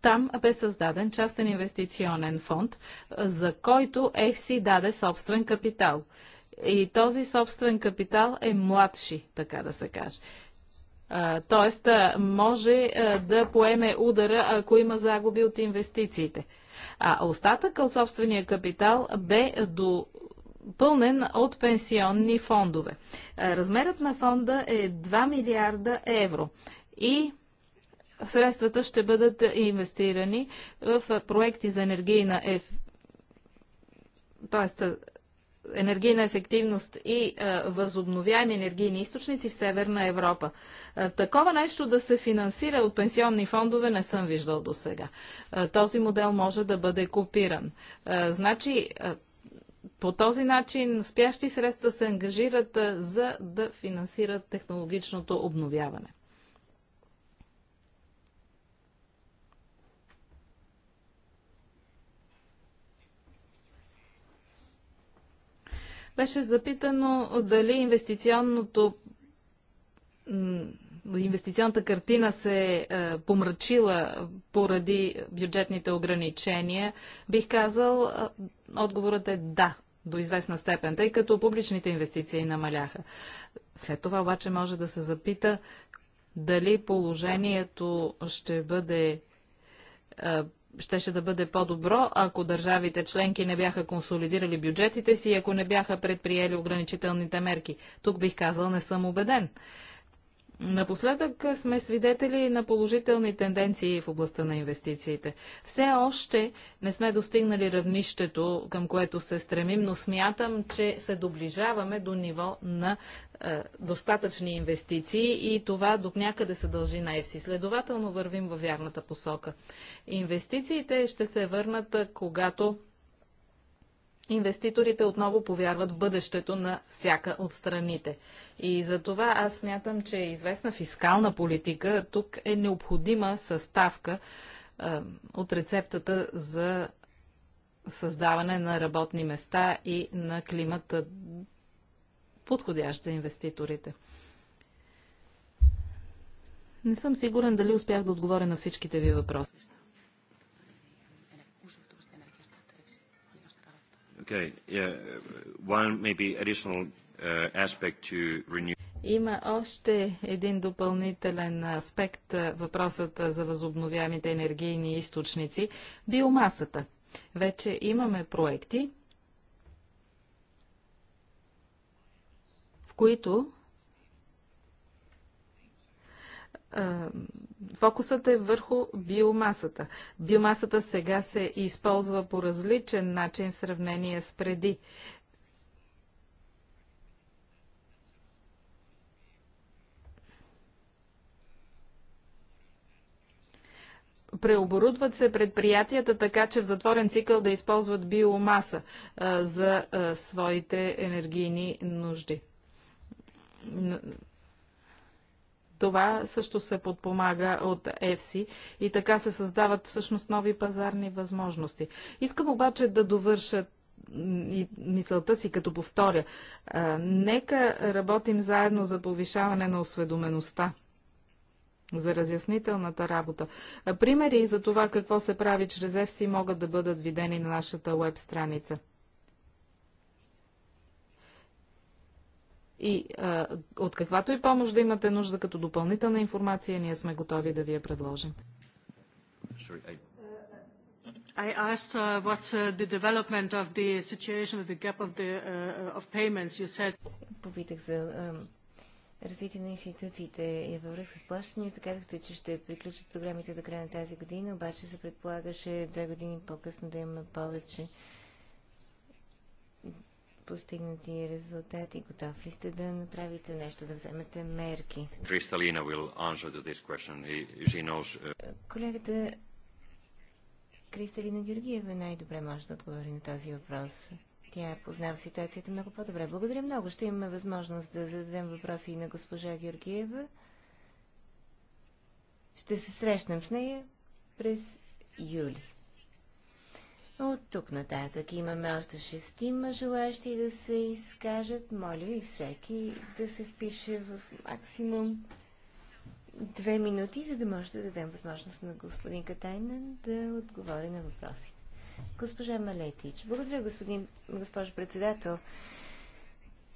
Там бе създаден частен инвестиционен фонд, за който FC даде собствен капитал. И този собствен капитал е младши, така да се каже. Тоест, може да поеме удара, ако има загуби от инвестициите. А остатък от собствения капитал бе до пълнен от пенсионни фондове. Размерът на фонда е 2 милиарда евро и средствата ще бъдат инвестирани в проекти за енергийна еф... т.е енергийна ефективност и а, възобновяеми енергийни източници в Северна Европа. А, такова нещо да се финансира от пенсионни фондове не съм виждал до сега. Този модел може да бъде копиран. Значи, по този начин спящи средства се ангажират за да финансират технологичното обновяване. Беше запитано дали инвестиционното инвестиционната картина се е помрачила поради бюджетните ограничения. Бих казал, отговорът е да, до известна степен, тъй като публичните инвестиции намаляха. След това обаче може да се запита дали положението ще бъде щеше да бъде по-добро, ако държавите членки не бяха консолидирали бюджетите си и ако не бяха предприели ограничителните мерки. Тук бих казал, не съм убеден. Напоследък сме свидетели на положителни тенденции в областта на инвестициите. Все още не сме достигнали равнището, към което се стремим, но смятам, че се доближаваме до ниво на е, достатъчни инвестиции и това до някъде се дължи на ЕФСИ. Следователно вървим във вярната посока. Инвестициите ще се върнат, е, когато инвеститорите отново повярват в бъдещето на всяка от страните. И за това аз смятам, че известна фискална политика тук е необходима съставка е, от рецептата за създаване на работни места и на климата, подходящ за инвеститорите. Не съм сигурен дали успях да отговоря на всичките ви въпроси. Uh, Има още един допълнителен аспект въпросът за възобновяемите енергийни източници – биомасата. Вече имаме проекти, в които фокусът е върху биомасата. Биомасата сега се използва по различен начин в сравнение с преди. преоборудват се предприятията така, че в затворен цикъл да използват биомаса за своите енергийни нужди. Това също се подпомага от ЕФСИ и така се създават всъщност нови пазарни възможности. Искам обаче да довърша и мисълта си, като повторя. А, нека работим заедно за повишаване на осведомеността за разяснителната работа. Примери за това какво се прави чрез ЕФСИ могат да бъдат видени на нашата веб страница. И а, от каквато и помощ да имате нужда като допълнителна информация, ние сме готови да ви я предложим. I asked uh, what's uh, the development of the situation with the gap of the uh, of payments. You said. Попитах за развитие на институциите и във връзка с плащанията. Казахте, че ще приключат програмите до края на тази година, обаче се предполагаше две години по-късно да имаме повече uh, постигнати резултати? Готов ли сте да направите нещо, да вземете мерки? Кристалина will answer to this question. She knows... Uh, Колегата Кристалина Георгиева най-добре може да отговори на този въпрос. Тя познава ситуацията много по-добре. Благодаря много. Ще имаме възможност да зададем въпроси и на госпожа Георгиева. Ще се срещнем с нея през юли. От тук нататък имаме още шестима желаящи да се изкажат. Моля ви всеки да се впише в максимум две минути, за да може да дадем възможност на господин Катайнен да отговори на въпросите. Госпожа Малетич. Благодаря, господин, госпожо председател.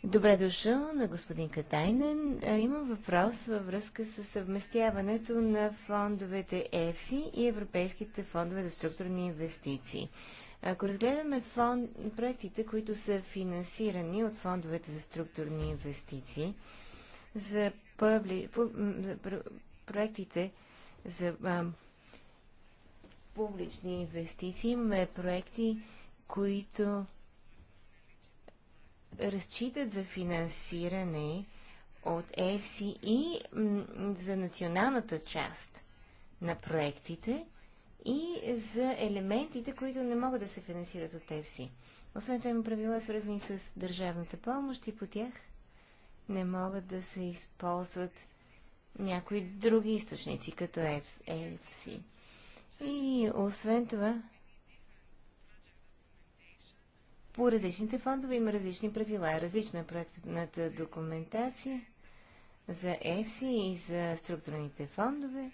Добре дошъл на господин Катайнен. Имам въпрос във връзка с съвместяването на фондовете ЕФСИ и европейските фондове за структурни инвестиции. Ако разгледаме фонд, проектите, които са финансирани от фондовете за структурни инвестиции, за пъбли, проектите за а, публични инвестиции имаме проекти, които разчитат за финансиране от ЕФСИ и за националната част на проектите и за елементите, които не могат да се финансират от ЕФСИ. Освен това има правила свързани с държавната помощ и по тях не могат да се използват някои други източници, като ЕФСИ. И освен това, по различните фондове има различни правила. Различна е проектната документация за ЕФСИ и за структурните фондове.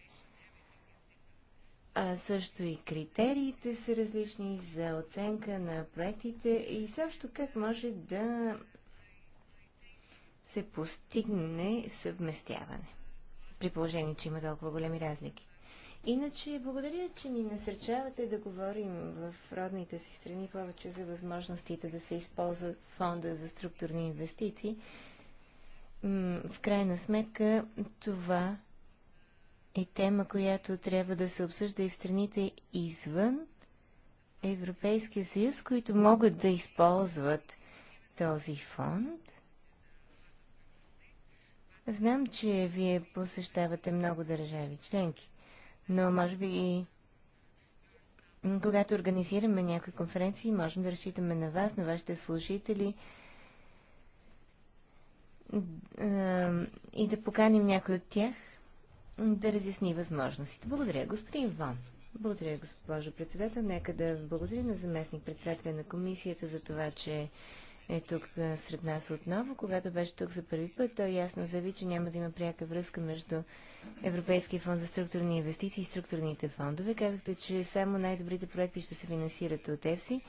А също и критериите са различни за оценка на проектите и също как може да се постигне съвместяване, при положение, че има толкова големи разлики. Иначе, благодаря, че ни насърчавате да говорим в родните си страни повече за възможностите да се използва фонда за структурни инвестиции. В крайна сметка, това е тема, която трябва да се обсъжда и в страните извън Европейския съюз, които могат да използват този фонд. Знам, че вие посещавате много държави членки но може би и когато организираме някои конференции, можем да разчитаме на вас, на вашите служители и да поканим някой от тях да разясни възможностите. Благодаря, господин Вон. Благодаря, госпожо председател. Нека да благодаря на заместник председателя на комисията за това, че е тук сред нас отново. Когато беше тук за първи път, той ясно заяви, че няма да има пряка връзка между Европейския фонд за структурни инвестиции и структурните фондове. Казахте, че само най-добрите проекти ще се финансират от ЕФСИ,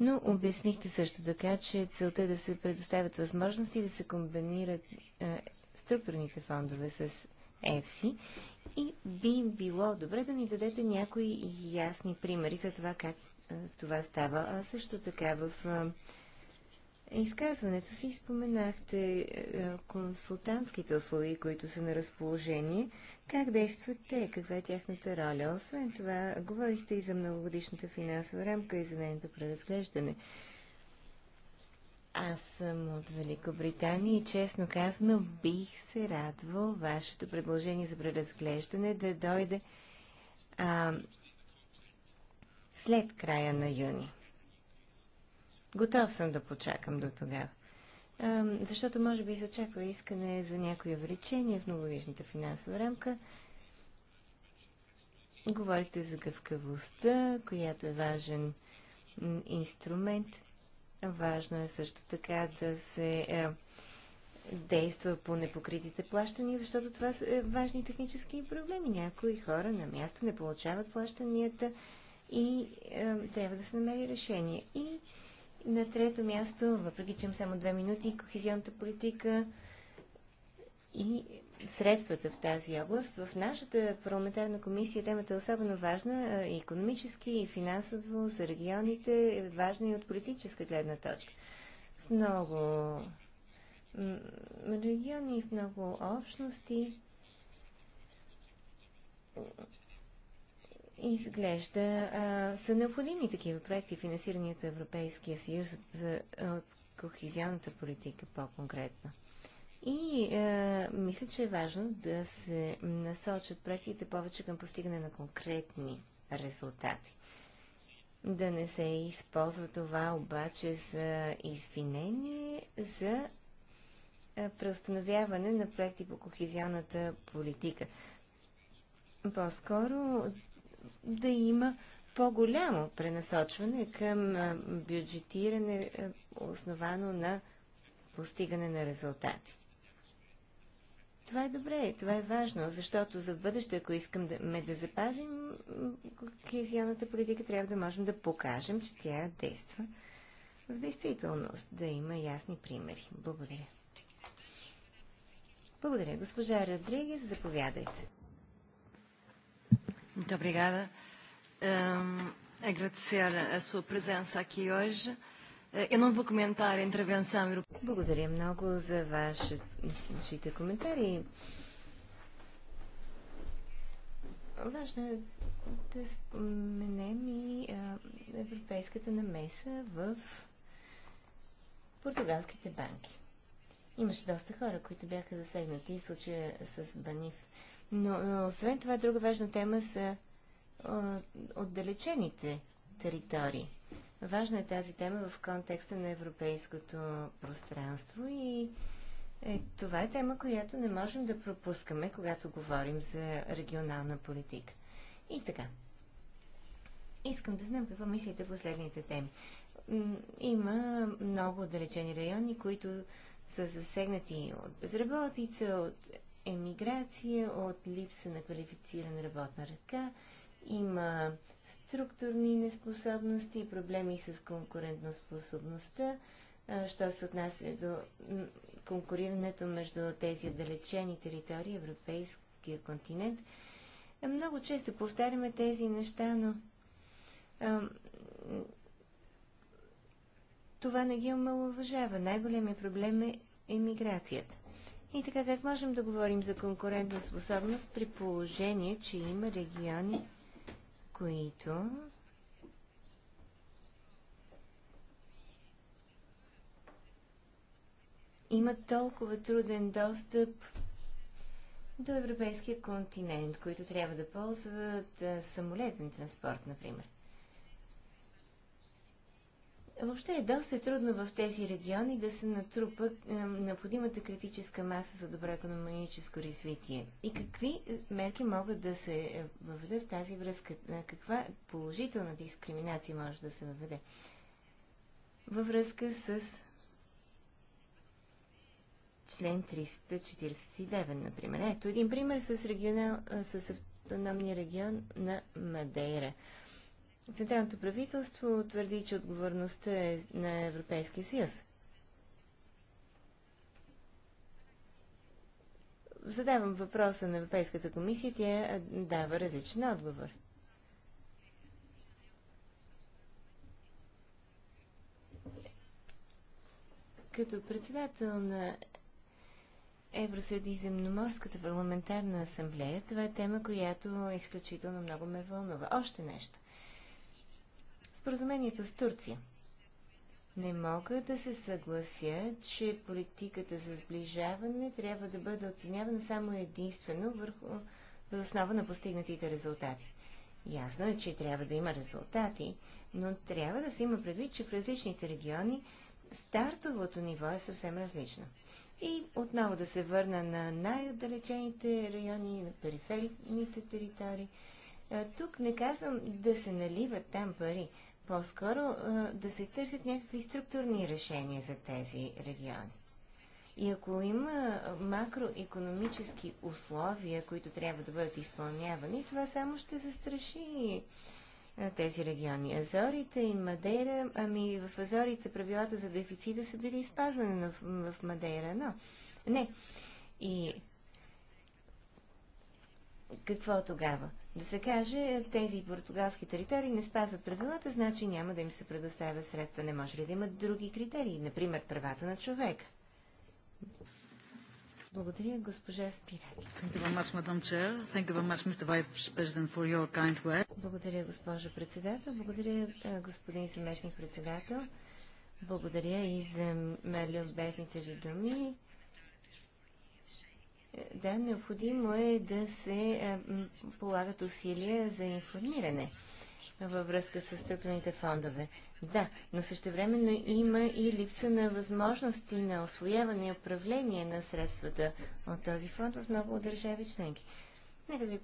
но обяснихте също така, че целта е да се предоставят възможности да се комбинират е, структурните фондове с ЕФСИ и би било добре да ни дадете някои ясни примери за това как това става. А също така в изказването си споменахте е, е, консултантските услуги, които са на разположение. Как действат те? Каква е тяхната роля? Освен това, говорихте и за многогодишната финансова рамка и за нейното преразглеждане. Аз съм от Великобритания и честно казано бих се радвал вашето предложение за преразглеждане да дойде а, след края на юни. Готов съм да почакам до тогава. Защото може би се очаква искане за някои увеличение в многовижната финансова рамка. Говорихте за гъвкавостта, която е важен инструмент. Важно е също така да се е, действа по непокритите плащания, защото това са е, важни технически проблеми. Някои хора на място не получават плащанията и е, трябва да се намери решение. И на трето място, въпреки че имам само две минути, кохезионната политика и средствата в тази област. В нашата парламентарна комисия темата е особено важна и економически, и финансово, за регионите, е важна и от политическа гледна точка. В много региони, в много общности изглежда а, са необходими такива проекти, финансирани от Европейския съюз, за, от кохизионната политика по-конкретно. И а, мисля, че е важно да се насочат проектите повече към постигане на конкретни резултати. Да не се използва това обаче за извинение за преустановяване на проекти по кохизионната политика. По-скоро да има по-голямо пренасочване към бюджетиране, основано на постигане на резултати. Това е добре, това е важно, защото за бъдеще, ако искам да ме да запазим, кохезионната политика трябва да можем да покажем, че тя действа в действителност, да има ясни примери. Благодаря. Благодаря, госпожа Родригес, заповядайте. Muito obrigada. Um, agradecer a sua presença aqui hoje. Eh, eu não vou comentar a intervenção europeia. Благодаря много за вашите коментари. Важно е да споменем и а, европейската намеса в португалските банки. Имаше доста хора, които бяха засегнати в случая с Баниф. Но, но освен това, друга важна тема са отдалечените територии. Важна е тази тема в контекста на европейското пространство и е, това е тема, която не можем да пропускаме, когато говорим за регионална политика. И така. Искам да знам какво мислите последните теми. Има много отдалечени райони, които са засегнати от безработица, от емиграция, от липса на квалифицирана работна ръка, има структурни неспособности, проблеми с конкурентоспособността, що се отнася до конкурирането между тези отдалечени територии, европейския континент. Е, много често повтаряме тези неща, но това не ги омалуважава. Най-големият проблем е емиграцията. И така, как можем да говорим за конкурентна способност при положение, че има региони, които имат толкова труден достъп до европейския континент, които трябва да ползват самолетен транспорт, например. Въобще е доста трудно в тези региони да се натрупа е, необходимата критическа маса за добро економическо развитие. И какви е, мерки могат да се е, въведе в тази връзка? Е, каква положителна дискриминация може да се въведе? Във връзка с член 349, например. Ето един пример с, регионал, с автономния регион на Мадейра. Централното правителство твърди, че отговорността е на Европейския съюз. Задавам въпроса на Европейската комисия, тя дава различен отговор. Като председател на земноморската парламентарна асамблея, това е тема, която изключително много ме вълнува. Още нещо. Споразумението с Турция. Не мога да се съглася, че политиката за сближаване трябва да бъде оценявана само единствено върху основа на постигнатите резултати. Ясно е, че трябва да има резултати, но трябва да се има предвид, че в различните региони стартовото ниво е съвсем различно. И отново да се върна на най-отдалечените райони, на периферните територии. Е, тук не казвам да се наливат там пари, по-скоро да се търсят някакви структурни решения за тези региони. И ако има макроекономически условия, които трябва да бъдат изпълнявани, това само ще застраши тези региони. Азорите и Мадейра, ами в Азорите правилата за дефицита са били изпазвани, в, в Мадейра, но не. И какво тогава? да се каже, тези португалски територии не спазват правилата, значи няма да им се предоставят средства. Не може ли да имат други критерии, например правата на човека? Благодаря, госпожа Спираки. Благодаря, госпожа председател. Благодаря, господин заместник председател. Благодаря и за любезните ви думи. Да, необходимо е да се е, полагат усилия за информиране във връзка с структурните фондове. Да, но същевременно има и липса на възможности на освояване и управление на средствата от този фонд в много държави членки. Нека да ви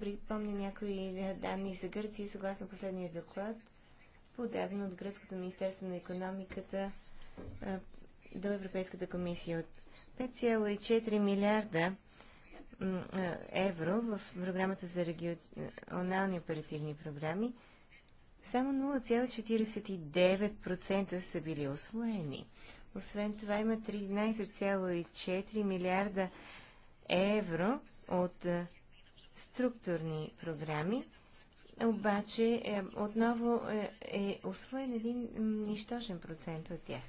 припомня някои е, данни за Гърция, съгласно последния доклад, подаден от Гръцкото Министерство на економиката е, до Европейската комисия от 5,4 милиарда евро в програмата за регионални оперативни програми, само 0,49% са били освоени. Освен това има 13,4 милиарда евро от структурни програми, обаче е, отново е, е освоен един нищожен процент от тях.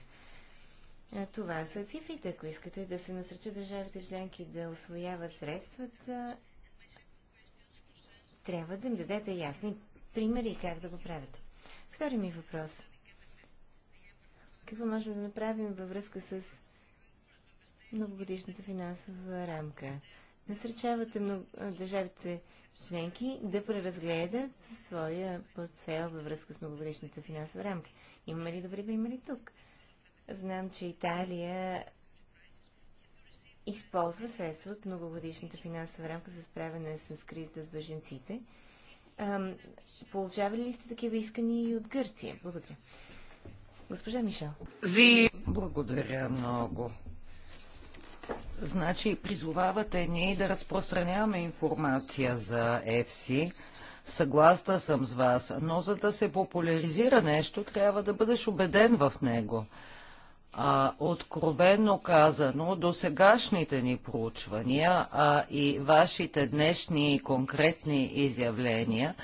Е, това са цифрите. Ако искате да се насръчат държавите членки да освояват средствата, трябва да им дадете ясни примери как да го правят. Втори ми въпрос. Какво можем да направим във връзка с многогодишната финансова рамка? Насръчавате много... държавите членки да преразгледат своя портфел във връзка с многогодишната финансова рамка. Има ли добри примери тук? Знам, че Италия използва средства от многогодишната финансова рамка за справяне с кризата с беженците. Получавали ли сте такива искания и от Гърция? Благодаря. Госпожа Мишел. Зи. Благодаря много. Значи, призовавате ние да разпространяваме информация за ЕФСИ. Съгласна съм с вас, но за да се популяризира нещо, трябва да бъдеш убеден в него. А, откровенно казано, до сегашните ни проучвания, а и вашите днешни конкретни изявления,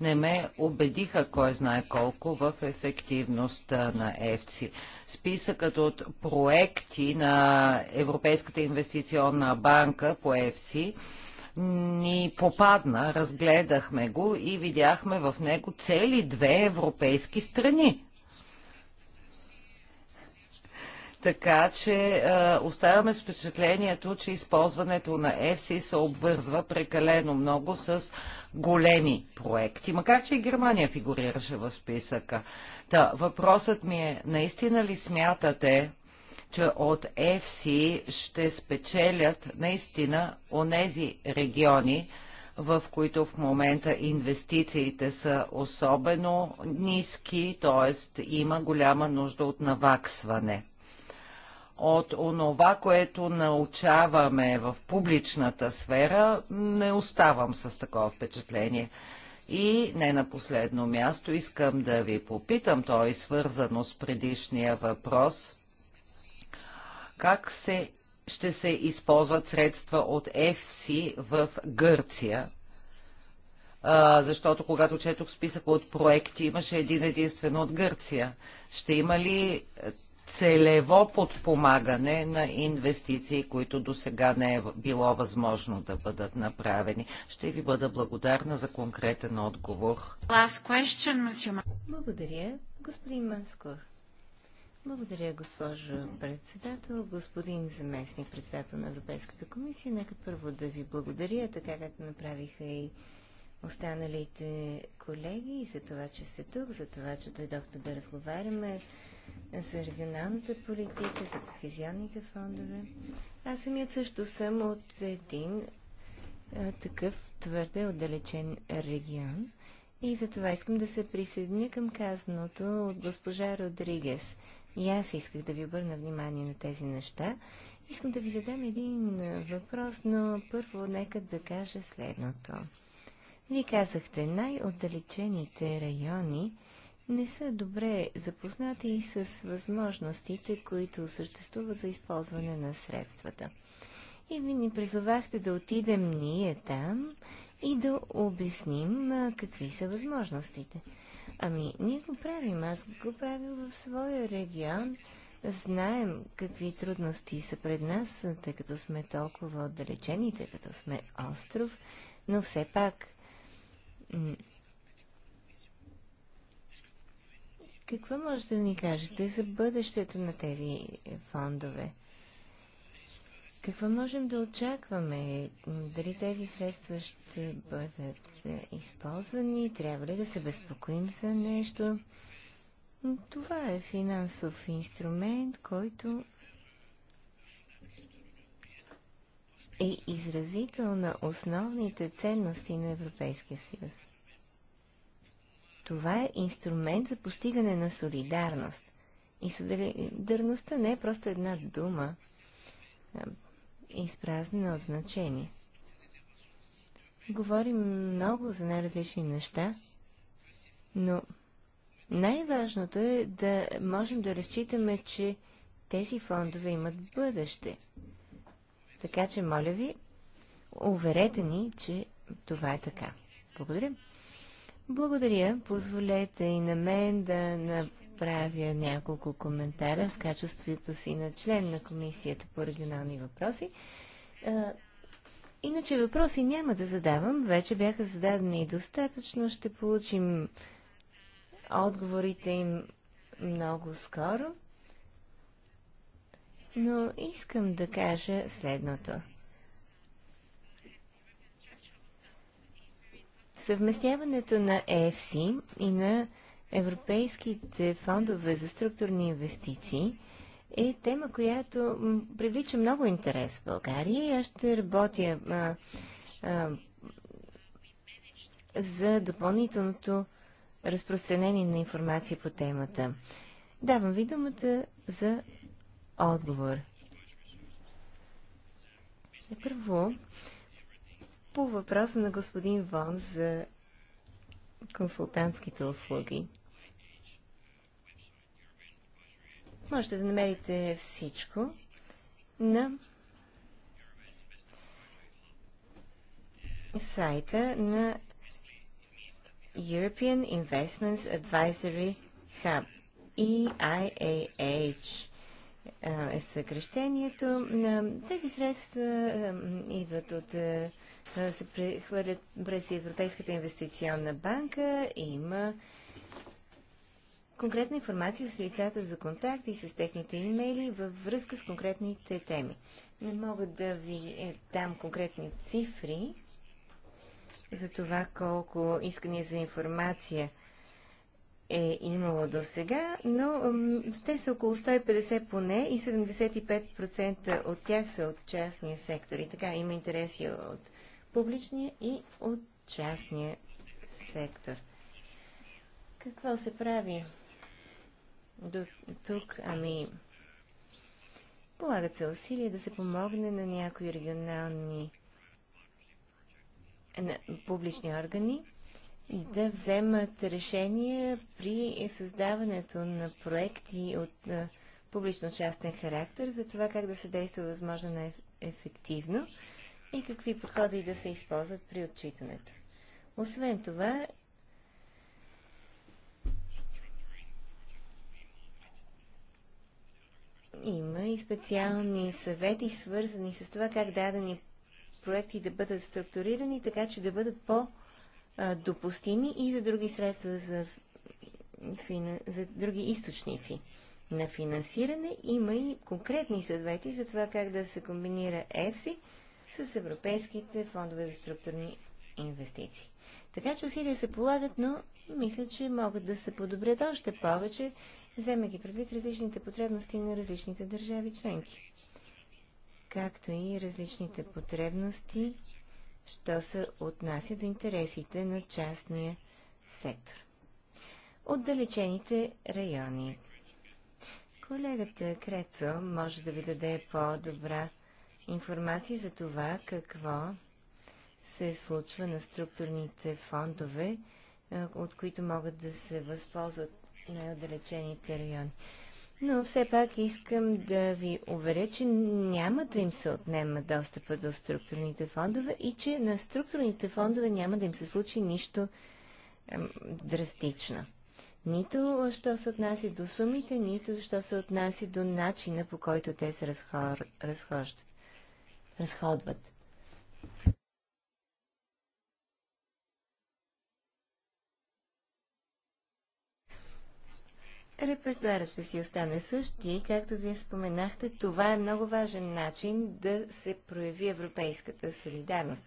не ме убедиха кой знае колко в ефективността на ЕФЦИ. Списъкът от проекти на Европейската инвестиционна банка по ЕФСИ ни попадна, разгледахме го и видяхме в него цели две европейски страни. Така че а, оставаме с впечатлението, че използването на EFSI се обвързва прекалено много с големи проекти, макар че и Германия фигурираше в списъка. Та, въпросът ми е, наистина ли смятате, че от EFSI ще спечелят наистина онези региони, в които в момента инвестициите са особено ниски, т.е. има голяма нужда от наваксване от онова, което научаваме в публичната сфера, не оставам с такова впечатление. И не на последно място искам да ви попитам, то е свързано с предишния въпрос, как се, ще се използват средства от ЕФСИ в Гърция, а, защото когато четох списък от проекти, имаше един единствено от Гърция. Ще има ли целево подпомагане на инвестиции, които до сега не е било възможно да бъдат направени. Ще ви бъда благодарна за конкретен отговор. Question, Благодаря, господин Маскор. Благодаря, госпожо председател, господин заместник председател на Европейската комисия. Нека първо да ви благодаря, така както направиха и останалите колеги и за това, че сте тук, за това, че дойдохте да разговаряме за регионалната политика, за кохезионните фондове. Аз самият също съм от един а, такъв твърде отдалечен регион и за това искам да се присъединя към казаното от госпожа Родригес. И аз исках да ви обърна внимание на тези неща. Искам да ви задам един въпрос, но първо нека да кажа следното. Вие казахте, най-отдалечените райони не са добре запознати и с възможностите, които съществуват за използване на средствата. И ви ни призовахте да отидем ние там и да обясним а, какви са възможностите. Ами, ние го правим. Аз го правя в своя регион. Знаем какви трудности са пред нас, тъй като сме толкова отдалечени, тъй като сме остров, но все пак какво може да ни кажете за бъдещето на тези фондове? Какво можем да очакваме? Дали тези средства ще бъдат използвани? Трябва ли да се безпокоим за нещо? Това е финансов инструмент, който е изразител на основните ценности на Европейския съюз. Това е инструмент за постигане на солидарност. И солидарността не е просто една дума, изпразнена от значение. Говорим много за най-различни неща, но най-важното е да можем да разчитаме, че тези фондове имат бъдеще – така че, моля ви, уверете ни, че това е така. Благодаря. Благодаря. Позволете и на мен да направя няколко коментара в качеството си на член на Комисията по регионални въпроси. Иначе въпроси няма да задавам. Вече бяха зададени и достатъчно. Ще получим отговорите им много скоро но искам да кажа следното. Съвместяването на ЕФСИ и на европейските фондове за структурни инвестиции е тема, която привлича много интерес в България и аз ще работя а, а, за допълнителното разпространение на информация по темата. Давам ви думата за отговор. Първо, по въпроса на господин Вон за консултантските услуги. Можете да намерите всичко на сайта на European Investments Advisory Hub, EIAH е съкрещението. Тези средства идват от се прехвърлят през Европейската инвестиционна банка. и Има конкретна информация с лицата за контакт и с техните имейли във връзка с конкретните теми. Не мога да ви е, дам конкретни цифри за това колко искания за информация – е имало до сега, но те са около 150 поне и 75% от тях са от частния сектор. И така има интереси от публичния и от частния сектор. Какво се прави до тук? Ами, полагат се усилия да се помогне на някои регионални на публични органи да вземат решения при създаването на проекти от публично-частен характер за това как да се действа възможно на ефективно и какви подходи да се използват при отчитането. Освен това, има и специални съвети, свързани с това как дадени проекти да бъдат структурирани, така че да бъдат по- допустими и за други средства за, за други източници на финансиране. Има и конкретни съвети за това как да се комбинира ЕФСИ с европейските фондове за структурни инвестиции. Така че усилия се полагат, но мисля, че могат да се подобрят още повече, вземайки предвид различните потребности на различните държави членки, както и различните потребности що се отнася до интересите на частния сектор. Отдалечените райони. Колегата Крецо може да ви даде по-добра информация за това какво се случва на структурните фондове, от които могат да се възползват най-отдалечените райони но все пак искам да ви уверя, че няма да им се отнема достъпа до структурните фондове и че на структурните фондове няма да им се случи нищо ем, драстично. Нито що се отнася до сумите, нито що се отнася до начина по който те се разхор... разхождат, разходват. Репертуарът ще си остане същи. Както вие споменахте, това е много важен начин да се прояви европейската солидарност.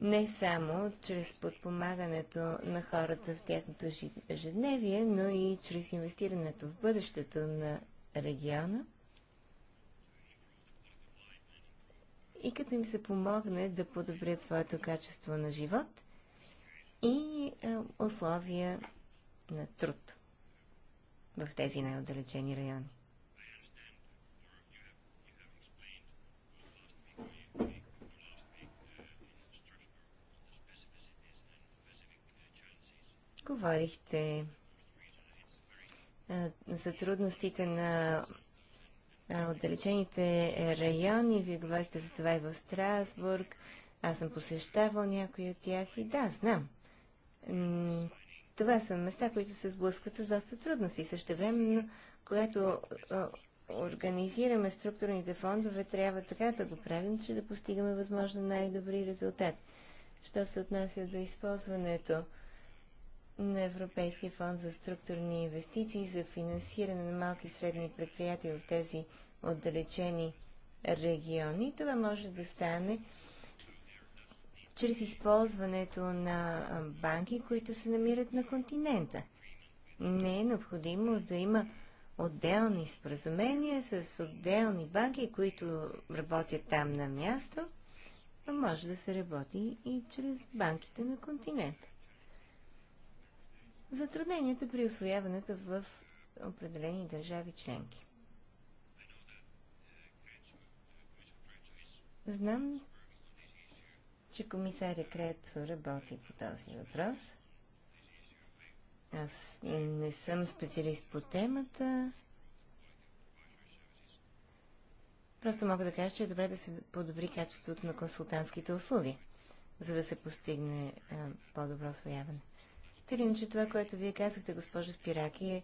Не само чрез подпомагането на хората в тяхното ежедневие, но и чрез инвестирането в бъдещето на региона. И като им се помогне да подобрят своето качество на живот и е, условия на труд в тези най-отдалечени райони. Говорихте за трудностите на отдалечените райони. Вие говорихте за това и в Страсбург. Аз съм посещавал някои от тях и да, знам това са места, които се сблъскват с доста трудности. Също време, когато организираме структурните фондове, трябва така да го правим, че да постигаме възможно най-добри резултати. Що се отнася до използването на Европейския фонд за структурни инвестиции за финансиране на малки и средни предприятия в тези отдалечени региони, това може да стане чрез използването на банки, които се намират на континента. Не е необходимо да има отделни споразумения с отделни банки, които работят там на място, а може да се работи и чрез банките на континента. Затрудненията при освояването в определени държави членки. Знам, че комисаря Крецо работи по този въпрос. Аз не съм специалист по темата. Просто мога да кажа, че е добре да се подобри качеството на консултантските услуги, за да се постигне по-добро освояване. Тъй че това, което вие казахте, госпожо Спираки, е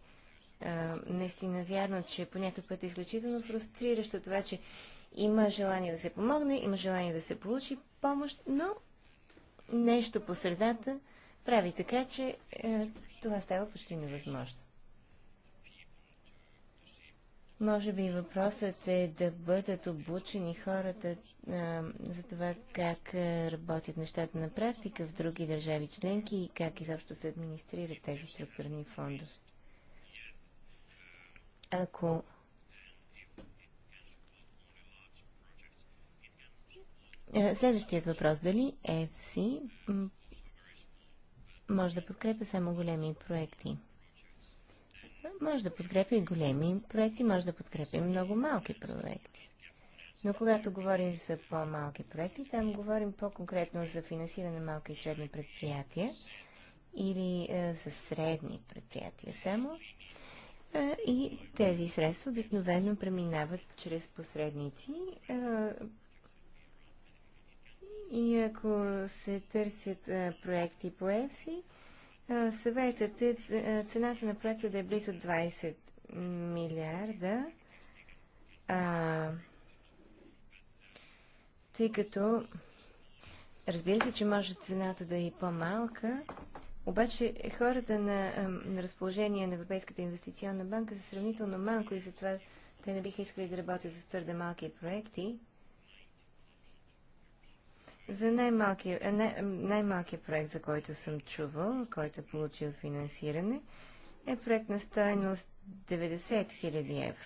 а, наистина вярно, че по някой път е изключително фрустриращо това, че има желание да се помогне, има желание да се получи помощ, но нещо по средата прави така, че е, това става почти невъзможно. Може би въпросът е да бъдат обучени хората а, е, за това как е, работят нещата на практика в други държави членки и как изобщо се администрират тези структурни фондове. Ако Е, следващият въпрос. Дали FC може да подкрепя само големи проекти? Може да подкрепя и големи проекти, може да подкрепя и много малки проекти. Но когато говорим за по-малки проекти, там говорим по-конкретно за финансиране на малки и средни предприятия или е, за средни предприятия само. Е, и тези средства обикновено преминават чрез посредници, е, и ако се търсят а, е, проекти по ЕФСИ, е, съветът е, е цената на проекта да е близо 20 милиарда, а, тъй като разбира се, че може цената да е и по-малка, обаче хората на, на разположение на Европейската инвестиционна банка са сравнително малко и затова те не биха искали да работят с твърде малки проекти. За е, най-малкият най, проект, за който съм чувал, който е получил финансиране, е проект на стоеност 90 000 евро.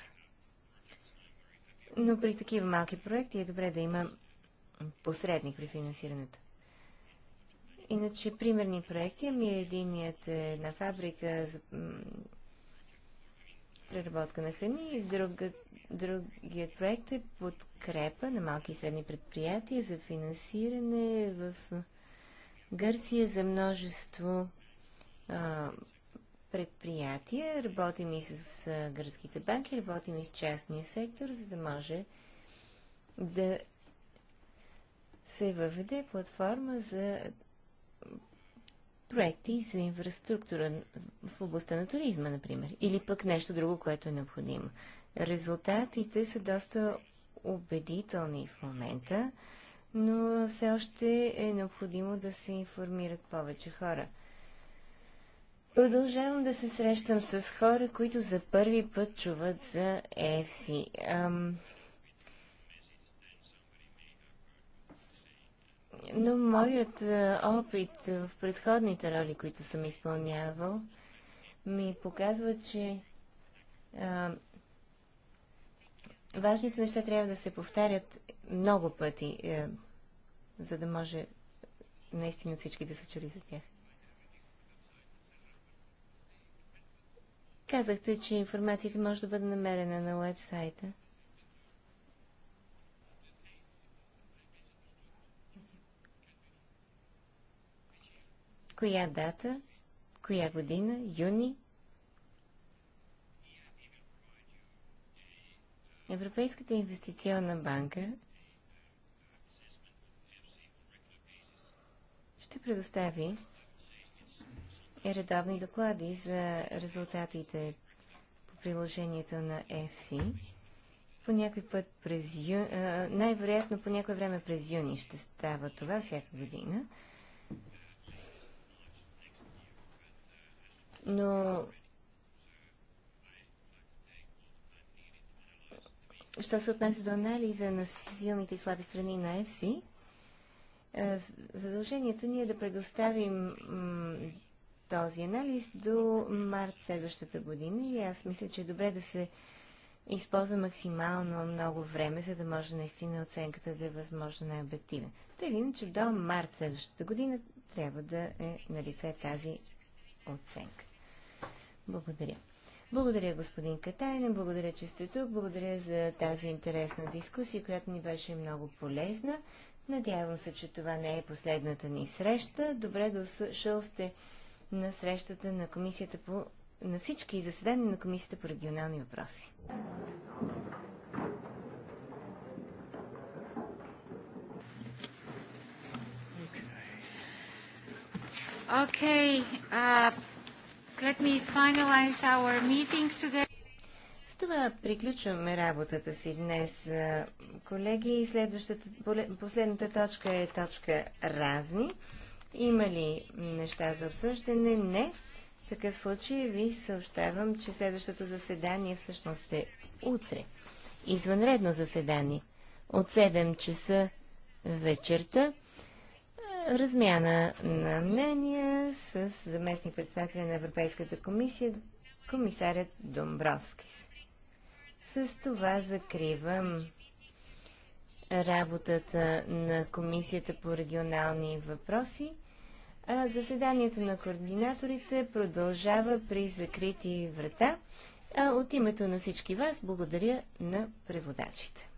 Но при такива малки проекти е добре да има посредник при финансирането. Иначе примерни проекти, ами единият е една фабрика за преработка на храни и друга, другият проект е подкрепа на малки и средни предприятия за финансиране в Гърция за множество а, предприятия. Работим и с а, гръцките банки, работим и с частния сектор, за да може да се въведе платформа за проекти за инфраструктура в областта на туризма, например, или пък нещо друго, което е необходимо. Резултатите са доста убедителни в момента, но все още е необходимо да се информират повече хора. Продължавам да се срещам с хора, които за първи път чуват за EFSI. Ам, Но моят е, опит е, в предходните роли, които съм изпълнявал, ми показва, че а, е, важните неща трябва да се повтарят много пъти, а, за да може наистина всички да се чули за тях. Казахте, че информацията може да бъде намерена на уебсайта. коя дата, коя година, юни. Европейската инвестиционна банка ще предостави редовни доклади за резултатите по приложението на FC. По някой път през ю... най-вероятно по някое време през юни ще става това всяка година. Но Що се отнася до анализа на силните и слаби страни на ЕФСИ, е, задължението ни е да предоставим този анализ до март следващата година и аз мисля, че е добре да се използва максимално много време, за да може наистина оценката да е възможно най-обективна. Тъй или иначе до март следващата година трябва да е на лице тази оценка. Благодаря. Благодаря, господин Катайнен, благодаря, че сте тук, благодаря за тази интересна дискусия, която ни беше много полезна. Надявам се, че това не е последната ни среща. Добре дошъл сте на срещата на комисията по на всички заседания на Комисията по регионални въпроси. Okay, uh, Let me finalize our meeting today. С това приключваме работата си днес, колеги. Следващата, последната точка е точка разни. Има ли неща за обсъждане? Не. В такъв случай ви съобщавам, че следващото заседание всъщност е утре. Извънредно заседание от 7 часа вечерта размяна на мнения с заместник председателя на Европейската комисия, комисарят Домбровскис. С това закривам работата на Комисията по регионални въпроси. заседанието на координаторите продължава при закрити врата. от името на всички вас благодаря на преводачите.